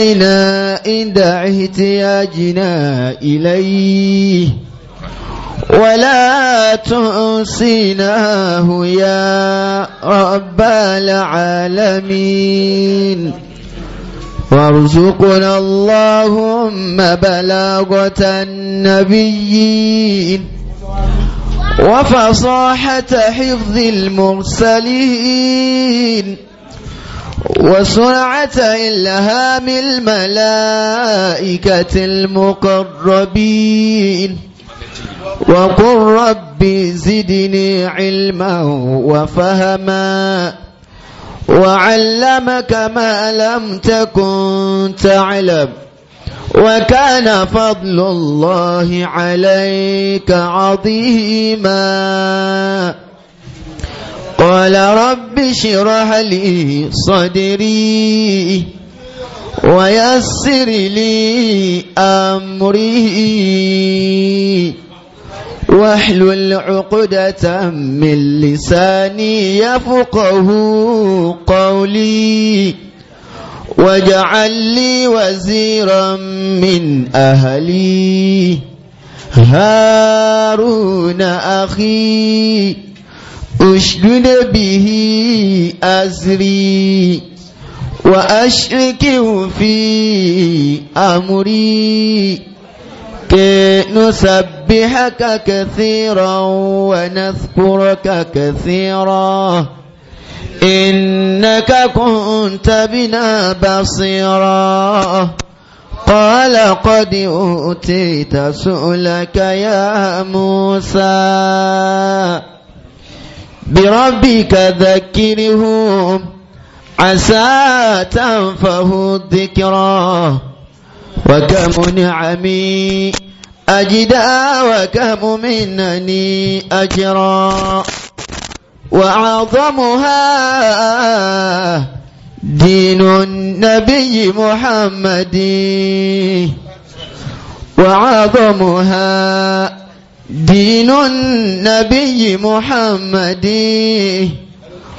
علينا عند احتياجنا إليه ولا تنسيناه يا رب العالمين وارزقنا اللهم بلاغة النبيين وفصاحة حفظ المرسلين وسرعة إلهام الملائكة المقربين وقل رب زدني علما وفهما وعلمك ما لم تكن تعلم وكان فضل الله عليك عظيما قال رب اشرح لي صدري ويسر لي أمري واحلل عقدة من لساني يفقه قولي واجعل لي وزيرا من أهلي هارون أخي اشدد به أزري وأشركه في أمري كي نسبحك كثيرا ونذكرك كثيرا إنك كنت بنا بصيرا قال قد أوتيت سؤلك يا موسى بربك ذكرهم عسى تنفه الذكرى وكم نعمي أجدا وكم منني أجرا وعظمها دين النبي محمد وعظمها دين النبي محمد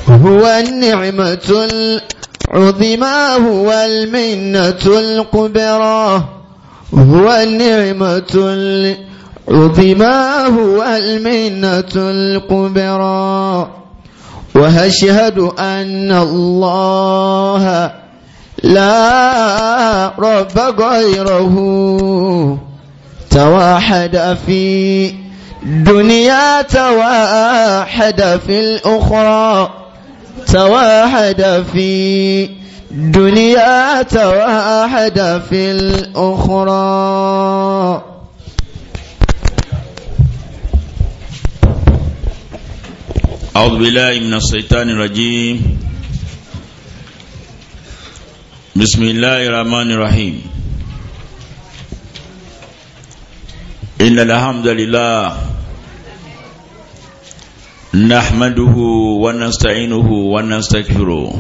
هو النعمة العظمى هو المنة الكبرى هو النعمة العظمى هو المنة الكبرى وأشهد أن الله لا رب غيره توحد في دنيا تواحد في الأخرى تواحد في دنيا تواحد في الأخرى أعوذ بالله من الشيطان الرجيم بسم الله الرحمن الرحيم إن الحمد لله نحمده ونستعينه ونستغفره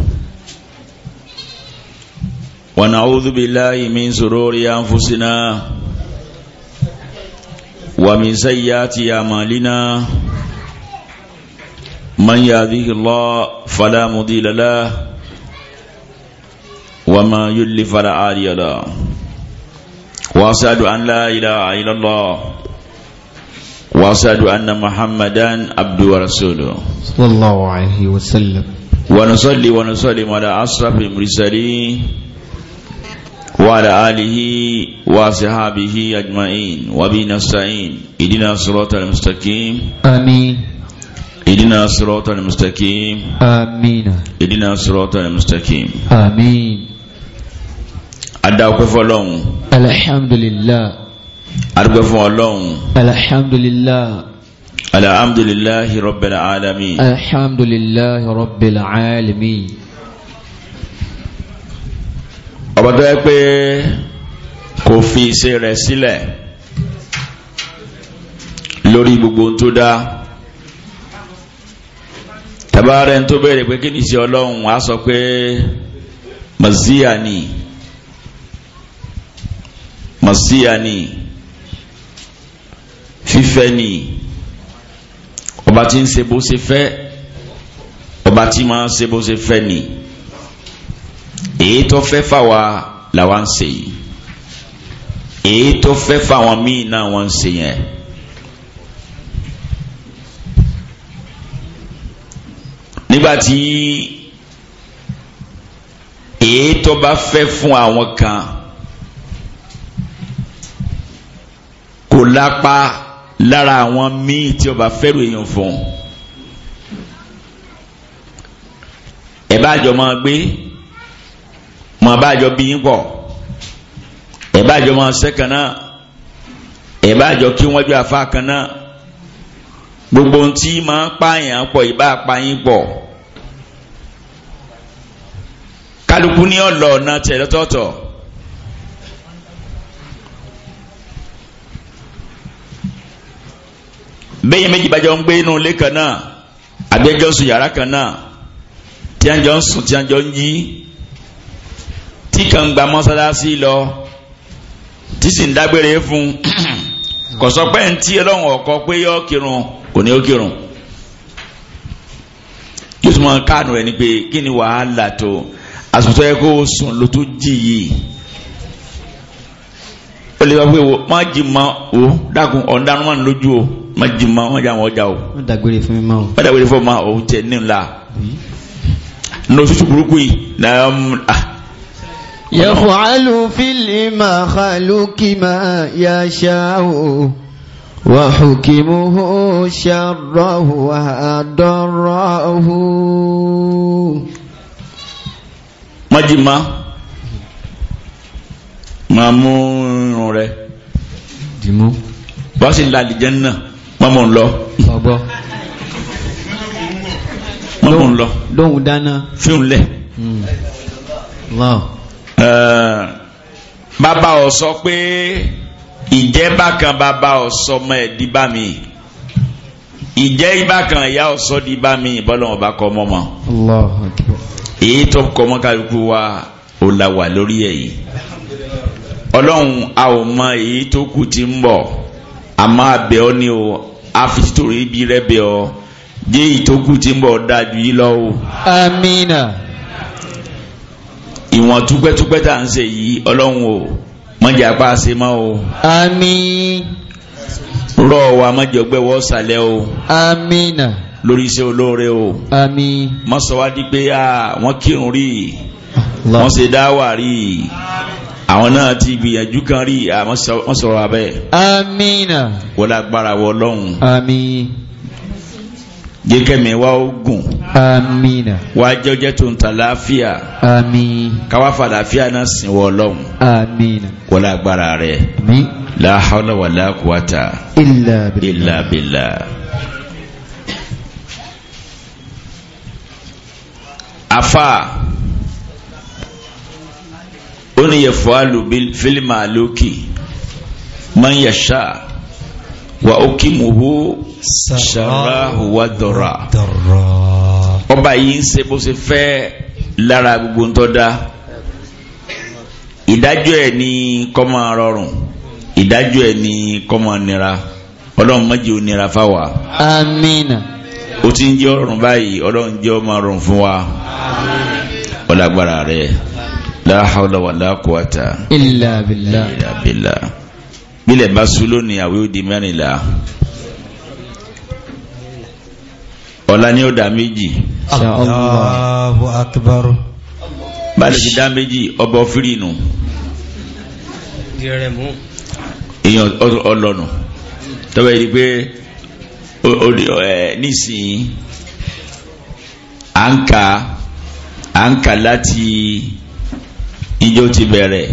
ونعوذ بالله من سرور أنفسنا ومن سيئات أعمالنا من يهده الله فلا مضل له وما يضلل فلا هادي له واشهد ان لا اله الا الله واشهد ان محمدا عبده ورسوله صلى الله عليه وسلم ونصلي ونسلم على اشرف المرسلين وعلى اله وصحابه اجمعين وبنا نستعين اهدنا الصراط المستقيم امين اهدنا الصراط المستقيم امين اهدنا الصراط المستقيم امين ادعوك فلون alhamdulillah arúgbó fún ọlọ́run alhamdulillah alhamdulillahi rabbil alamin alhamdulillahi rabbil alamin ọba tó yẹ pé kò fi iṣẹ́ rẹ̀ sílẹ̀ lórí gbogbo tó dá tabaarẹ̀ tó pé kí ni iṣẹ́ ọlọ́run á sọ pé maziya ni màsíyà ni fífẹ́ ni ọba tí ń ṣe bó ṣe fẹ́ ọba tí máa ń ṣe bó ṣe fẹ́ ni èyí tó fẹ́ fáwa làwa ń ṣe yìí èyí tó fẹ́ fáwọn míì náà wọ́n ń ṣe yẹn. nígbàtí èyí tó bá fẹ́ fún àwọn kan kò lápá lára àwọn míì tí ọba fẹ́rù èèyàn fún ẹ bá jọ máa gbé máa bá jọ bí yín pọ̀ ẹ bá jọ máa sẹ́kàn náà ẹ bá jọ kí wọ́n jọ afá kan náà gbogbo ohun tí máa ń pààyàn pọ̀ ìbá pààyàn pọ̀ kálukú ní ọ̀lọ́ ọ̀nà tẹ̀ bẹ́ẹ̀ méjì bá jọ ń gbé inú ilé kan náà àbẹ́jọ́ ń sùn yàrá kan náà tí a jọ ń sùn tí a jọ ń jí tí kan gba mọ́sálásí lọ tí sì ń dágbére fún kò sọ pé ń tí ọlọ́run ọ̀kọ́ pé yọ kírun kò ní ó kírun yóò tún mọ káànù rẹ ni pé kí ni wàhálà tó àsùtọ́ yẹ kó o sùn ló tún jì yìí ó lè sọ pé má jì mọ́ o dákun ọ̀ndánú mọ́ ni lójú o majima jù má má jà wọn jà o. má dàgbére fún mi má o. má dàgbére fún mi má o ń tẹ ní ńlá. nínú oṣooṣù burúkú yìí náà mú a. yẹ̀fọ̀ọ́lù fílì máa kàlùkì máa yá ṣá o. وحكمه شره وضره májìmá máa mú irun rẹ̀ dìmú bá sì ń la àlìjẹ́ náà mọ́mú ń lọ. ọgbọ́. mọ́mú ń lọ. lóhùn dáná. fíhùn lẹ̀. Hmm. bàbá ọ̀ sọ pé ìjẹ́ bákan bàbá ọ̀ sọ ọmọ ẹ̀ di bá mi ìjẹ́ ìbákan ìyá ọ̀ sọ di bá mi ìbọ́lọ́wọ́n bá kọ́ mọ́ mọ́. èyí tó kọ́ mọ́ kálukú wa ó la wà lórí ẹ̀ yìí ọlọ́run a ò mọ èyí tó kù ti ń bọ̀ Ama máa ọ ní o a fi títorí ibi rẹ bẹ ọ jẹ ìtókù tí ń bọ̀ dájú yìí lọ o. amina. ìwọ̀n túpẹ́túpẹ́ tá à ń ṣe yìí ọlọ́run o mọ̀jẹ̀ apá ṣe mọ́ o. àmín. rọ̀ wa mọ̀jẹ̀ ọgbẹ́ wọ́ sàlẹ̀ o. amina. lórí iṣẹ́ olóore o. àmín. mọ̀sọ̀wádìí pé ah, wọ́n kírun rí wọ́n ṣe dáwà rí àwọn náà ti gbìyànjú kan rí àwọn sọ̀rọ̀ abẹ́ amina wọlé agbára wọ lọ́hùn àmín jẹ́kẹ́mi wá ogun amina wá jẹ́jẹ́ tó ń ta láàfíà àmín káwá fàlàfíà náà sìn wọ lọ́hùn amina wọlé agbára rẹ̀ àmín la hawla wala quwata illa billah illa billah afa ó ní yẹ̀fọ́ àlùbí fílímù àlókì máa ń yàṣà wà ó kí mùhú ṣàrà wà dọ̀rà ọba yìí ń ṣe bó ṣe fẹ́ lára gbogbo ń tọ́da ìdájọ́ ẹ̀ ní kó rọrùn ìdájọ́ ẹ̀ ní kó nira ọlọ́run má ó nira fáwa. amina. ó ti ń jẹ́ ọrùn báyìí ọlọ́run jẹ́ ó máa fún wa ọlágbára rẹ̀ la hawla wala quwata. illa billah. illa billah. bílẹ̀ bá sú lónìí àwé òdi mẹ́rìnlá. ọ̀la ni ó dá méjì. Allahu akbar. báyìí ti dá méjì ọba ọfírí èèyàn ọlọ́nu tọ́wọ́ yìí pé nísìnyí à ń ka láti ìjọ ti bẹ̀rẹ̀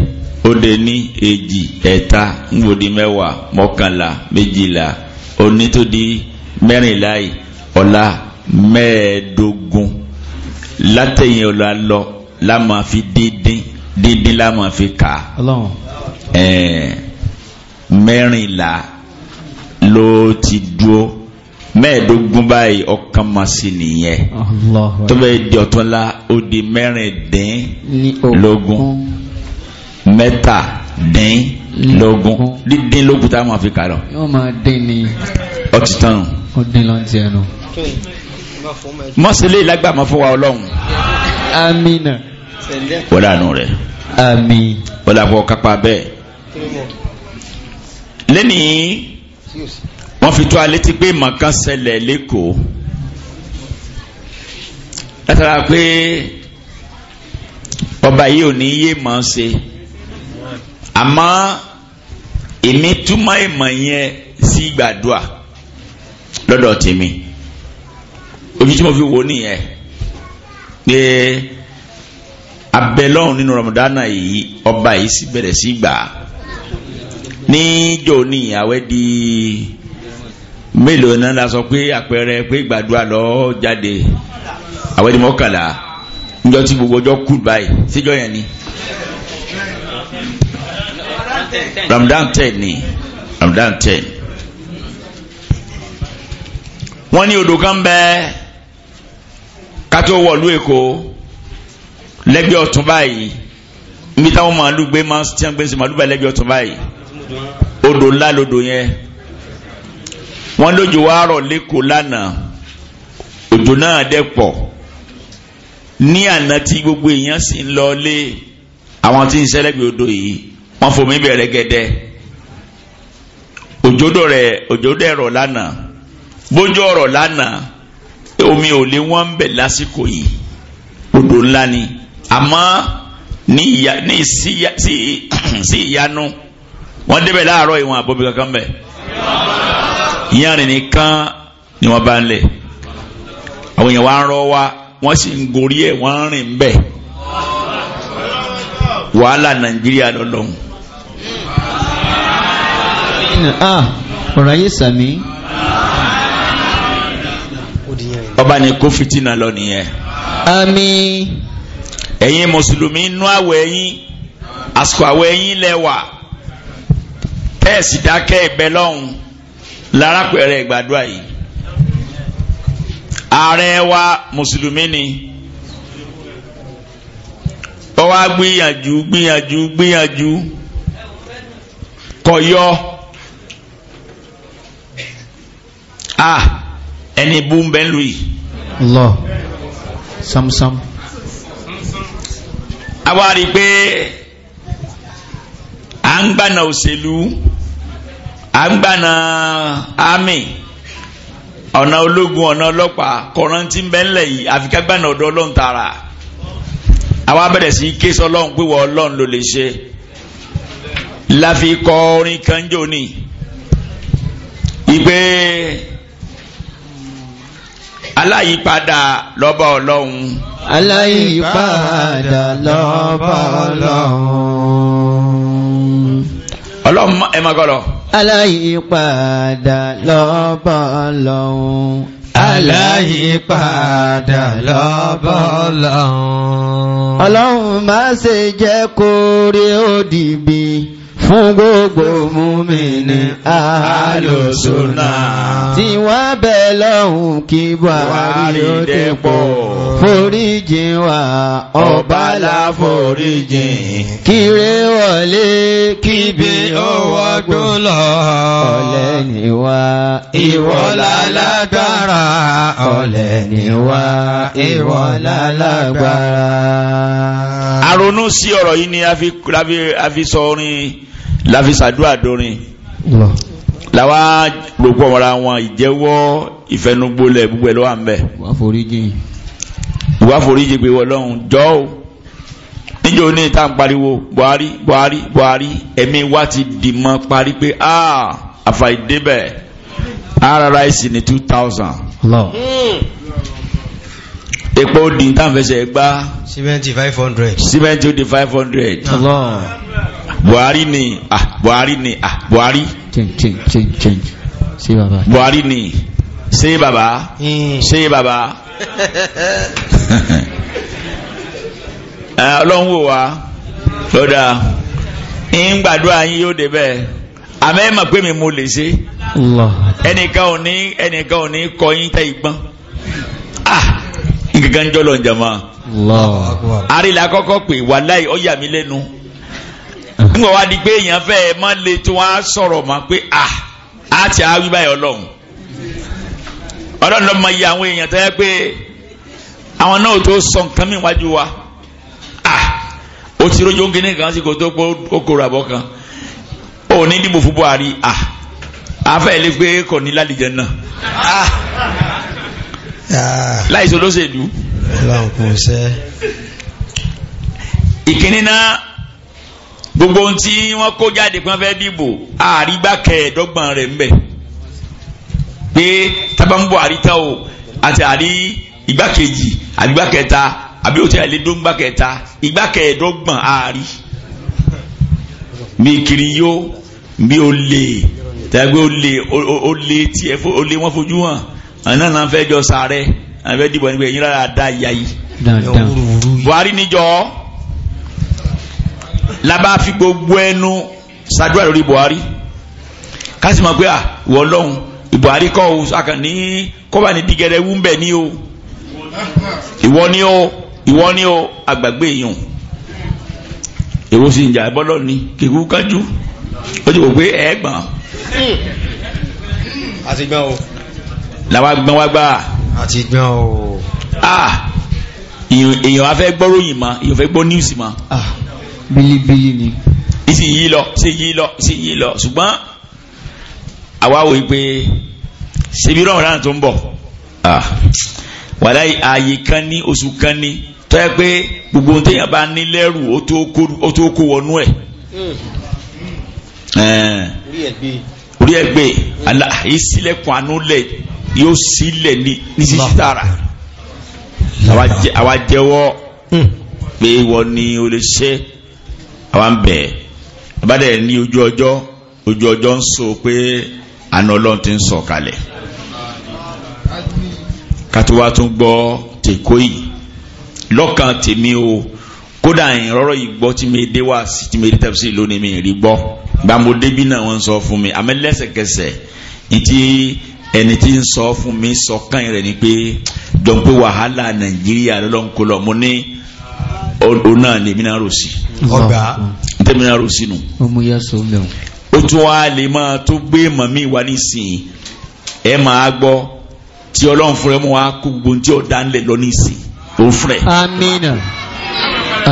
ó dé ní èjì ẹ̀ta ngbòdì mẹ́wàá mọ́kànlá méjìlá òní tó di mẹ́rìnlá yìí ọ̀la mẹ́ẹ̀ẹ́dógún látẹ̀yìn ọ̀la lọ la máa fi díndín díndín la máa fi kà ẹ̀ẹ́ mẹ́rìnlá ló ti dúró mẹ́ẹ̀ẹ́dógún báyìí ọkàn máa sí nìyẹn tó bẹ́ẹ̀ di ọ̀tún la ó di mẹ́rìndínlógún mẹ́tàdínlógún dídínlógún táwọn máa fi kà lọ. yóò máa dín ní. ọtí tán. ó dín lọ ti ẹnu. mọ́sílẹ̀ lágbà máa fún wa ọlọ́run. amina. wọ́n dànù rẹ̀. ami. wọ́n dàpọ̀ kápá bẹ́ẹ̀. lẹ́nìí wọ́n fi tó alẹ́ ti pé màkàn ṣẹlẹ̀ lẹ́kọ̀ọ́ látara pé ọba yìí ò ní yé màá ṣe àmọ́ èmi túmọ̀ ìmọ̀ yẹn sí gbàdúà lọ́dọ̀ tèmi ojú fi wò nìyẹn pé abẹ́lọ́run nínú ramadana yìí ọba yìí sì bẹ̀rẹ̀ sí gbà níjọ́ ní ìyàwó di mélòó náà la sọ pé àpẹẹrẹ pé gbàdúrà lọ jáde àwọn ẹni mọ́kànlá níjọ tí gbogbo ọjọ́ kù báyìí síjọ yẹn ni Ramadan ten ni Ramadan ten wọ́n ní odò kan bẹ kátó wọ̀lú Èkó lẹ́gbẹ̀ẹ́ ọ̀tún báyìí níbi táwọn màálù gbé máa ń tiẹ́ gbé sí màálù báyìí lẹ́gbẹ̀ẹ́ ọ̀tún báyìí odò ńlá lodò yẹn wọ́n lójú wa rọ̀ lẹ́kọ̀ọ́ lánàá òjò náà dẹ̀ pọ̀ ní àná tí gbogbo èèyàn sì ń lọ lé àwọn tí ń sẹ́lẹ̀gbẹ̀ odò yìí wọ́n fomi bẹ̀rẹ̀ gẹ́dẹ́ òjò dọ̀rẹ̀ òjò dẹ̀rọ̀ lánàá bójú ọ̀rọ̀ lánàá omi ò lé wọ́n ń lásìkò yìí odò ńlá ni àmọ́ ní ìyá ní sí ìyanu wọ́n débẹ̀ láàárọ̀ ìwọ̀n àbọ̀bí kankan bẹ̀. yanrìn nìkan ni wọ́n bá ń lẹ̀ àwọn èèyàn wa ń rọ́ wa wọ́n sì ń gorí ẹ̀ wọ́n ń rìn bẹ̀. wàhálà nàìjíríà lọ́lọ́hún. Ah, ọ̀rọ̀ ayé sàmí. ọba ni kó fitina lọ nìyẹn. àmín. ẹ̀yin mùsùlùmí inú àwẹ̀ yín àsìkò àwẹ̀ yín lẹ́wà tẹ́ẹ̀sì dákẹ́ ìbẹ́ lọ́hùn. lárápẹ̀rẹ̀ ìgbàdúrà yìí ààrẹ wa mùsùlùmí ni ó wá gbìyànjú gbìyànjú gbìyànjú kọyọ a ah, ẹni bú ń bẹ́ lù yìí. Allah samsam. a wá rí i pé à ń gbàna òṣèlú àgbàna àmì ọ̀nà ológun ọ̀nà ọlọ́pàá kọ̀rántì bẹ́ńlẹ̀ yìí àfikágbàna ọ̀dọ̀ ọlọ́run tààrà àwa bẹ̀rẹ̀ sí ké sọlọ́run pé wọ́n ọlọ́run ló lè ṣe láfi kọ orin kan jò ní ìgbé aláyípadà lọ́ba ọlọ́run. aláyípadà lọ́ba ọlọ́run. ọlọ́run ẹ̀ máa gbọ́ lọ aláyípadà lọ́bọ̀ lọ́hun aláyípadà lọ́bọ̀ lọ́hun ọlọ́run má ṣe jẹ́ kó rí òdìbí fún gbogbo múmìnì àlòsùnà tí wọ́n bẹ̀ lọ́hùn kí Buhari ó dépò foríjìn wa ọba la foríjìn kíre wọlé kíbi ó wọgbó lọ ọ̀lẹ ni wá ìwọ́lá lágbára ọ̀lẹ ni wá ìwọ́lá lágbára. àrònú sí ọ̀rọ̀ yìí ni a fi sọ orin láfi ṣàdúrà dórin làwa gbogbo ọmọra wọn ìjẹ́wọ́ ìfẹnugbolẹ̀ gbogbo ẹ̀ lọ́wọ́ à ń bẹ̀. ìwà foríjì pé Ọlọ́run jọ́ o níjẹ́ oní ìta ń pariwo Buhari Buhari Buhari ẹ̀mí wa ti dìmọ̀ parí pé ah, àfàìdébẹ̀ rárá ẹ̀sìn ní two thousand epo di ntanfẹsẹ gba. cement five hundred. cement di five hundred. Allah buhari ni ah buhari ni ah buhari change change change change ṣé baba buhari ni ṣé baba ṣé hmm. baba eh, ọlọ́run wò wá lọ́dà ń gbàdúrà yín yóò débẹ̀ àmọ́ ẹ mọ̀ pé mi mo lè ṣe ẹnìkan ò ní ẹnìkan ò ní kọ yín tẹ ìgbọ́n ah nǹkan jọlọ ń jàmọ́ àrílà kọ́kọ́ pé wàláì ó yà lẹ́nu Hm. nígbà wá di pé èèyàn fẹ́ ẹ má le tí wọ́n á sọ̀rọ̀ mọ́ pé à ah, á ti á wí báyìí ọlọ́run ọlọ́run ló mọ iye àwọn èèyàn tó pé àwọn náà tó sọ nǹkan mi wájú wa à ah, ó ti rójú oúnjẹ ní nǹkan sí kò tó pé ó kóró àbọ̀ kan ó ní dìbò fún Buhari à afẹ́ ilé pé kò ní lálejẹ náà láìsọ ló ṣèlú. ìkíní náà gbogbo ohun tí wọ́n kó jáde pé wọ́n fẹ́ dìbò àrígbà kẹẹ̀ẹ́dọ́gbọ̀n rẹ̀ ńbẹ̀ pé tábàmù buhari o àti àrí igbákejì àgbà kẹta àbí òtí àìlédó ńgbà kẹta igbá kẹẹ̀ẹ́dọ́gbọ̀n àárí mi kiri yó mi ò lè tẹ́gbẹ́ ó lè ó lè tiẹ̀ ó lè wọ́n fojú hàn àná náà fẹ́ jọ sàárẹ̀ àbẹ́ dìbò nígbà yín rárá dá ìyá yìí buhari níjọ́ labá fi gbogbo ẹnu ṣàdúrà lórí Buhari kásì mọ̀ pé à ah, wọ́n lọ́hùn Buhari kọ́ o àkànní kọ́ba ní dìgẹ̀rẹ́ wú ní o ìwọ ni o ìwọ ni o àgbàgbé èèyàn èwo sì ń jà bọ́lọ́ ni kékeré kájú ó ti wò pé ẹ̀ẹ́gbọ̀n àti gbọ́n o làwọn agbọ́n wá gbà àti gbọ́n o ah èèyàn afẹ́ gbọ́ròyìn ma èèyàn fẹ́ gbọ́ níwùsì ma ah bílíbílí ni. ìsì yí lo, sí yí lọ sí yí lọ ṣùgbọ́n àwa wò pé ṣebí rọrùn náà tó ń bọ̀ wàlá ààyè kan ní oṣù kan ní tọ́ ẹ pé gbogbo ohun téèyàn bá ní lẹ́rù ó tó kó wọnú ẹ̀ hmm. orí ẹ gbé ìsílẹ̀kùn anúlẹ̀ yóò sílẹ̀ ní sísí tààrà àwa jẹ́wọ́ hmm. pé ìwọ ni o ṣe àwa ń bẹ̀ abádẹ́ ní ojú ọjọ́ ojú ọjọ́ ń sọ pé àna ọlọ́run ti ń sọ kalẹ̀ kátó wá tún gbọ́ tèkó yìí lọ́kàn tèmi o kódà ìrọ́rọ́ yìí gbọ́ tí mi dé wá sí tí mi dé tẹ̀sí lónìí mi rí gbọ́ gbàmódébí náà wọ́n ń sọ fún mi àmì lẹ́sẹ̀kẹsẹ̀ ìtì ẹni tí ń sọ fún mi sọ kàn rẹ̀ ni pé jọ̀ǹpé wàhálà nàìjíríà lọ́lọ́nkọlọ́ mo ní o náà lè mí náà rò sí. ọgbà tẹ́mi náà rò sínú. ọmọ ya sọ mi o. ó tún wá lè máa tó gbé màmí wa nísìnyí ẹ máa gbọ́ tí ọlọ́run fún ẹ mú wa kó gbogbo tí ó dá nílẹ̀ lọ nísìnyí ó fún ẹ. amina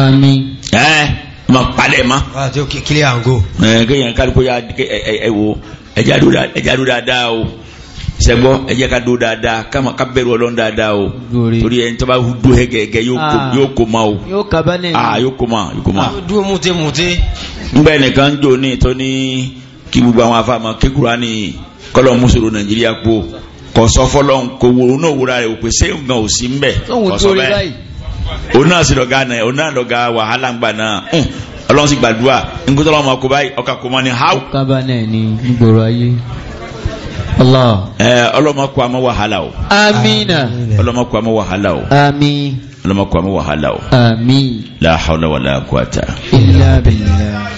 ami. ẹ ma palẹ̀ ma. wàá tí o kí kílẹ̀ àgọ́. ẹ kéèyàn kárí kó ẹ ẹ wo ẹ jáde dáadáa o sẹgbọ ẹ jẹ́ do dáadáa kama ká bẹ̀rù Ọlọ́run dáadáa o torí ẹni tó bá do hẹgẹhẹgẹ yóò kó ah. ma o yóò kaba ne aa yóò kó ma yóò kó ma. Ah, dúró mute mute. n bẹ nìkan jò ní tó ní kí gbogbo àwọn afáàmà kékura ní kọlọ mùsùlùmí Nàìjíríà kó kò sọ fọlọ kò wo náà wúra rẹ òpè sẹ nǹkan ò sí nbẹ kò sọ bẹ́ẹ̀ òun náà sì lọgá náà òun náà lọgá wàhálà ńgbà náà Ọlọ́run sì gbàdúrà nkútọ́ ọlọ́mọ kó báyìí ọkà kó mọ́ ni how. ọkà bá náà ní gbòòrò ayé ọlọ́mọ kó àmọ́ wàhálà o. amina. ọlọ́mọ kó àmọ́ wàhálà o. ami. ọlọ́mọ kó àmọ́ wàhálà o. ami. la hawla wala quwata. illa billah.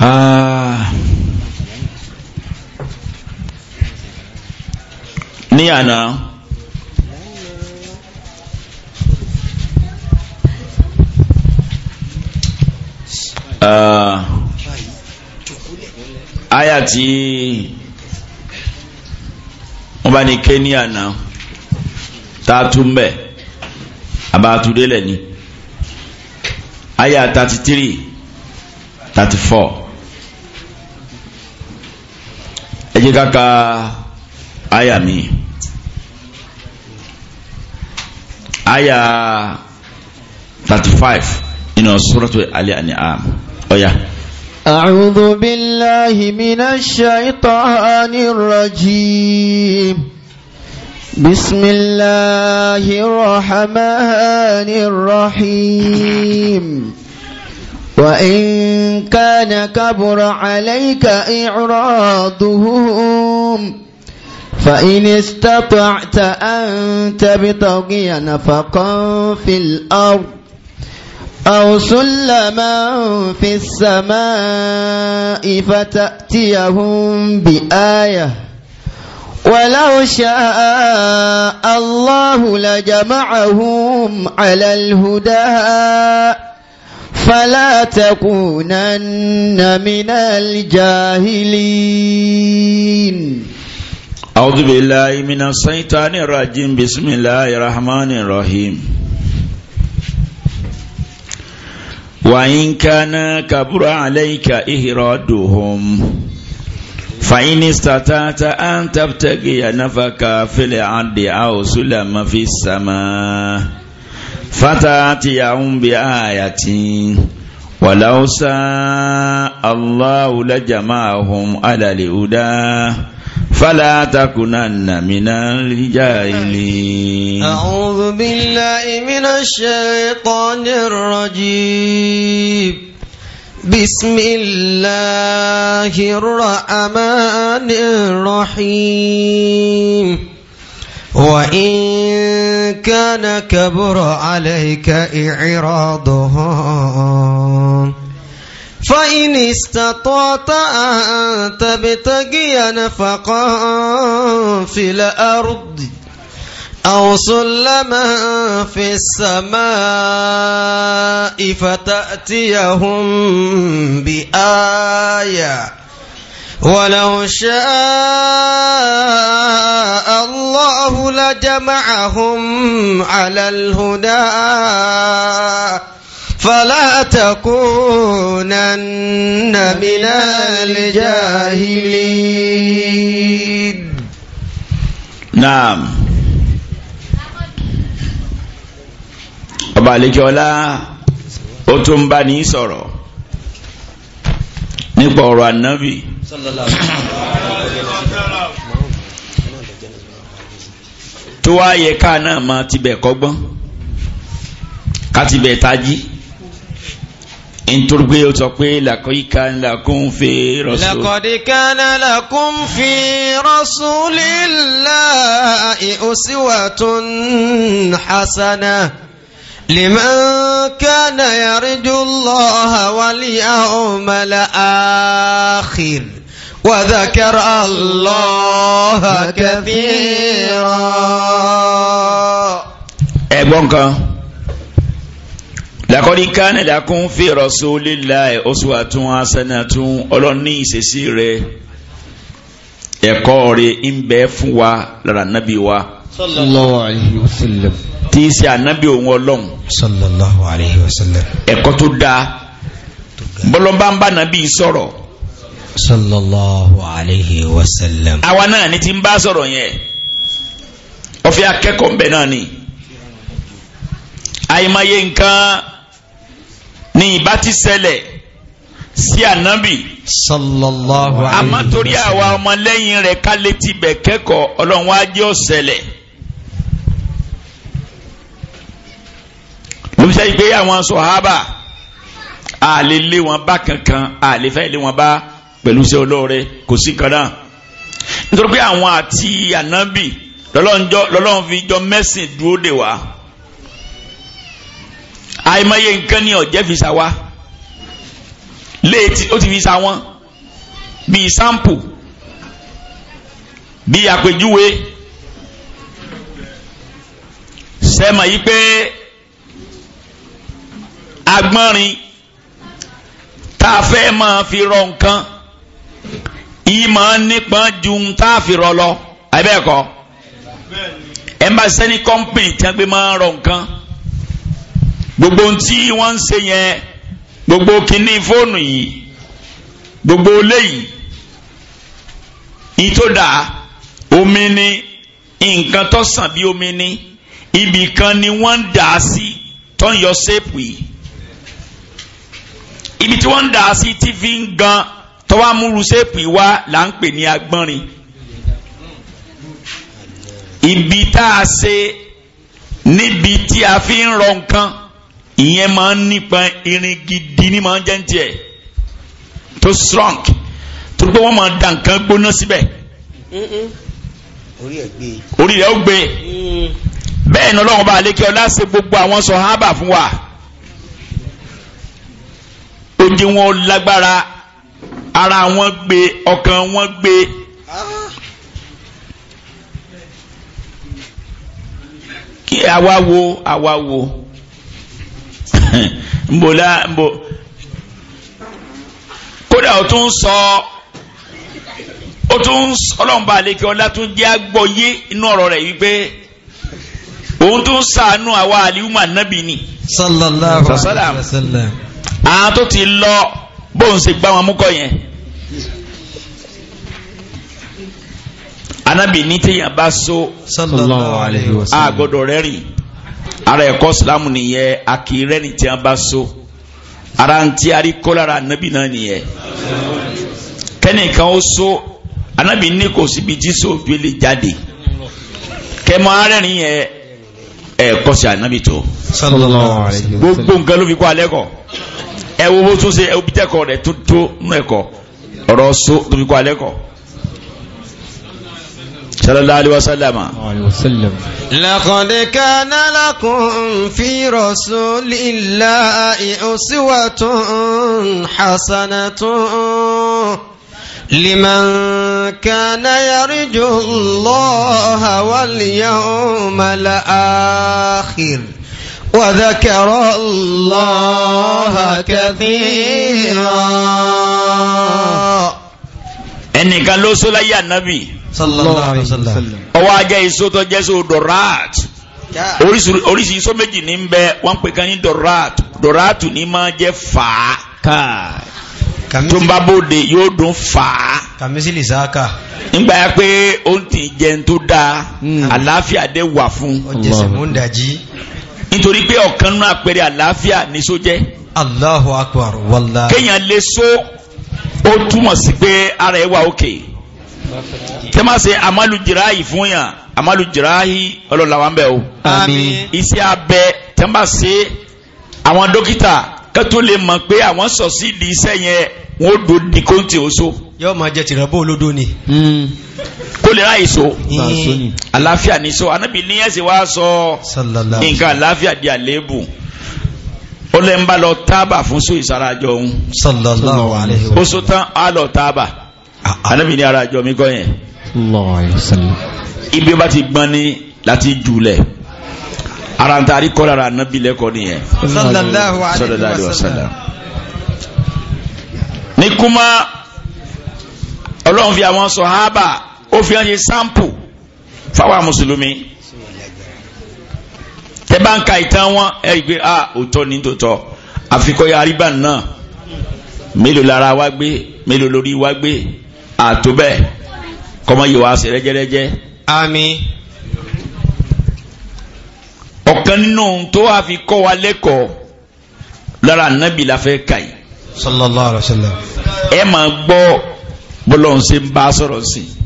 Ah. ní àná. Uh, aya ti wọ́n bá ní Kenya náà tá a tún bẹ̀ abatudé lẹ̀ ni aya thirty three thirty four ẹ kaka, ká mi aya thirty five nínú Suratul Ali An'am ọ̀ya. Oh, yeah. أعوذ بالله من الشيطان الرجيم بسم الله الرحمن الرحيم وإن كان كبر عليك إعراضهم فإن استطعت أن تبتغي نفقا في الأرض أو سلما في السماء فتأتيهم بآية ولو شاء الله لجمعهم على الهدى فلا تكونن من الجاهلين أعوذ بالله من الشيطان الرجيم بسم الله الرحمن الرحيم وإن كان كبر عليك إهرادهم فإن استطعت أن تبتغي نفقا في الأرض أو سلما في السماء فتأتيهم بآية ولو شاء الله لجمعهم على الهدى فلا تكنن من الجاهلين أعوذ بالله من الشيطان الرجيم بسم الله الرحمن الرحيم وإن كان كبر عليك إعراضهم فإن استطعت أن تبتغي نفقا في الأرض أو سلما في السماء فتأتيهم بآية ولو شاء الله لجمعهم على الهدى فلا تكونن من الجاهلين نعم ọba àlejòọlá ó tún ń bá ní sọ̀rọ̀ nípa ọ̀rọ̀ ànábì tó wáyé ká náà máa tibẹ̀ kọ́gbọ́n ká tibẹ̀ tají nítorí pé ó sọ pé làkọ́yíká lakum fi rasul. làkọ́díká lakum fi rasulillahi uswatun hasana liman kana yarju Allaha wal yawmal akhir wa dhakara Allaha kathira. ẹ̀gbọ́n kan lakọ́dí kánẹ̀ dákún fi rasulillahi uswatun hasanatun ọlọ́ní ìṣesí rẹ̀ ẹ̀kọ́ rẹ̀ ń bẹ fún wa lára nábì wa. sallallahu alayhi wa sallam. tí í ṣe ànábì òun ọlọ́run. ẹ̀kọ́ tó dáa bọ́lọ́mbàmbà nábì sọ̀rọ̀. àwa náà ni ti ń bá sọ̀rọ̀ yẹn ọ̀fẹ́ akẹ́kọ̀ọ́ ń bẹ náà ni àìmọye nǹkan Ni ìbá ti ṣẹlẹ̀ sí ànábì sallallahu alaihi wasallam àmọ́ torí àwa ọmọlẹ́yìn rẹ̀ ká létí bẹ̀ kẹ́kọ̀ọ́ ọlọ́run á jẹ́ ó ṣẹlẹ̀ ló fi sẹ́yìn pé àwọn sọ̀hábà àlè lé wọn bá kankan àlè fẹ́ lé wọn bá pẹ̀lú iṣẹ́ olóore kò sí kan náà nítorí pé àwọn àti ànábì lọ́lọ́run fi jọ mẹ́sìn dúró dè wá àìmọye nǹkan ni ọ̀jẹ́ fi sa wa léètì ó ti fi sa wọn bíi sampo bíi àpèjúwe sẹ́mọ̀ yìí pé agbọ́nrin tá a fẹ́ máa fi rọ nǹkan yìí máa nípọn ju ń tá a fi rọ lọ àbẹ́ẹ̀kọ́ ẹ̀ ń bá sẹ́ni kọ́ńpìnì tí wọ́n gbé máa rọ nǹkan gbogbo ohun tí wọ́n ń ṣe yẹn gbogbo kínní fóònù yìí gbogbo léyìí ìtòdà omi ni nǹkan tó sàn bí omi ni ibì kan ni wọ́n ń dà á sí tó ń yọ yìí ibi tí wọ́n ń dà á sí tí fi ń gan tó wá múru yìí wá là ń pè ní agbọ́nrin ibi tá a ṣe níbi tí a fi ń rọ nǹkan ìyẹn máa ń nípa irin gidi ní máa ń jẹ́ ń tiẹ̀ tó strong torí pé wọ́n máa da nǹkan gbóná síbẹ̀ orí rẹ̀ ó gbé hmm. bẹ́ẹ̀ ni ọlọ́run bá lékè ọlá ṣe gbogbo àwọn sọ̀hábà fún wa ó jẹ́ wọn lágbára ara wọn gbé ọkàn wọn gbé. kí àwa wo Awa wo. mbola mbo kódà o tún sọ ó tún ọlọ́mùbá àlekè ọlá tún jẹ́ agbọ́yé inú ọ̀rọ̀ rẹ̀ wípé òun tún sàánú àwa àlìhùmà nábì ni. sallallahu alayhi wa sallam. àwọn tó ti lọ bóun ṣe gbá wọn mú kọ yẹn. anábì ní téèyàn bá so. sallallahu alayhi wa sallam. àgọ́dọ̀ rẹ̀ rìn. ara ẹ̀kọ́ silamu nìyẹn akiri ni tí a bá so ara ntị tí ari kó lára anabi náà nìyẹn kẹ́nìkan ó so anabi ní kò síbi tí so ojú lè jáde kẹmọ arẹ́rin yẹn ẹ̀kọ́ sí anabi tó gbogbo nǹkan ló fi kó alẹ́ kọ ẹ wo bó tún ṣe ẹ bí tẹ́kọ̀ rẹ̀ tó tó ẹ̀kọ́ ọ̀rọ̀ so ló fi kó alẹ́ kọ. صلى الله عليه وسلم لقد كان لكم في رسول الله أسوة حسنة لمن كان يرجو الله واليوم الآخر وذكر الله كثيرا ẹnìkan ló só láyé ànábì ọwọ́ ajá èso tó jẹ́ so dorat oríṣi iṣó méjì ní ń bẹ wọ́n pè kan ní dorat dorat ní máa jẹ́ fà á tó ń bá bóde yóò dún fà á. kàmísìlì sáàkà. nígbà yà pé ó ń tì jẹun tó dáa hmm. àlàáfíà dé wà fún. ọjọ́ sẹ́mu ń dajì nítorí pé ọ̀kan nínú àpẹẹrẹ àlàáfíà ní sójẹ́. Allahu akbar wallahi. kéèyàn lè so ó túmọ̀ sí pé ara ẹ̀ wà òkè tẹ́ máa ṣe amalu jirahi fún yàn amalu jirahi ọlọ́la wa ń bẹ̀ o. àmín. iṣẹ́ abẹ tẹ́ máa ṣe àwọn dókítà kẹ́tó lè mọ̀ pé àwọn sọ̀sí di iṣẹ́ yẹn wọ́n do di kóńtì oṣù. yóò máa jẹ tìrọ̀bù olódó ni. Hmm. kó lè ráyè so hmm. àlàáfíà ní so anábì ní ẹ̀sìn wa sọ nǹkan àlàáfíà di àléébù ọlẹ́ ń bá lọ tábà fún sọ ìsarajọ òun sallallahu alaihi wasallam ó sọ tán á lọ tábà anábì ah, ah. ní ara àjọ mi kọ́ yẹn ibi bá ti gbọ́n ní láti jùlẹ̀ ara ń taari kọ́ lára anábì lẹ́kọ̀ọ́ nìyẹn sallallahu alaihi ní kúmá ọlọ́run fi àwọn sọ̀hábà ó fi hàn yín sáǹpù fáwọn mùsùlùmí tẹ bá ń ka ìtàn wọn ẹ rí i pé a ah, òótọ́ ní tòótọ́ àfikọ́yà arígbà náà mélòó lára wa gbé mélòó lórí wa gbé àtòbẹ́ kọ́mọ yìí wá sí rẹ́jẹ́rẹ́jẹ́. àmín. ọ̀kan nínú tó wàá fi kọ́ wa lẹ́kọ̀ọ́ lára nábì la fẹ́ kà yìí. sallallahu alaihi wasallam. ẹ máa gbọ́ bọ́lọ́run ṣe ń bá sọ̀rọ̀ sí i.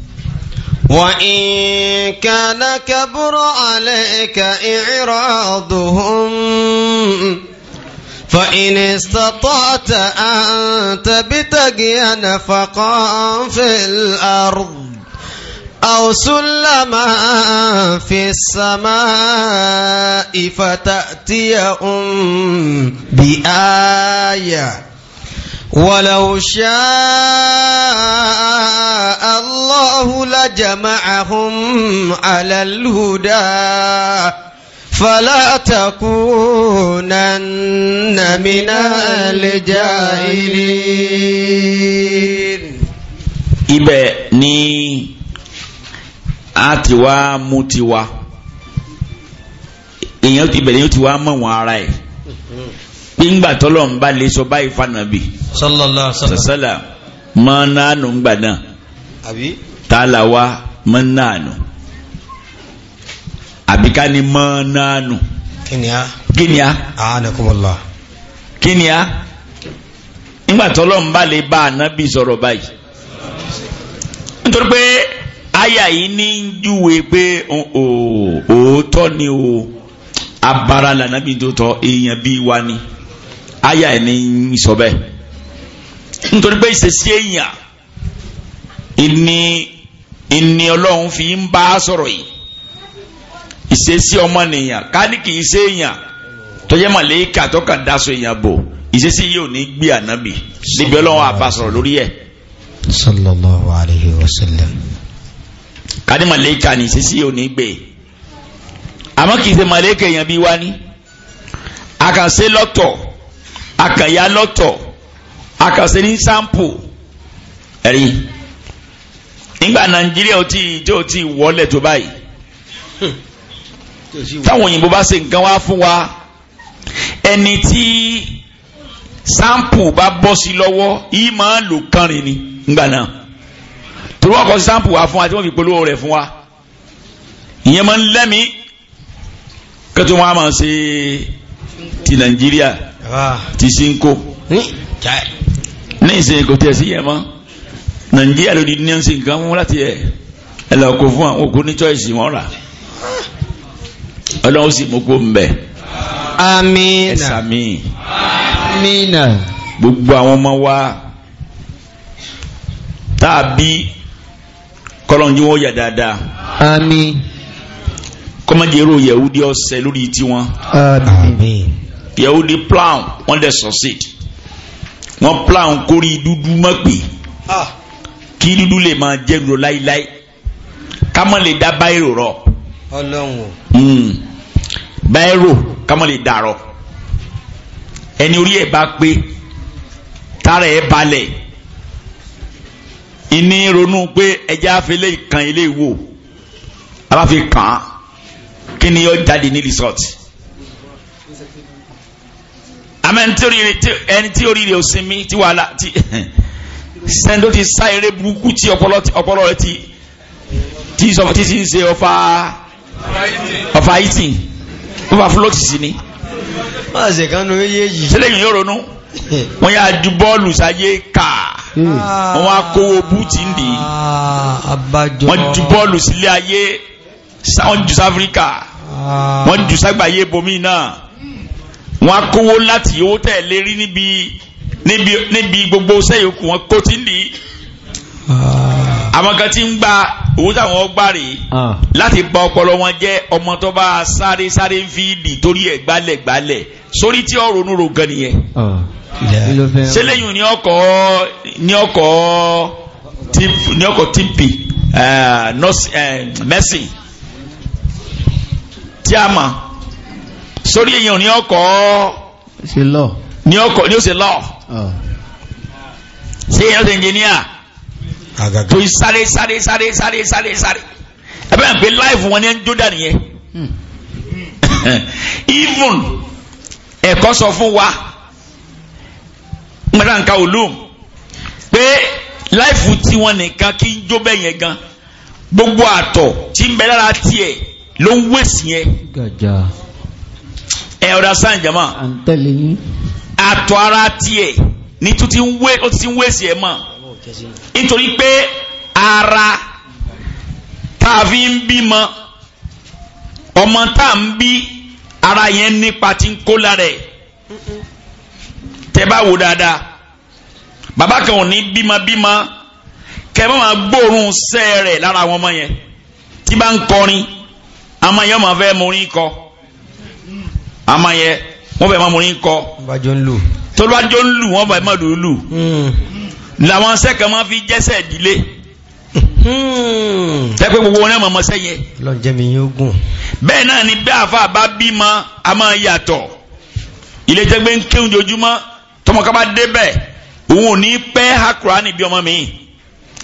وإن كان كبر عليك إعراضهم فإن استطعت أن تبتغي نفقا في الأرض أو سلما في السماء فتأتيهم بآية ولو شاء الله لجمعهم على الهدى فلا تكونن من الجاهلين ibẹ̀ ni a ti wá mú tiwa èèyàn ibẹ̀ ni nígbà tọ́lọ̀ ń bá lè sọ báyìí fanabi sallallahu alaihi wasallam máa náà tààlà wa àbíká ni máa nánu kíniá kíniá nígbà tọ́lọ̀ ń bá lè bá anabi sọ̀rọ̀ báyìí nítorí pé àyà yìí ní júwe pé òótọ́ ni o abara lànà bí tó wa ni. Aya ẹ̀ ní sọ bẹ́ẹ̀ nítorí pé ìṣesí èèyàn ìní ìní ọlọ́run fi ń bá a sọ̀rọ̀ yìí ìṣesí ọmọnìyàn káàdì kì í ṣe èèyàn tó jẹ́ màlẹ́kà tó kàn dáṣọ èèyàn bò ìṣesí yìí ò ní gbé ànábì níbi ọlọ́run àbá lórí ẹ̀. sallallahu alayhi wa sallam. káàdì màlẹ́kà ni ìṣesí yìí ò ní gbé àmọ́ kì í ṣe màlẹ́kà èèyàn bí wá ní àkànṣe lọ́tọ̀ àkànyà lọ́tọ̀ àkànṣe ní sampo ẹ̀rí nígbà nàìjíríà tí tí o ti wọlé tó báyìí táwọn òyìnbó bá ṣe nǹkan wá fún wa ẹni tí sampo bá bọ́ sí lọ́wọ́ yìí máa lò kánrin ni ngbà náà torí wọn kọ sampo wá fún wa tí wọn fi polówó rẹ̀ fún wa ìyẹn máa ń lẹ́mìí kẹ́tù wọn a máa ṣe ti nàìjíríà. Ah. ti sí ń kó ní ìsìn kò tẹ̀ sí yẹn mọ́ nàìjíríà ló di ní ọ̀sìn nǹkan mú láti ẹ̀ ẹ̀ lọ kó fún àwọn òkú ní choice wọn rà ọlọ́run sì mú kó ń bẹ̀. amina ẹ̀sàmì amina gbogbo àwọn ọmọ wa tá a bí kọ́lọ́njú wọn yà dáadáa. àmín kọ́mọ̀jẹ̀rò yẹ̀wúdí ọ̀sẹ̀ lórí tiwọn. àmín yahudi plan wọ́n dẹ̀ succeed wọ́n plan kórí dúdú mọ́ pé ah. kí dúdú lè máa jẹ́ rò láíláí kámọ́ lè dá báyìrò rọ. ọlọ́run. Hmm. báyìrò kámọ́ lè dàrọ ẹni orí ẹ̀ bá pé tára ẹ̀ balẹ̀ ìní ronú pé ẹja afẹ́lẹ́ ìkan ilé ìwò aláfi kàn án kí ni yóò jáde ní resort àmọ́ ẹni tí oríire ò sinmi tí wàhálà ti sẹ́ńdó ti sá eré burúkú tí ọpọlọ rẹ ti tí sọ tí ti ń ṣe ọfà ọfà ìtì ọfà fúlọ́ọ̀tì sí ni. wọ́n á ṣe kánú yéyí. sílẹ̀ yìí yóò ronú wọ́n yà á ju bọ́ọ̀lù sáyé kà wọ́n á kówó búùtì ń dì í ah, wọ́n ju bọ́ọ̀lù sílé ayé wọ́n ju sáfíríkà wọ́n ju ságbàáyé bomi náà wọn kówó láti owó tẹ̀ lérí níbi níbi níbi gbogbo sẹ́yòkù wọn kó tí ń lì í àwọn kan ti ń gba owó táwọn gbà rè ah. láti bà ọpọlọ wọn jẹ́ ọmọ tó bá sáré sáré ń fi dì torí ẹ̀ gbálẹ̀ gbálẹ̀ sórí tí ọ̀rọ̀ onúro gan nìyẹn sẹlẹyìn ní ọkọ ní ọkọ ní ọkọ tìǹpì mẹsìn tí a mọ̀ sórí èyàn ní ọkọ̀ ní ọkọ̀ ní ó ṣe lọ ṣe èyàn engineer tó sáré sáré sáré sáré sáré sáré ẹbẹ́ ń pè life wọn ní ẹni jódà nìyẹn hmm. even ẹ̀kọ́ sọ fún wa mẹ́ta ka olóòm pé láìfù tiwọn nìkan kí n jó bẹ́ẹ̀ yẹn gan gbogbo àtọ̀ tí ń bẹ lára tiẹ̀ ló ń wèsì yẹn ẹ ọ̀dà sáà jama àtọ̀ ara tiẹ̀ ní tó ti ń wé ó ti ń wé sí ẹ mọ̀ nítorí pé ara tá a fi ń bímọ ọmọ tá a ń bí ara yẹn nípa ti ń kó lára ẹ̀ tẹ bá wò dáadáa bàbá kan ò ní bímọbímọ kẹ ẹ má máa gbóòórùn sẹ́ẹ̀ rẹ̀ lára àwọn ọmọ yẹn tí bá ń kọrin àmọ́ yẹn máa fẹ́ mú orin kọ a máa yẹ wọ́n bẹ̀ máa mú ní kọ́ tolúwájọ́ ń lù wọ́n bẹ̀ máa lù ú lù hmm. làwọn sẹ́kàn máa fi jẹ́sẹ̀ dílé tẹ́pẹ́ hmm. gbogbo wọn mọ̀ mọ́sẹ́ yẹ. lọ́njẹ́ mi yóò gùn. bẹ́ẹ̀ náà ni bí àfa bá bímọ a máa yàtọ̀ ilé jẹ́gbẹ́ ń kéwòn jojúmọ́ tọmọkà débẹ̀ òun ò ní pẹ́ ha Quran bí ọmọ mi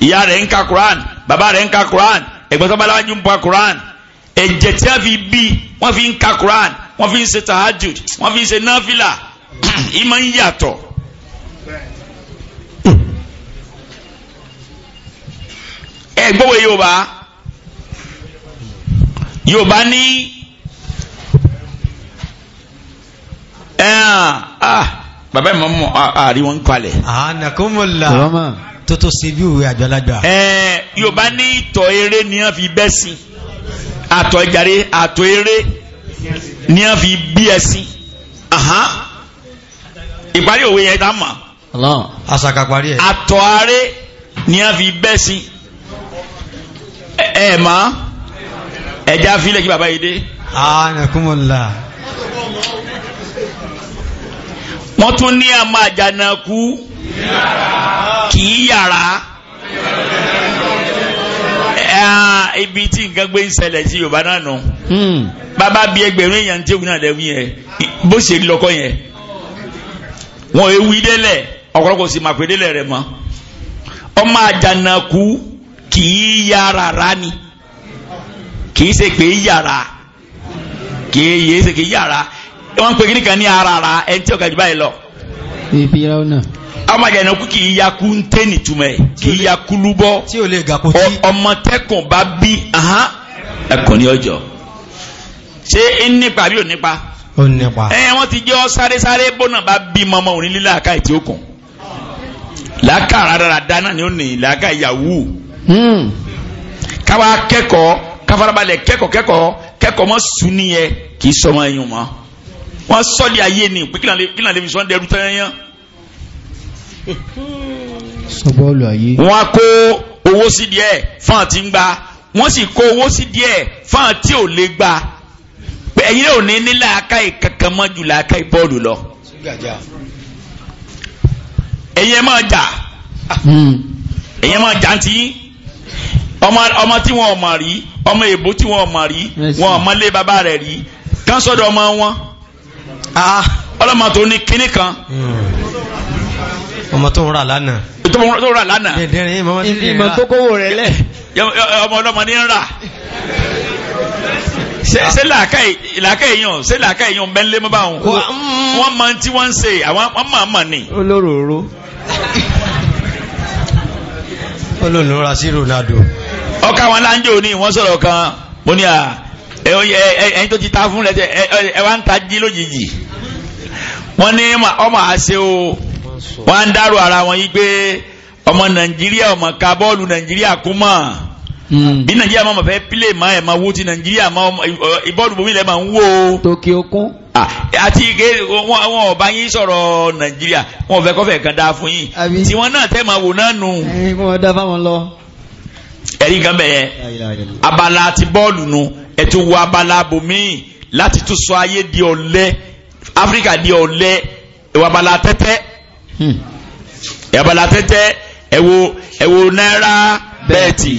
ìyá rẹ̀ ń ka Quran bàbá rẹ̀ ń ka Quran ẹ̀gbọ́n sábàláwájú ń pa Quran ẹ̀jẹ̀ tí wọ́n fi bí wọ́n fi ń ka Quran wọ́n fi ń ṣe tahajud wọ́n fi ń ṣe náfìlà ìmọ̀ ń yàtọ̀. ẹ gbọ́wọ́ yorùbá yorùbá ní ah, bàbá ìmọ̀ mọ̀ àrí ah, ah, wọn kalẹ̀. ànàkùnmọ̀lá tó ṣe bí òwe àgbàlagbà. yorùbá ní ìtọ̀ eré ni wọ́n fi bẹ́ sí àtọ̀ ìjàre àtọ̀ eré ní a fi bí ẹ sí ìparí òwe yẹn tá mọ̀ àtọ̀ aré ní a fi bẹ́ sí ẹ mọ̀ ẹja fílẹ̀ kí bàbá yìí dé. wọ́n tún ní àmọ́ àjànàkú kì í yàrá ibi tí nǹkan gbé ń ṣẹlẹ̀ sí yorùbá náà nù. Hmm. bàbá bíi ẹgbẹ̀rún èèyàn tí òun náà lẹ́wí yẹn bó ṣe lọ́kọ́ yẹn. wọn ò wí délẹ̀ ọ̀pọ̀lọpọ̀ sì máa pè délẹ̀ rẹ̀ mọ́. ọmọ àjànàkú kì í yára rá ni kì í ṣe pé yára kì í ṣe pé yára wọ́n pè kí nìkan ní ara ra ẹni tí ọ̀gá jù báyìí lọ. ìbí ra ama àjànà kú kì í yakú ń tẹ́ nìtumẹ̀ kì í yakú lúbọ́ ọmọ tẹ́kùn bá bí ẹkùn ní ọjọ́ ṣé ń nípa bí ò nípa ó nípa ẹ wọ́n ti jẹ́ ọ sáré sáré bọ́nà bá bí mọ́mọ́ òní lílà àká ìtì òkun làákà rárára náà ni ó nì làákà ìyàwó hmm. káwa kẹ́kọ̀ọ́ káfarabalẹ̀ kẹ́kọ̀ọ́ kẹ́kọ̀ọ́ kẹ́kọ̀ọ́ mọ́ sùn nìyẹn kì í sọmọ ẹ̀yìn mọ́ wọ́n sọ́ọ̀lì ni pé kí náà lè fi sọ́ọ́ wọ́n kó owó sí díẹ̀ fún àti ń gba wọ́n sì kó owó sí díẹ̀ fún àti ò lè gba ẹ̀yin ò ní ní làákàyè kankan mọ́ ju làákàyè bọ́ọ̀lù lọ. ẹ̀yin ẹ̀ máa jà hmm. ẹ̀yin ẹ̀ máa jà ń ọmọ tí wọn mọ̀ rí ọmọ èbó tí wọn mọ̀ rí wọn ò mọ̀lé bàbá rẹ̀ rí kán ọmọ wọn ah. ọlọ́mọ tó ní kinní kan. Mm ọmọ tó ń rà lánàá. tó ń rà lánàá. dẹ̀dẹ̀rin ọmọ tí ń rà. ìmọ̀ tó kówó rẹ̀ lẹ̀. ọmọ ọlọ́mọ ní ń rà. ṣé làákà èèyàn ṣé làákà èèyàn bẹ́ńlẹ́ mọ́ bá wọ́n máa tí wọ́n ń ṣe àwọn máa mọ̀ ni. olóròró. olóòlóra sí Ronaldo. ọkà wọn láńjọ ni wọ́n sọ̀rọ̀ kan mo ní à ẹyin tó ti ta fún rẹ ẹ wá ń ta jí lójijì wọ́n ní ọmọ àṣẹ o wọ́n á ń dárò ara wọn yí pé ọmọ nàìjíríà ọmọ ká bọ́ọ̀lù nàìjíríà kú mọ̀ hmm. bí nàìjíríà máa fẹ́ pílè má ẹ̀ máa wó ti nàìjíríà máa bọ́ọ̀lù bòmí lẹ́ máa ń wó. tòkè okun. àti ike wọn ọba yín sọ̀rọ̀ nàìjíríà wọn ò fẹ́ kọ́fẹ́ kan dáa fún yín tí wọn náà tẹ́ máa wò náà nù. ẹ kí wọn fáwọn lọ. ẹ̀rí kan bẹ̀ yẹn abala ti bọ́ọ̀lù nu ẹ̀ wo abala bòmí láti tún sọ ayé di ọ̀lẹ Áfíríkà di ọ̀lẹ ìwà abala tẹ́tẹ́ Hmm. abala tẹ́tẹ́ ẹ wo ẹ wo náírà bẹ́ẹ̀tì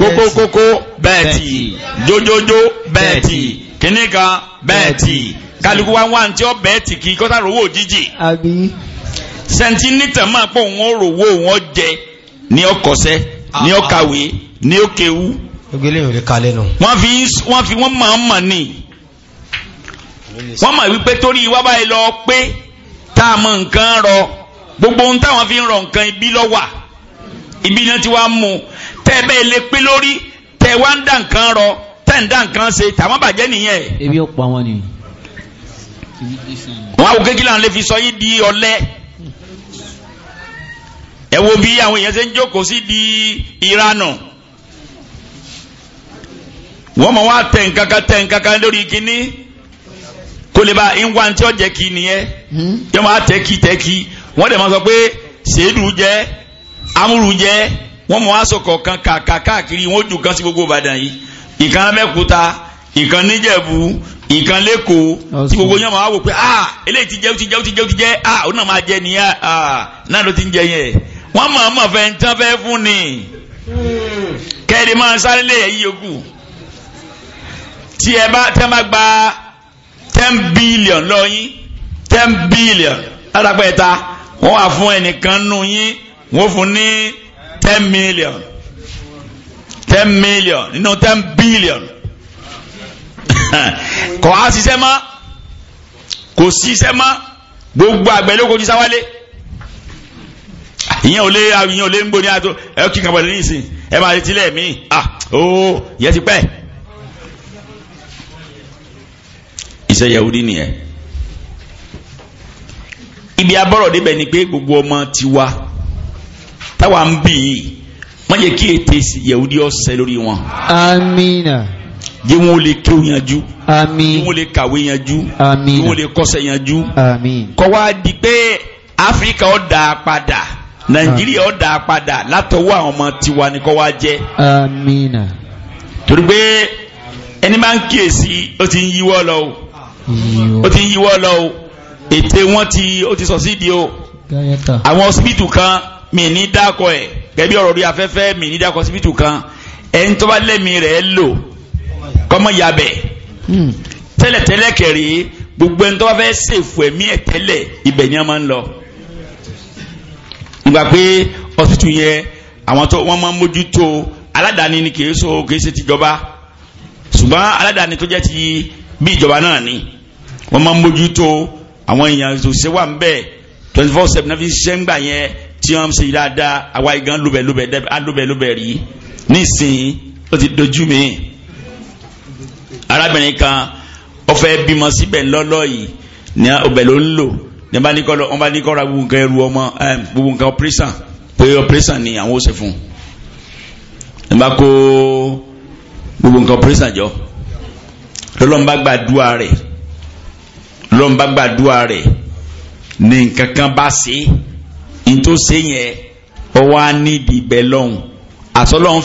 kókó kókó bẹ́ẹ̀tì jójójó bẹ́ẹ̀tì kìnnìkan bẹ́ẹ̀tì kálukú wá wá ntí ọ bẹ́ẹ̀tì kí kọ́tà rówó jíjì sẹ́ńtì nítàn máa pọ̀ wọ́n rówó wọn jẹ ní ọkọ̀sẹ́ ní ọkàwé ah, ah. ní òkèwú wọ́n fi wọ́n fi wọ́n máa ń mọ̀ ní wọ́n mọ̀ wípé torí wá báyìí lọ pé tá a mọ nǹkan rọ gbogbo ohun táwọn fi ń rọ nǹkan ibi lọ́wà ibi náà ti wá mú tẹ́ ẹ bẹ́ẹ̀ lè pé lórí tẹ́ ẹ wá ń dá nǹkan rọ tẹ́ ẹ ń dá nǹkan ṣe tàwọn bàjẹ́ nìyẹn. ebi ó pa wọn ni. wọn àwọn kékeré àwọn lè fi sọ yìí di ọ̀lẹ ẹ wo bí àwọn èèyàn ṣe ń jókòó sí di ìranù wọ́n mọ̀ wá tẹ̀ nǹkankan tẹ̀ nǹkankan lórí kínní kò lè ba ìwà tí ó jẹ́ kí nìyẹn yẹn máa tẹ́kí tẹ́kí wọ́n dẹ̀ máa sọ pé sèédù jẹ́ amúrù jẹ́ wọ́n mọ̀ asọ̀kọ̀ kan kàkà káàkiri wọ́n jù kan sí gbogbo ìbàdàn yìí ìkan abẹ́kúta ìkan níjẹ̀bú ìkan lẹ́kọ̀ọ́ tí gbogbo yẹn máa wò pé ah eléyìí ti jẹ́ ó ti jẹ́ ó ti jẹ́ ó ti jẹ́ ah ó náà máa jẹ nìyà ah náà ló ti ń jẹ yẹn wọ́n mọ̀ mọ̀ fẹ́ ń tán fẹ́ fún ni kẹ́ẹ̀dì máa sáré lé ẹ̀yí yòókù tí ẹ bá tẹ́ bá gba ten billion lọ́yìn ten billion ládàpẹ́ta wọ́n wà fún ẹnìkan nù yín wọ́n fún ní ten million ten million nínú ten billion kò á ṣiṣẹ́ mọ́ kò ṣiṣẹ́ mọ́ gbogbo àgbẹ̀ ló kojú sáwálé ìyẹn ò lé ìyẹn ò lé ń gbóni àtò ẹ kí nǹkan pàdé nísìn ẹ máa retí lẹ́ẹ̀mí ah ooo ìyẹn ti pẹ́ iṣẹ́ Yahudi nìyẹn ibi abọ́rọ̀ débẹ̀ ni pé gbogbo ọmọ ti wa táwa ń bì í wọ́n yẹ kí ètè yẹ̀wúdí ọ̀sẹ̀ lórí wọn. amina. jẹ́ wọn ò lè kéwù yanjú. àmín jẹ́ wọn ò lè kàwé yanjú. àmín jẹ́ wọn ò lè kọ́ṣẹ́ yanjú. àmín kọ́ wa di pé áfíríkà ó dà padà nàìjíríà ó dà padà látọwọ́ àwọn ọmọ tiwa ni kọ́ wa jẹ́. àmín. torí pé ẹni máa ń kíyèsí ó ti ń yíwọ́ lọ o ó ti ń yíwọ́ lọ o ète wọn ti ó ti sọ sí ìdí o àwọn ọsibítù kan mi ní dákọ ẹ gẹbi ọ̀rọ̀ rí afẹ́fẹ́ mi ní dákọ ọsibítù kan ẹni tó bá lẹmi rẹ lò kọmọ yabẹ hmm. tẹ́lẹ̀tẹ́lẹ̀ kẹrì gbogbo ẹni tó bá fẹ́ ṣèfù ẹ̀mí ẹ tẹ́lẹ̀ ibẹ̀ ni a máa ń lọ ìgbà pé ọsibítù yẹn àwọn tó wọn máa ń mójútó aládàáni ni kì so kì í tìjọba ṣùgbọ́n aládàáni tó jẹ́ ti bí ìjọba náà ni wọ́n máa ń mójútó àwọn èèyàn òṣìṣẹ́ wà ń bẹ̀ twenty four seven fi ṣiṣẹ́ ń gbà yẹn tí wọ́n ṣe dáadáa àwa igan lóbẹ̀ lóbẹ̀ lóbẹ̀ lóbẹ̀ rí nísìnyí ó ti dojú mi arábìnrin kan ó fẹ́ bímọ síbẹ̀ lọ́lọ́ yìí ní ọbẹ̀ ló ń lò ní bá ní kọ́lọ́ wọ́n bá ní kọ́ra gbogbo nǹkan ẹrù ọmọ eh, gbogbo nǹkan ọpẹ́rẹ́sàn pé ọpẹ́rẹ́sàn ni àwọn ó ṣe fún un ní bá kó gbogbo nǹkan ọpẹ́rẹ́sàn jọ lọ́lọ́ ń bá gbàdúrà rẹ̀ lọ́nba gbàdúrà rẹ̀ ní nǹkan kan bá ṣe é ní tó ṣe yẹn ọwọ́ á ní ìdìbẹ̀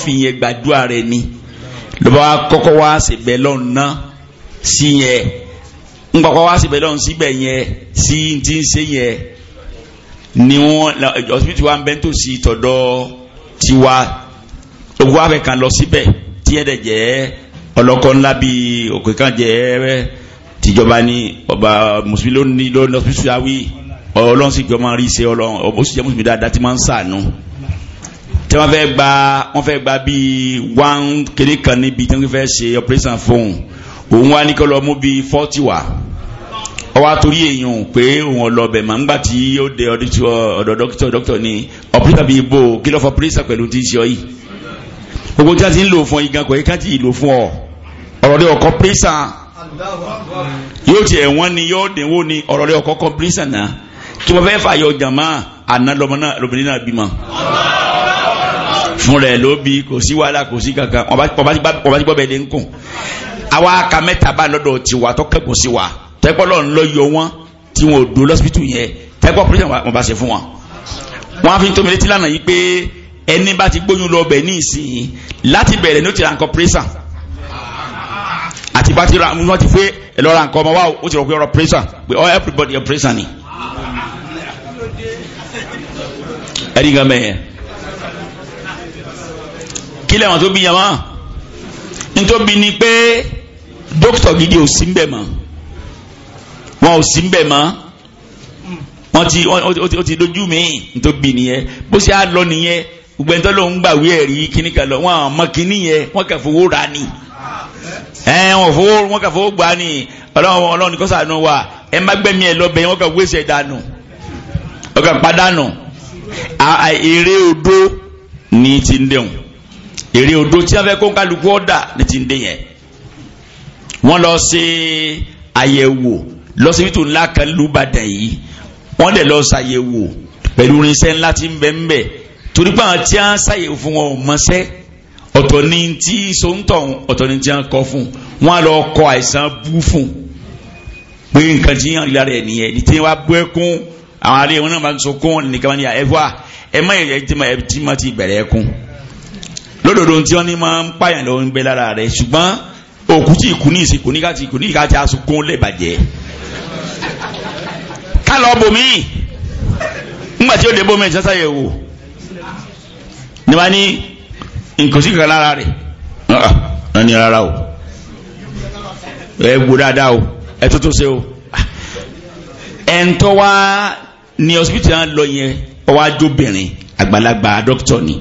fi yẹn gbàdúrà rẹ̀ ni lọ́ba kọ́kọ́ wa ṣèbẹ̀ lọ́hùn náà sí yẹn ń kọ́kọ́ wá ṣèbẹ̀ lọ́hùn síbẹ̀ yẹn sí ti ń yẹn ni wọn ọsibítù wa ń bẹ́ si tọ̀dọ̀ tiwa ogun afẹ́ kan lọ síbẹ̀ tí ẹ̀ dẹ̀ jẹ́ ọlọ́kọ ńlá bíi òkè kan jẹ́ ẹ̀ tìjọba ní ọba mùsùlùmí ló ní lọ́nà hospital awi ọlọ́run sì jọ máa rí iṣẹ́ ọlọ́run ó sì jẹ́ mùsùlùmí dáadáa tí máa ń sàánú tí wọ́n fẹ́ gba wọ́n fẹ́ gba bíi one kéré kan níbi tí wọ́n fẹ́ ṣe operation fóun òun wá ní kí ọlọ́mú bíi forty wà ọwọ́ àtòrí èèyàn pé òun ọlọ́bẹ̀ máa ń gbà tí ó dé ọ̀dọ̀ dókítà dókítà ní operation bíi ibo kí lọ́ọ́ fọ operation pẹ̀lú tí ń ṣe ọ yìí gbogbo tí a ti ń lò fún igan kò yẹ ká ti lò fún ọ ọ̀rọ̀ dé ọkọ̀ operation yóò tiẹ̀ wọ́n ni yóò dínwó ni ọ̀rọ̀ rẹ̀ ọ̀kọ́ kọ́mpilísàn náà tí wọ́n fẹ́ fàyọ jàmá àná lọ́mọbìnrin náà bímọ fún rẹ̀ ló bí kò sí wàhálà kò sí kankan ọba tí gbọ́ bẹ́ẹ̀ dé ń kùn àwa aka mẹ́ta bá lọ́dọ̀ tiwa tó kẹ́kọ̀ọ́ sí wa tẹ́kọ́lọ́ ń lọ yọ wọn tí wọn ò do lọ́sibítù yẹn tẹ́kọ́ pírẹ́sìdẹ̀ntì wọn bá ṣe fún wọn. wọn á fi tó mi létí lánàá yìí pé ẹni bá ti gbóyún lọ bẹ̀ ní ìsìn láti bẹ̀rẹ̀ ní ó ti ra nǹkan pírẹ́sìdẹ̀ntì àti bá ti ra wọ́n ti pé ẹlọ́ra nǹkan ọmọ wa ó ti rọ̀ pé ọ̀rọ̀ pressure pé all oh, everybody ẹ̀ pressure ni. ẹ̀rí nǹkan mẹ́yẹn kí lẹ́wọ̀n tó bí yẹn nítorí ni pé dókítà gidi ò sí ń bẹ̀ mọ́ wọn ò sí ń bẹ̀ mọ́ wọ́n ti ó ti dojú mi nítorí bí nìyẹn bó ṣe á lọ nìyẹn gbogbo ẹni tó gbàwé ẹ̀rí kíníkà lọ wọn àmọ́ kíní yẹn wọ́n kà fowó ra ni ẹ̀wọ̀n fowó wọn kà fowó gbà ní ọlọ́run ọlọ́run ní kọ́sà nù wa ẹ̀ má gbẹ̀mí ẹ̀ lọ́bẹ̀ wọn kà wéṣẹ̀ dànù wọn kà padànù èrè odó ní ti ń dẹ̀hùn èrè odó tí wọn fẹ́ kó kálukú ọ̀dà ní ti ń dẹ̀ yẹn wọn lọ ṣe àyẹ̀wò lọ́sibítù ńlá kan lùbàdàn yìí wọn lè lọ ṣàyẹ̀wò pẹ̀lú irinṣẹ́ ńlá ti ń bẹ ń bẹ torí tí wọn ṣàyẹ̀wò fún wọn ò mọṣẹ́ ọ̀tọ̀ ni tí sóńtọ̀hún ọ̀tọ̀ ni tí wọ́n kọ́ fún wọn lọ kọ àìsàn bú fún pé nǹkan tí yàn lára ẹ̀ nìyẹn tí wọ́n á bú ẹkún àwọn ará wọn náà máa ń sọ kún wọn nìkan wọn ni ẹ wá ẹ má yẹ tí ma ti bẹ̀rẹ̀ ẹkún lódodo tí wọ́n ní máa ń pààyàn lọ́wọ́ ń gbé lára rẹ̀ ṣùgbọ́n òkú tí ìkú ní ìsìnkú ní káti ìkú ní káti asukun lè bàjẹ́ ká bomi ńgbà tí ó dé bomi ìsásáyẹ̀ wò wọ́n á ní nǹkan sí kankan lára rẹ̀ ah, náà ní rárá o ẹ gbó dáadáa o ẹ tó tó ṣe o ẹ ń tọ́ wá ní hospital náà lọ yẹn ọwọ́ ajóbìnrin àgbàlagbà dókítọ̀ ni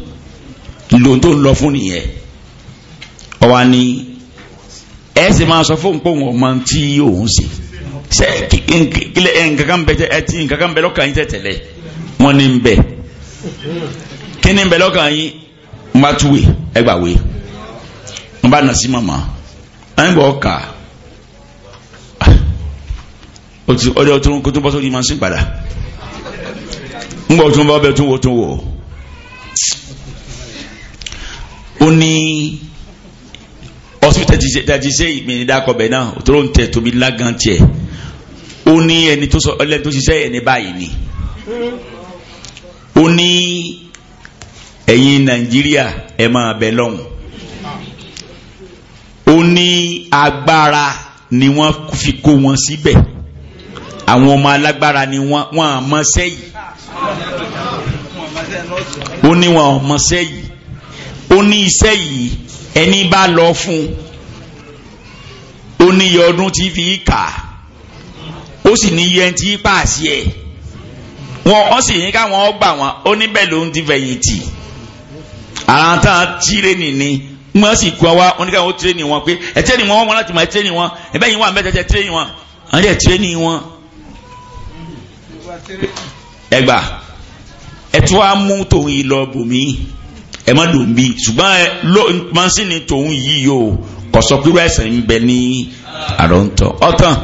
lòun tó ń lọ fún nìyẹn ọwọ́ ni ẹ sì máa sọ fóun pé òun ọmọ tí òun ṣe ṣe nǹkankan bẹ tẹ ẹ ti nǹkankan bẹ lọ́kàn yín tẹ̀tẹ̀lẹ̀ wọ́n ní bẹ kí ni bẹ lọ́kàn yín n bá túwè ẹ gbàwé mama bá ọka sí màmá ẹ otu bọ̀ kà ọdẹ ọtún kó tó otu sórí màsí padà ń bọ̀ tún bá ọbẹ̀ tún wò tún wò ó ní ọsibítù tàjí sẹ ìmìnira tiẹ ni ẹ̀yin nàìjíríà ẹ máa bẹ lọ́hùn ó ní agbára ni wọ́n fi kó wọn síbẹ̀ àwọn ọmọ alágbára ni wọ́n wọ́n àmọ́sẹ́ yìí ó ní wọn àmọ́sẹ́ yìí ó ní iṣẹ́ yìí ẹni bá lọ fún ó ní iye ọdún tí fi kà ó sì ní iye tí pàṣẹ wọn ó sì ní káwọn ọgbà wọn ó níbẹ̀ ló ń ti fẹ̀yìntì àwọn tá a tírẹ́nì ni wọ́n sì kú wa wọ́n ní káwọn ó tírẹ́nì wọn pé ẹ tírẹ́nì wọn wọ́n láti mọ̀ ẹ tírẹ́nì wọn ẹ̀bẹ́ yìí wà mẹ́ta ẹ tírẹ́nì wọn àwọn jẹ́ tírẹ́nì wọn. ẹ gbà ẹ tún wá mú tòun yìí lọ bòmí ẹ má dùn bí ṣùgbọ́n ẹ ló mọ́sìnì tòun yìí o kò sọ pé ẹsẹ̀ ń bẹ ní àròǹtọ̀ ọ̀tàn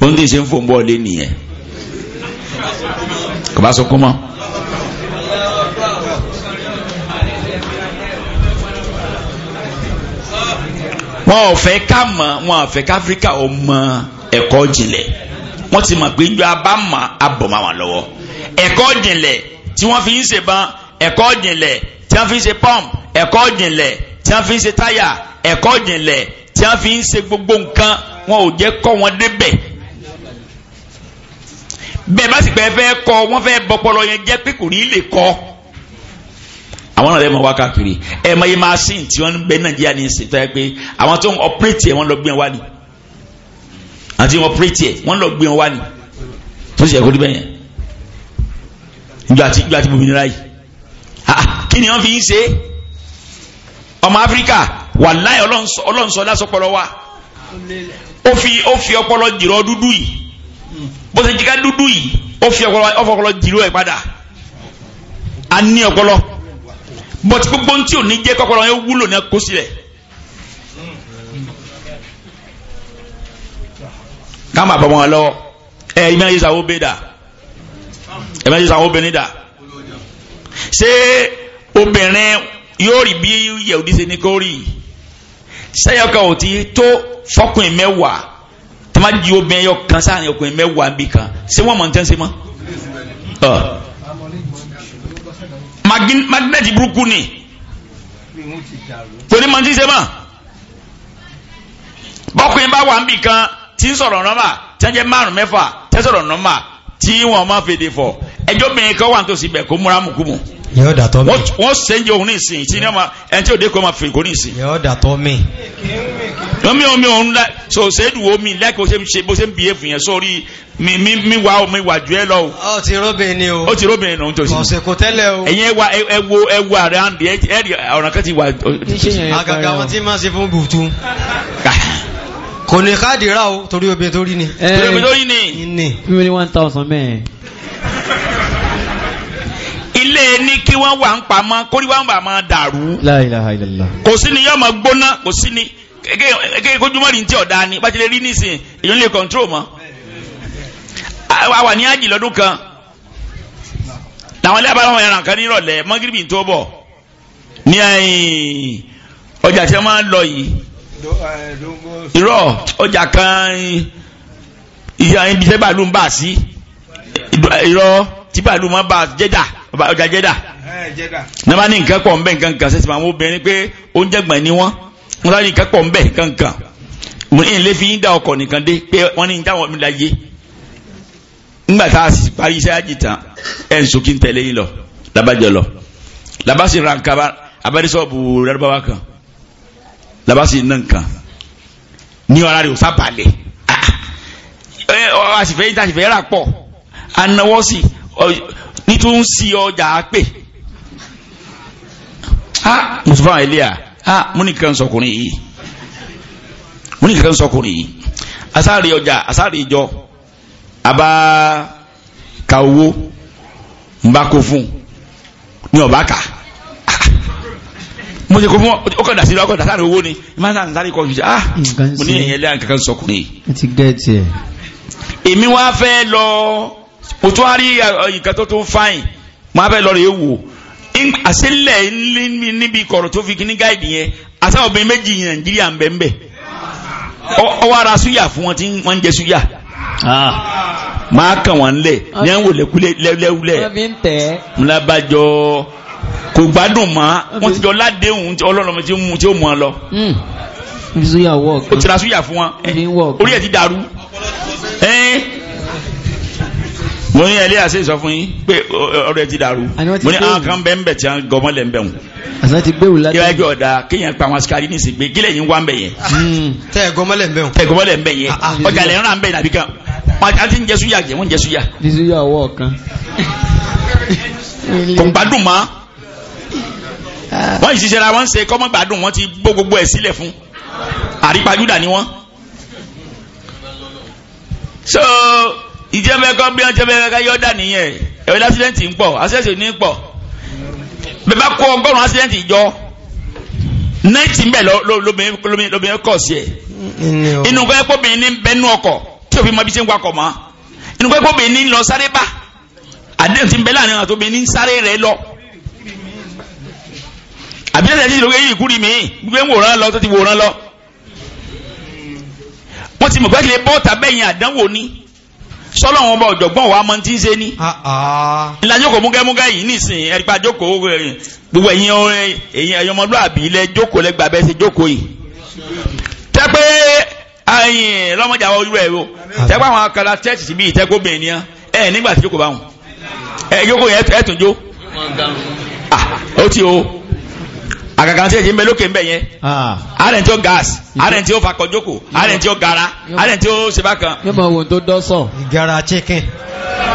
ó ṣe ń fò ń bọ̀ lé nìyẹn kò bá sọ kó mọ́. wọn ò fẹ́ ká mọ̀ wọn ò fẹ́ káfíríkà ò mọ ẹ̀kọ́ jinlẹ̀ wọ́n ti mọ̀ pé ju abámọ̀ abọ̀mọ̀ wọn lọ́wọ́ ẹ̀kọ́ jinlẹ̀ tí wọ́n fi ń ṣe ban ẹ̀kọ́ jinlẹ̀ tí wọ́n fi ń ṣe pump ẹ̀kọ́ jinlẹ̀ tí wọ́n fi ń ṣe táyà ẹ̀kọ́ jinlẹ̀ tí wọ́n fi ń ṣe gbogbo nǹkan wọn ò jẹ́ kọ́ wọn débẹ̀ bẹ́ẹ̀ bá sì pẹ́ fẹ́ kọ́ wọ́n fẹ́ bọ́pọlọ yẹn jẹ́ pé kò ní lè kọ́ àwọn ọ̀rẹ́ mọ̀ wá káàkiri ẹ̀ mọ̀ yìí máa sìn tí wọ́n ń bẹ nàìjíríà ní ìsìn tó yẹ pé àwọn tó ń ọ̀pẹ́rẹ́tì ẹ̀ wọ́n lọ gbé wọn wá ni àti ọ̀pẹ́rẹ́tì ẹ̀ wọ́n lọ gbé wọn wá ni tó sì yẹ kó dúpẹ́ yẹn ìjọ àti ìjọ àti bòmìnira yìí kí ni wọ́n fi ń ṣe ọmọ áfíríkà wà láì ọlọ́nsọ lásọpọlọ wa ó fi ó fi ọpọlọ jìrọ dúdú yìí bó ṣe jíká dúdú yìí ó fi ọpọlọ jìrọ ẹ̀ padà a ní ọpọlọ bọ́tí gbogbo ntí ò ní jẹ́ kọ́kọ́rọ́ yẹn wúlò ní kó sílẹ̀. káwọn àbọ̀ wọn lọ ẹ ẹ ìmọ̀ ìsàwọ́ bẹ́ẹ̀ dà ẹ ìmọ̀ ìsàwọ́ obìnrin dà ṣé obìnrin yóò rí bí yẹ̀wùdí ṣe ní kó rí sẹ́yọ̀kà ò ti tó fọkùnrin mẹ́wàá tí wọ́n di obìnrin yọ kan sáà ní ọkùnrin mẹ́wàá bì kan ṣé wọ́n mọ̀ ní tẹ́ ṣe mọ́ magnẹ́tì burúkú ni torí mọ̀ tí ń ṣe mọ̀ bọ́kùnrin bá wà ń bì kan tí ń sọ̀rọ̀ nọ́mà tí wọ́n jẹ́ márùn mẹ́fà tí ń sọ̀rọ̀ nọ́mà tí wọ́n máa fèdè fọ̀ ẹjọ́ bìnrin kan wà ń tòsí bẹ̀ kó múra mùkúmù yóò dàtọ́ mi. wọ́n sẹ́yìn òun ní ìsìn tí ní ọmọ ẹni tí ò dé kó máa fèrè kó ní ìsìn. yóò dàtọ́ mi. lọ́mí omi òun la so sẹ́dù omi lẹ́kọ̀ọ́ ṣe ṣe bó ṣe ń bìyẹ̀ fìyẹn sórí mi mi mi wa mi wà ju ẹ lọ o. ọ ti róbìn ni o. ó ti róbìn nù tó sí. ọ̀sẹ̀ kò tẹ́lẹ̀ o. ẹ̀yin ẹ wa ẹ wo ẹ wo àrẹ àǹdí ẹ ẹ rí ọ̀ràn kan ti wà. àgàgà wọn ti máa ṣe fún bùtù. Ah. kò ní káàdì rà o torí obìnrin tó rí ni. torí obìnrin tó rí ni. ní. fífi ní one thousand mẹ́ẹ̀ tẹ́ ẹ ní kí wọ́n wà ń pamọ́ kórí wọ́n bà máa dàrú. La ilaha illallah. kò sí ni yóò máa gbóná kò sí ni kéèké kójúmọ́ ní ti ọ̀dà ni bá ti lè rí nísìnyí èyàn lè kọ̀ntró mọ́. àwa ní àjì lọ́dún kan làwọn ilé abáwọn ẹran kan nírọ̀lẹ́ mọ́gìrìbì tó bọ̀ ní eh, ọjà tí wọ́n máa ń lọ yìí irọ́ ọjà kan ìyá ibi tẹ́ bàálù ń bà sí irọ́ tí bàálù máa bà jẹ́jà bàbá ọjà jẹ́dà ní bá ní nǹkan pọ̀ nbẹ nǹkan kan sẹ́sì máa wọ́n obìnrin pé oúnjẹ gbọ̀n ni wọ́n wọ́n láti nǹkan pọ̀ nbẹ nǹkan kan mo ní ilé fi ń da ọkọ̀ nìkan dé pé wọ́n ní táwọn mi la yé ńgbà tá a sì parí iṣẹ́ àjì tán ẹ̀ ń sókí ń tẹ̀lé yín lọ labajọ lọ labasi ra nǹkan abẹ́rẹ́sọ̀bù rẹ́rẹ́báwá kan labasi ná nǹkan ní ọ̀rá rẹ̀ ò sábàlẹ̀ ah! ọ̀ àṣìfẹ́ yìí tá àṣìfẹ́ yàrá pọ̀ anáwọ́sì ní ń si ọjà pè ha mùsùlùmá eléyà ha mo ní kankan sọkùnrin yìí mo ní kankan sọkùnrin yìí asáàrí ọjà asáàrí ìjọ abá ka owó n bá kó fún ní ọba kà mo ṣe kó fún ọ kọ dasiri ọkọ dasari owó ni ìmọ̀ náà sáré kọ ṣiṣẹ́ ah mo ní ẹ̀yẹ́lẹ́ kankan sọkùnrin yìí. èmi wá fẹ́ lọ mo tún wá rí uh, uh, nǹkan tó tún fáyìn mo á fẹ́ lọ rè é wò àṣìlẹ̀ níbi kọ̀rọ̀ tó fi kíní gáìdì yẹn àṣà obìnrin méjì nàìjíríà ń bẹ ń bẹ ọwọ́ ara súyà fún wọn tí wọ́n ń jẹ súyà ah. máa kàn wọ́n lẹ̀ ní à ń wò lẹ́kúlẹ́lẹ́wúlẹ̀ ńlábàjọ kò gbádùn mọ́ wọ́n ti jọ ládéhùn ọlọ́run tí ó mú tí ó mú ọ lọ. Hmm. ó ti ra súyà fún wọn orí ẹ̀ ti dàrú mo ní ẹlẹ́yà sí sọ fún yín pé ọ̀rọ̀ ti dàrú mo ní àwọn kan ń bẹ̀ tí wọ́n gọmọ́ lẹ̀ ń bẹ̀ wọn. àná ti gbéwò láti. ìwádìí ọ̀dà kéèyàn pa àwọn asikari ní ìsìn gbé gílẹ̀ yín wá ń bẹ̀ yẹn. Hmm. tẹ gọmọ́ lẹ̀ ń bẹ̀ wọn. tẹ gọmọ́ lẹ̀ ń bẹ̀ yẹn ah, ah. ọjà lẹ̀ ń rà ń yẹn àbí kan pàtàkì ń jẹ súyà jẹ wọ́n ń jẹ súyà. dísúyà ọwọ́ kan. kò ń gbádùn mọ́ wọ́n ìṣiṣẹ́ ra wọ́n ṣe kọ́mọ́ so ìjẹ́mẹ́kọ́ bí wọ́n jẹ́mẹ́kọ́ yọ́dà nìyẹn ẹ̀rọ accident ń pọ̀ accident ní pọ̀ bẹ́ẹ̀ bá kó ọgọ́rùn-ún accident jọ náìtì ń bẹ̀ lóbìnrin kọ̀ sí ẹ̀ inú kọ́ ẹ̀kọ́ obìnrin ní bẹ́nu ọkọ̀ tí òfin mọ ibi tí ń wakọ̀ mọ́ inú kọ́ ẹ̀kọ́ obìnrin ní lọ sáré bá àdéhùn ti ń bẹ láàrin àti obìnrin ní sáré rẹ̀ lọ. àbí ẹ̀sẹ̀ ti lóye yìí kúrì mí gbé wòran lọ tó ti wòran lọ. wọ́n ti mọ̀ pé kí lè bọ́ọ̀tà bẹ́yìn àdánwò ni sọ́lọ́ wọn bá ọ̀jọ̀gbọ́n wa mọ tí ń ṣe ní. ńlá jókòó múkẹ́múkẹ́ yìí nísìnyí ẹ̀rípa jókòó gbogbo ẹ̀yin ẹ̀yin ẹ̀yọmọlúàbí ilẹ̀ jókòó lẹ́gbàá bẹ́ẹ̀ ṣe jókòó yìí. tẹ́ pé ayin lọ́mọdé àwọn ojú rẹ̀ o tẹ́ pé àwọn akara church síbi ìtẹ́kọ́bìnrin ni ẹ̀ nígbà tí jókòó bá wọn ẹ̀ jókòó yẹn ẹ̀ tún jó. Ah, ó ti o àgàgà tí èyí ń bẹ lókè ń bẹ yẹn ah. àárẹ̀ tí ó gas àárẹ̀ tí ó fakọjókò àárẹ̀ tí ó gara àárẹ̀ tí ó ṣe bákan. yóò máa wò tó dọ́sọ̀. ìgara chicken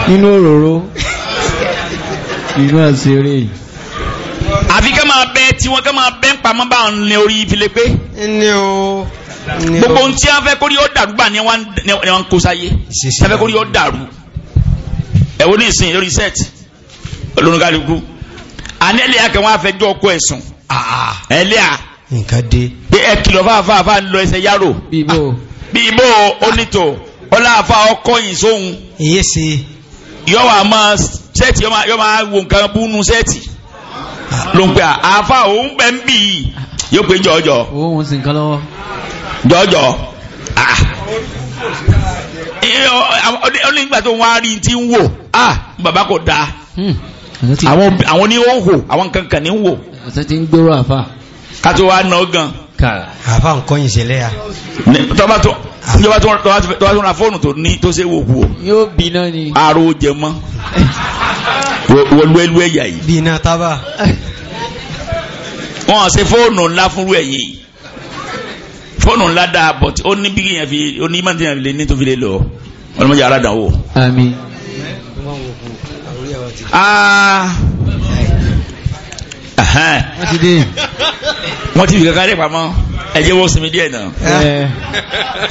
nínú òróró inú àṣírí. àfi ká máa bẹ tí wọn ká máa bẹ ń pamọ́ bá ń lé orí ìfilé pé. ní o gbogbo ohun tí a fẹ́ kórí ó dàrú gbà ni wọ́n ń kó sáyé tí a fẹ́ kórí ó dàrú ẹ̀wọ́n ní ìsìn lórí set olóńgálùkù àní ẹlẹ́yà kan wọ́n á fẹjọ́ ọkọ ẹ̀sùn ah. ẹlẹ́yà nǹkan dé pé ẹ kìlọ̀ fáfáà fáà ń lọ ẹsẹ̀ yárò bí ibò ah. onítò ọláàfáà ọkọ yìí sóhun yọ wà máa sẹ́ẹ̀tì yọ máa wo nǹkan búnú sẹ́ẹ̀tì ah. ló ń pè àáfà òun bẹ́ ń bì í yóò pé jọjọ. òun sì ń kọ́ lọ́wọ́. jọjọ onígbà tó wọ́n á rí ti ń wò bàbá kò dáa. Hmm àwọn ní ó ń wò àwọn kankan ní ń wò ọ̀sẹ̀ tí ń gbóró àfà kátó wá náà gan àfà nǹkan yìí ṣẹlẹ̀ à tọ́ba tó ń ra fóònù tó ní tó ṣe wò wò yóò bí náà ni àrò jẹ mọ́ wọlú ẹlú ẹ̀yà yìí bí iná tábà wọ́n ṣe fóònù ńlá fúnrú ẹ̀yìn fóònù ńlá dáa bọ̀tí ó ní bí yẹn fi ó ní mọ́tí yẹn fi lè ní tó fi lè lọ ọlọ́mọdé aládàáwò. àmín. Ah. wọ́n ti fi kankan rẹ̀ pamọ́ ẹ̀jẹ̀ wọ́n sinmi díẹ̀ náà ah.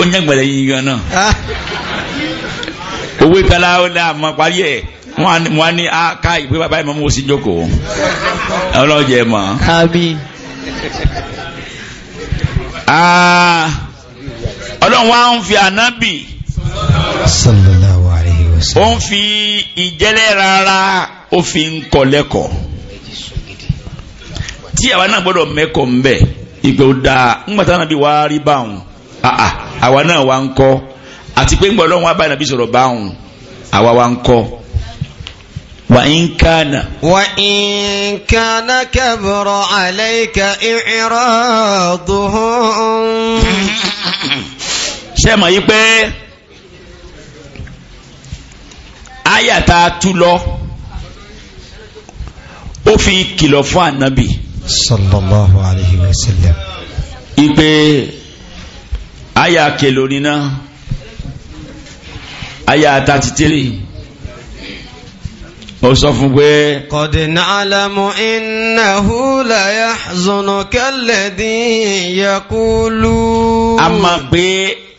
ó ń yàgbẹ̀rẹ̀ yín yan náà ah. owó ìtàlá ó dá àmọ́ parí ẹ̀ wọ́n á ní ká ìpè bàbá ìmọ̀ mọ́ sí jókòó ọlọ́jẹ̀ mọ́. ọlọ́run wa ń fi ànábì. sallallahu ó ń fi ìjẹ́lẹ̀ rárá ó fi ń kọ lẹ́kọ̀ọ́ tí àwa náà gbọ́dọ̀ mẹ́kọ̀ọ́ ń bẹ̀ ìgbẹ́ ó dáa ńgbà táwọn àbí wàá rí báwọn àwa náà wà ń kọ́ àti pé ńgbà ọlọ́run wá báyìí nàbí sọ̀rọ̀ báwọn àwa wà ń kọ́ وإن كان كبر عليك إعراضهم ṣé mà yí àyàtà tú lọ ó fi kìlọ̀ fún ànábì sallallahu alayhi wa sallam ipe àyà kèlò nínà àyà mo sọ fún pé qad na'lamu innahu la yahzunuka alladhi yaqulu a mọ̀ pé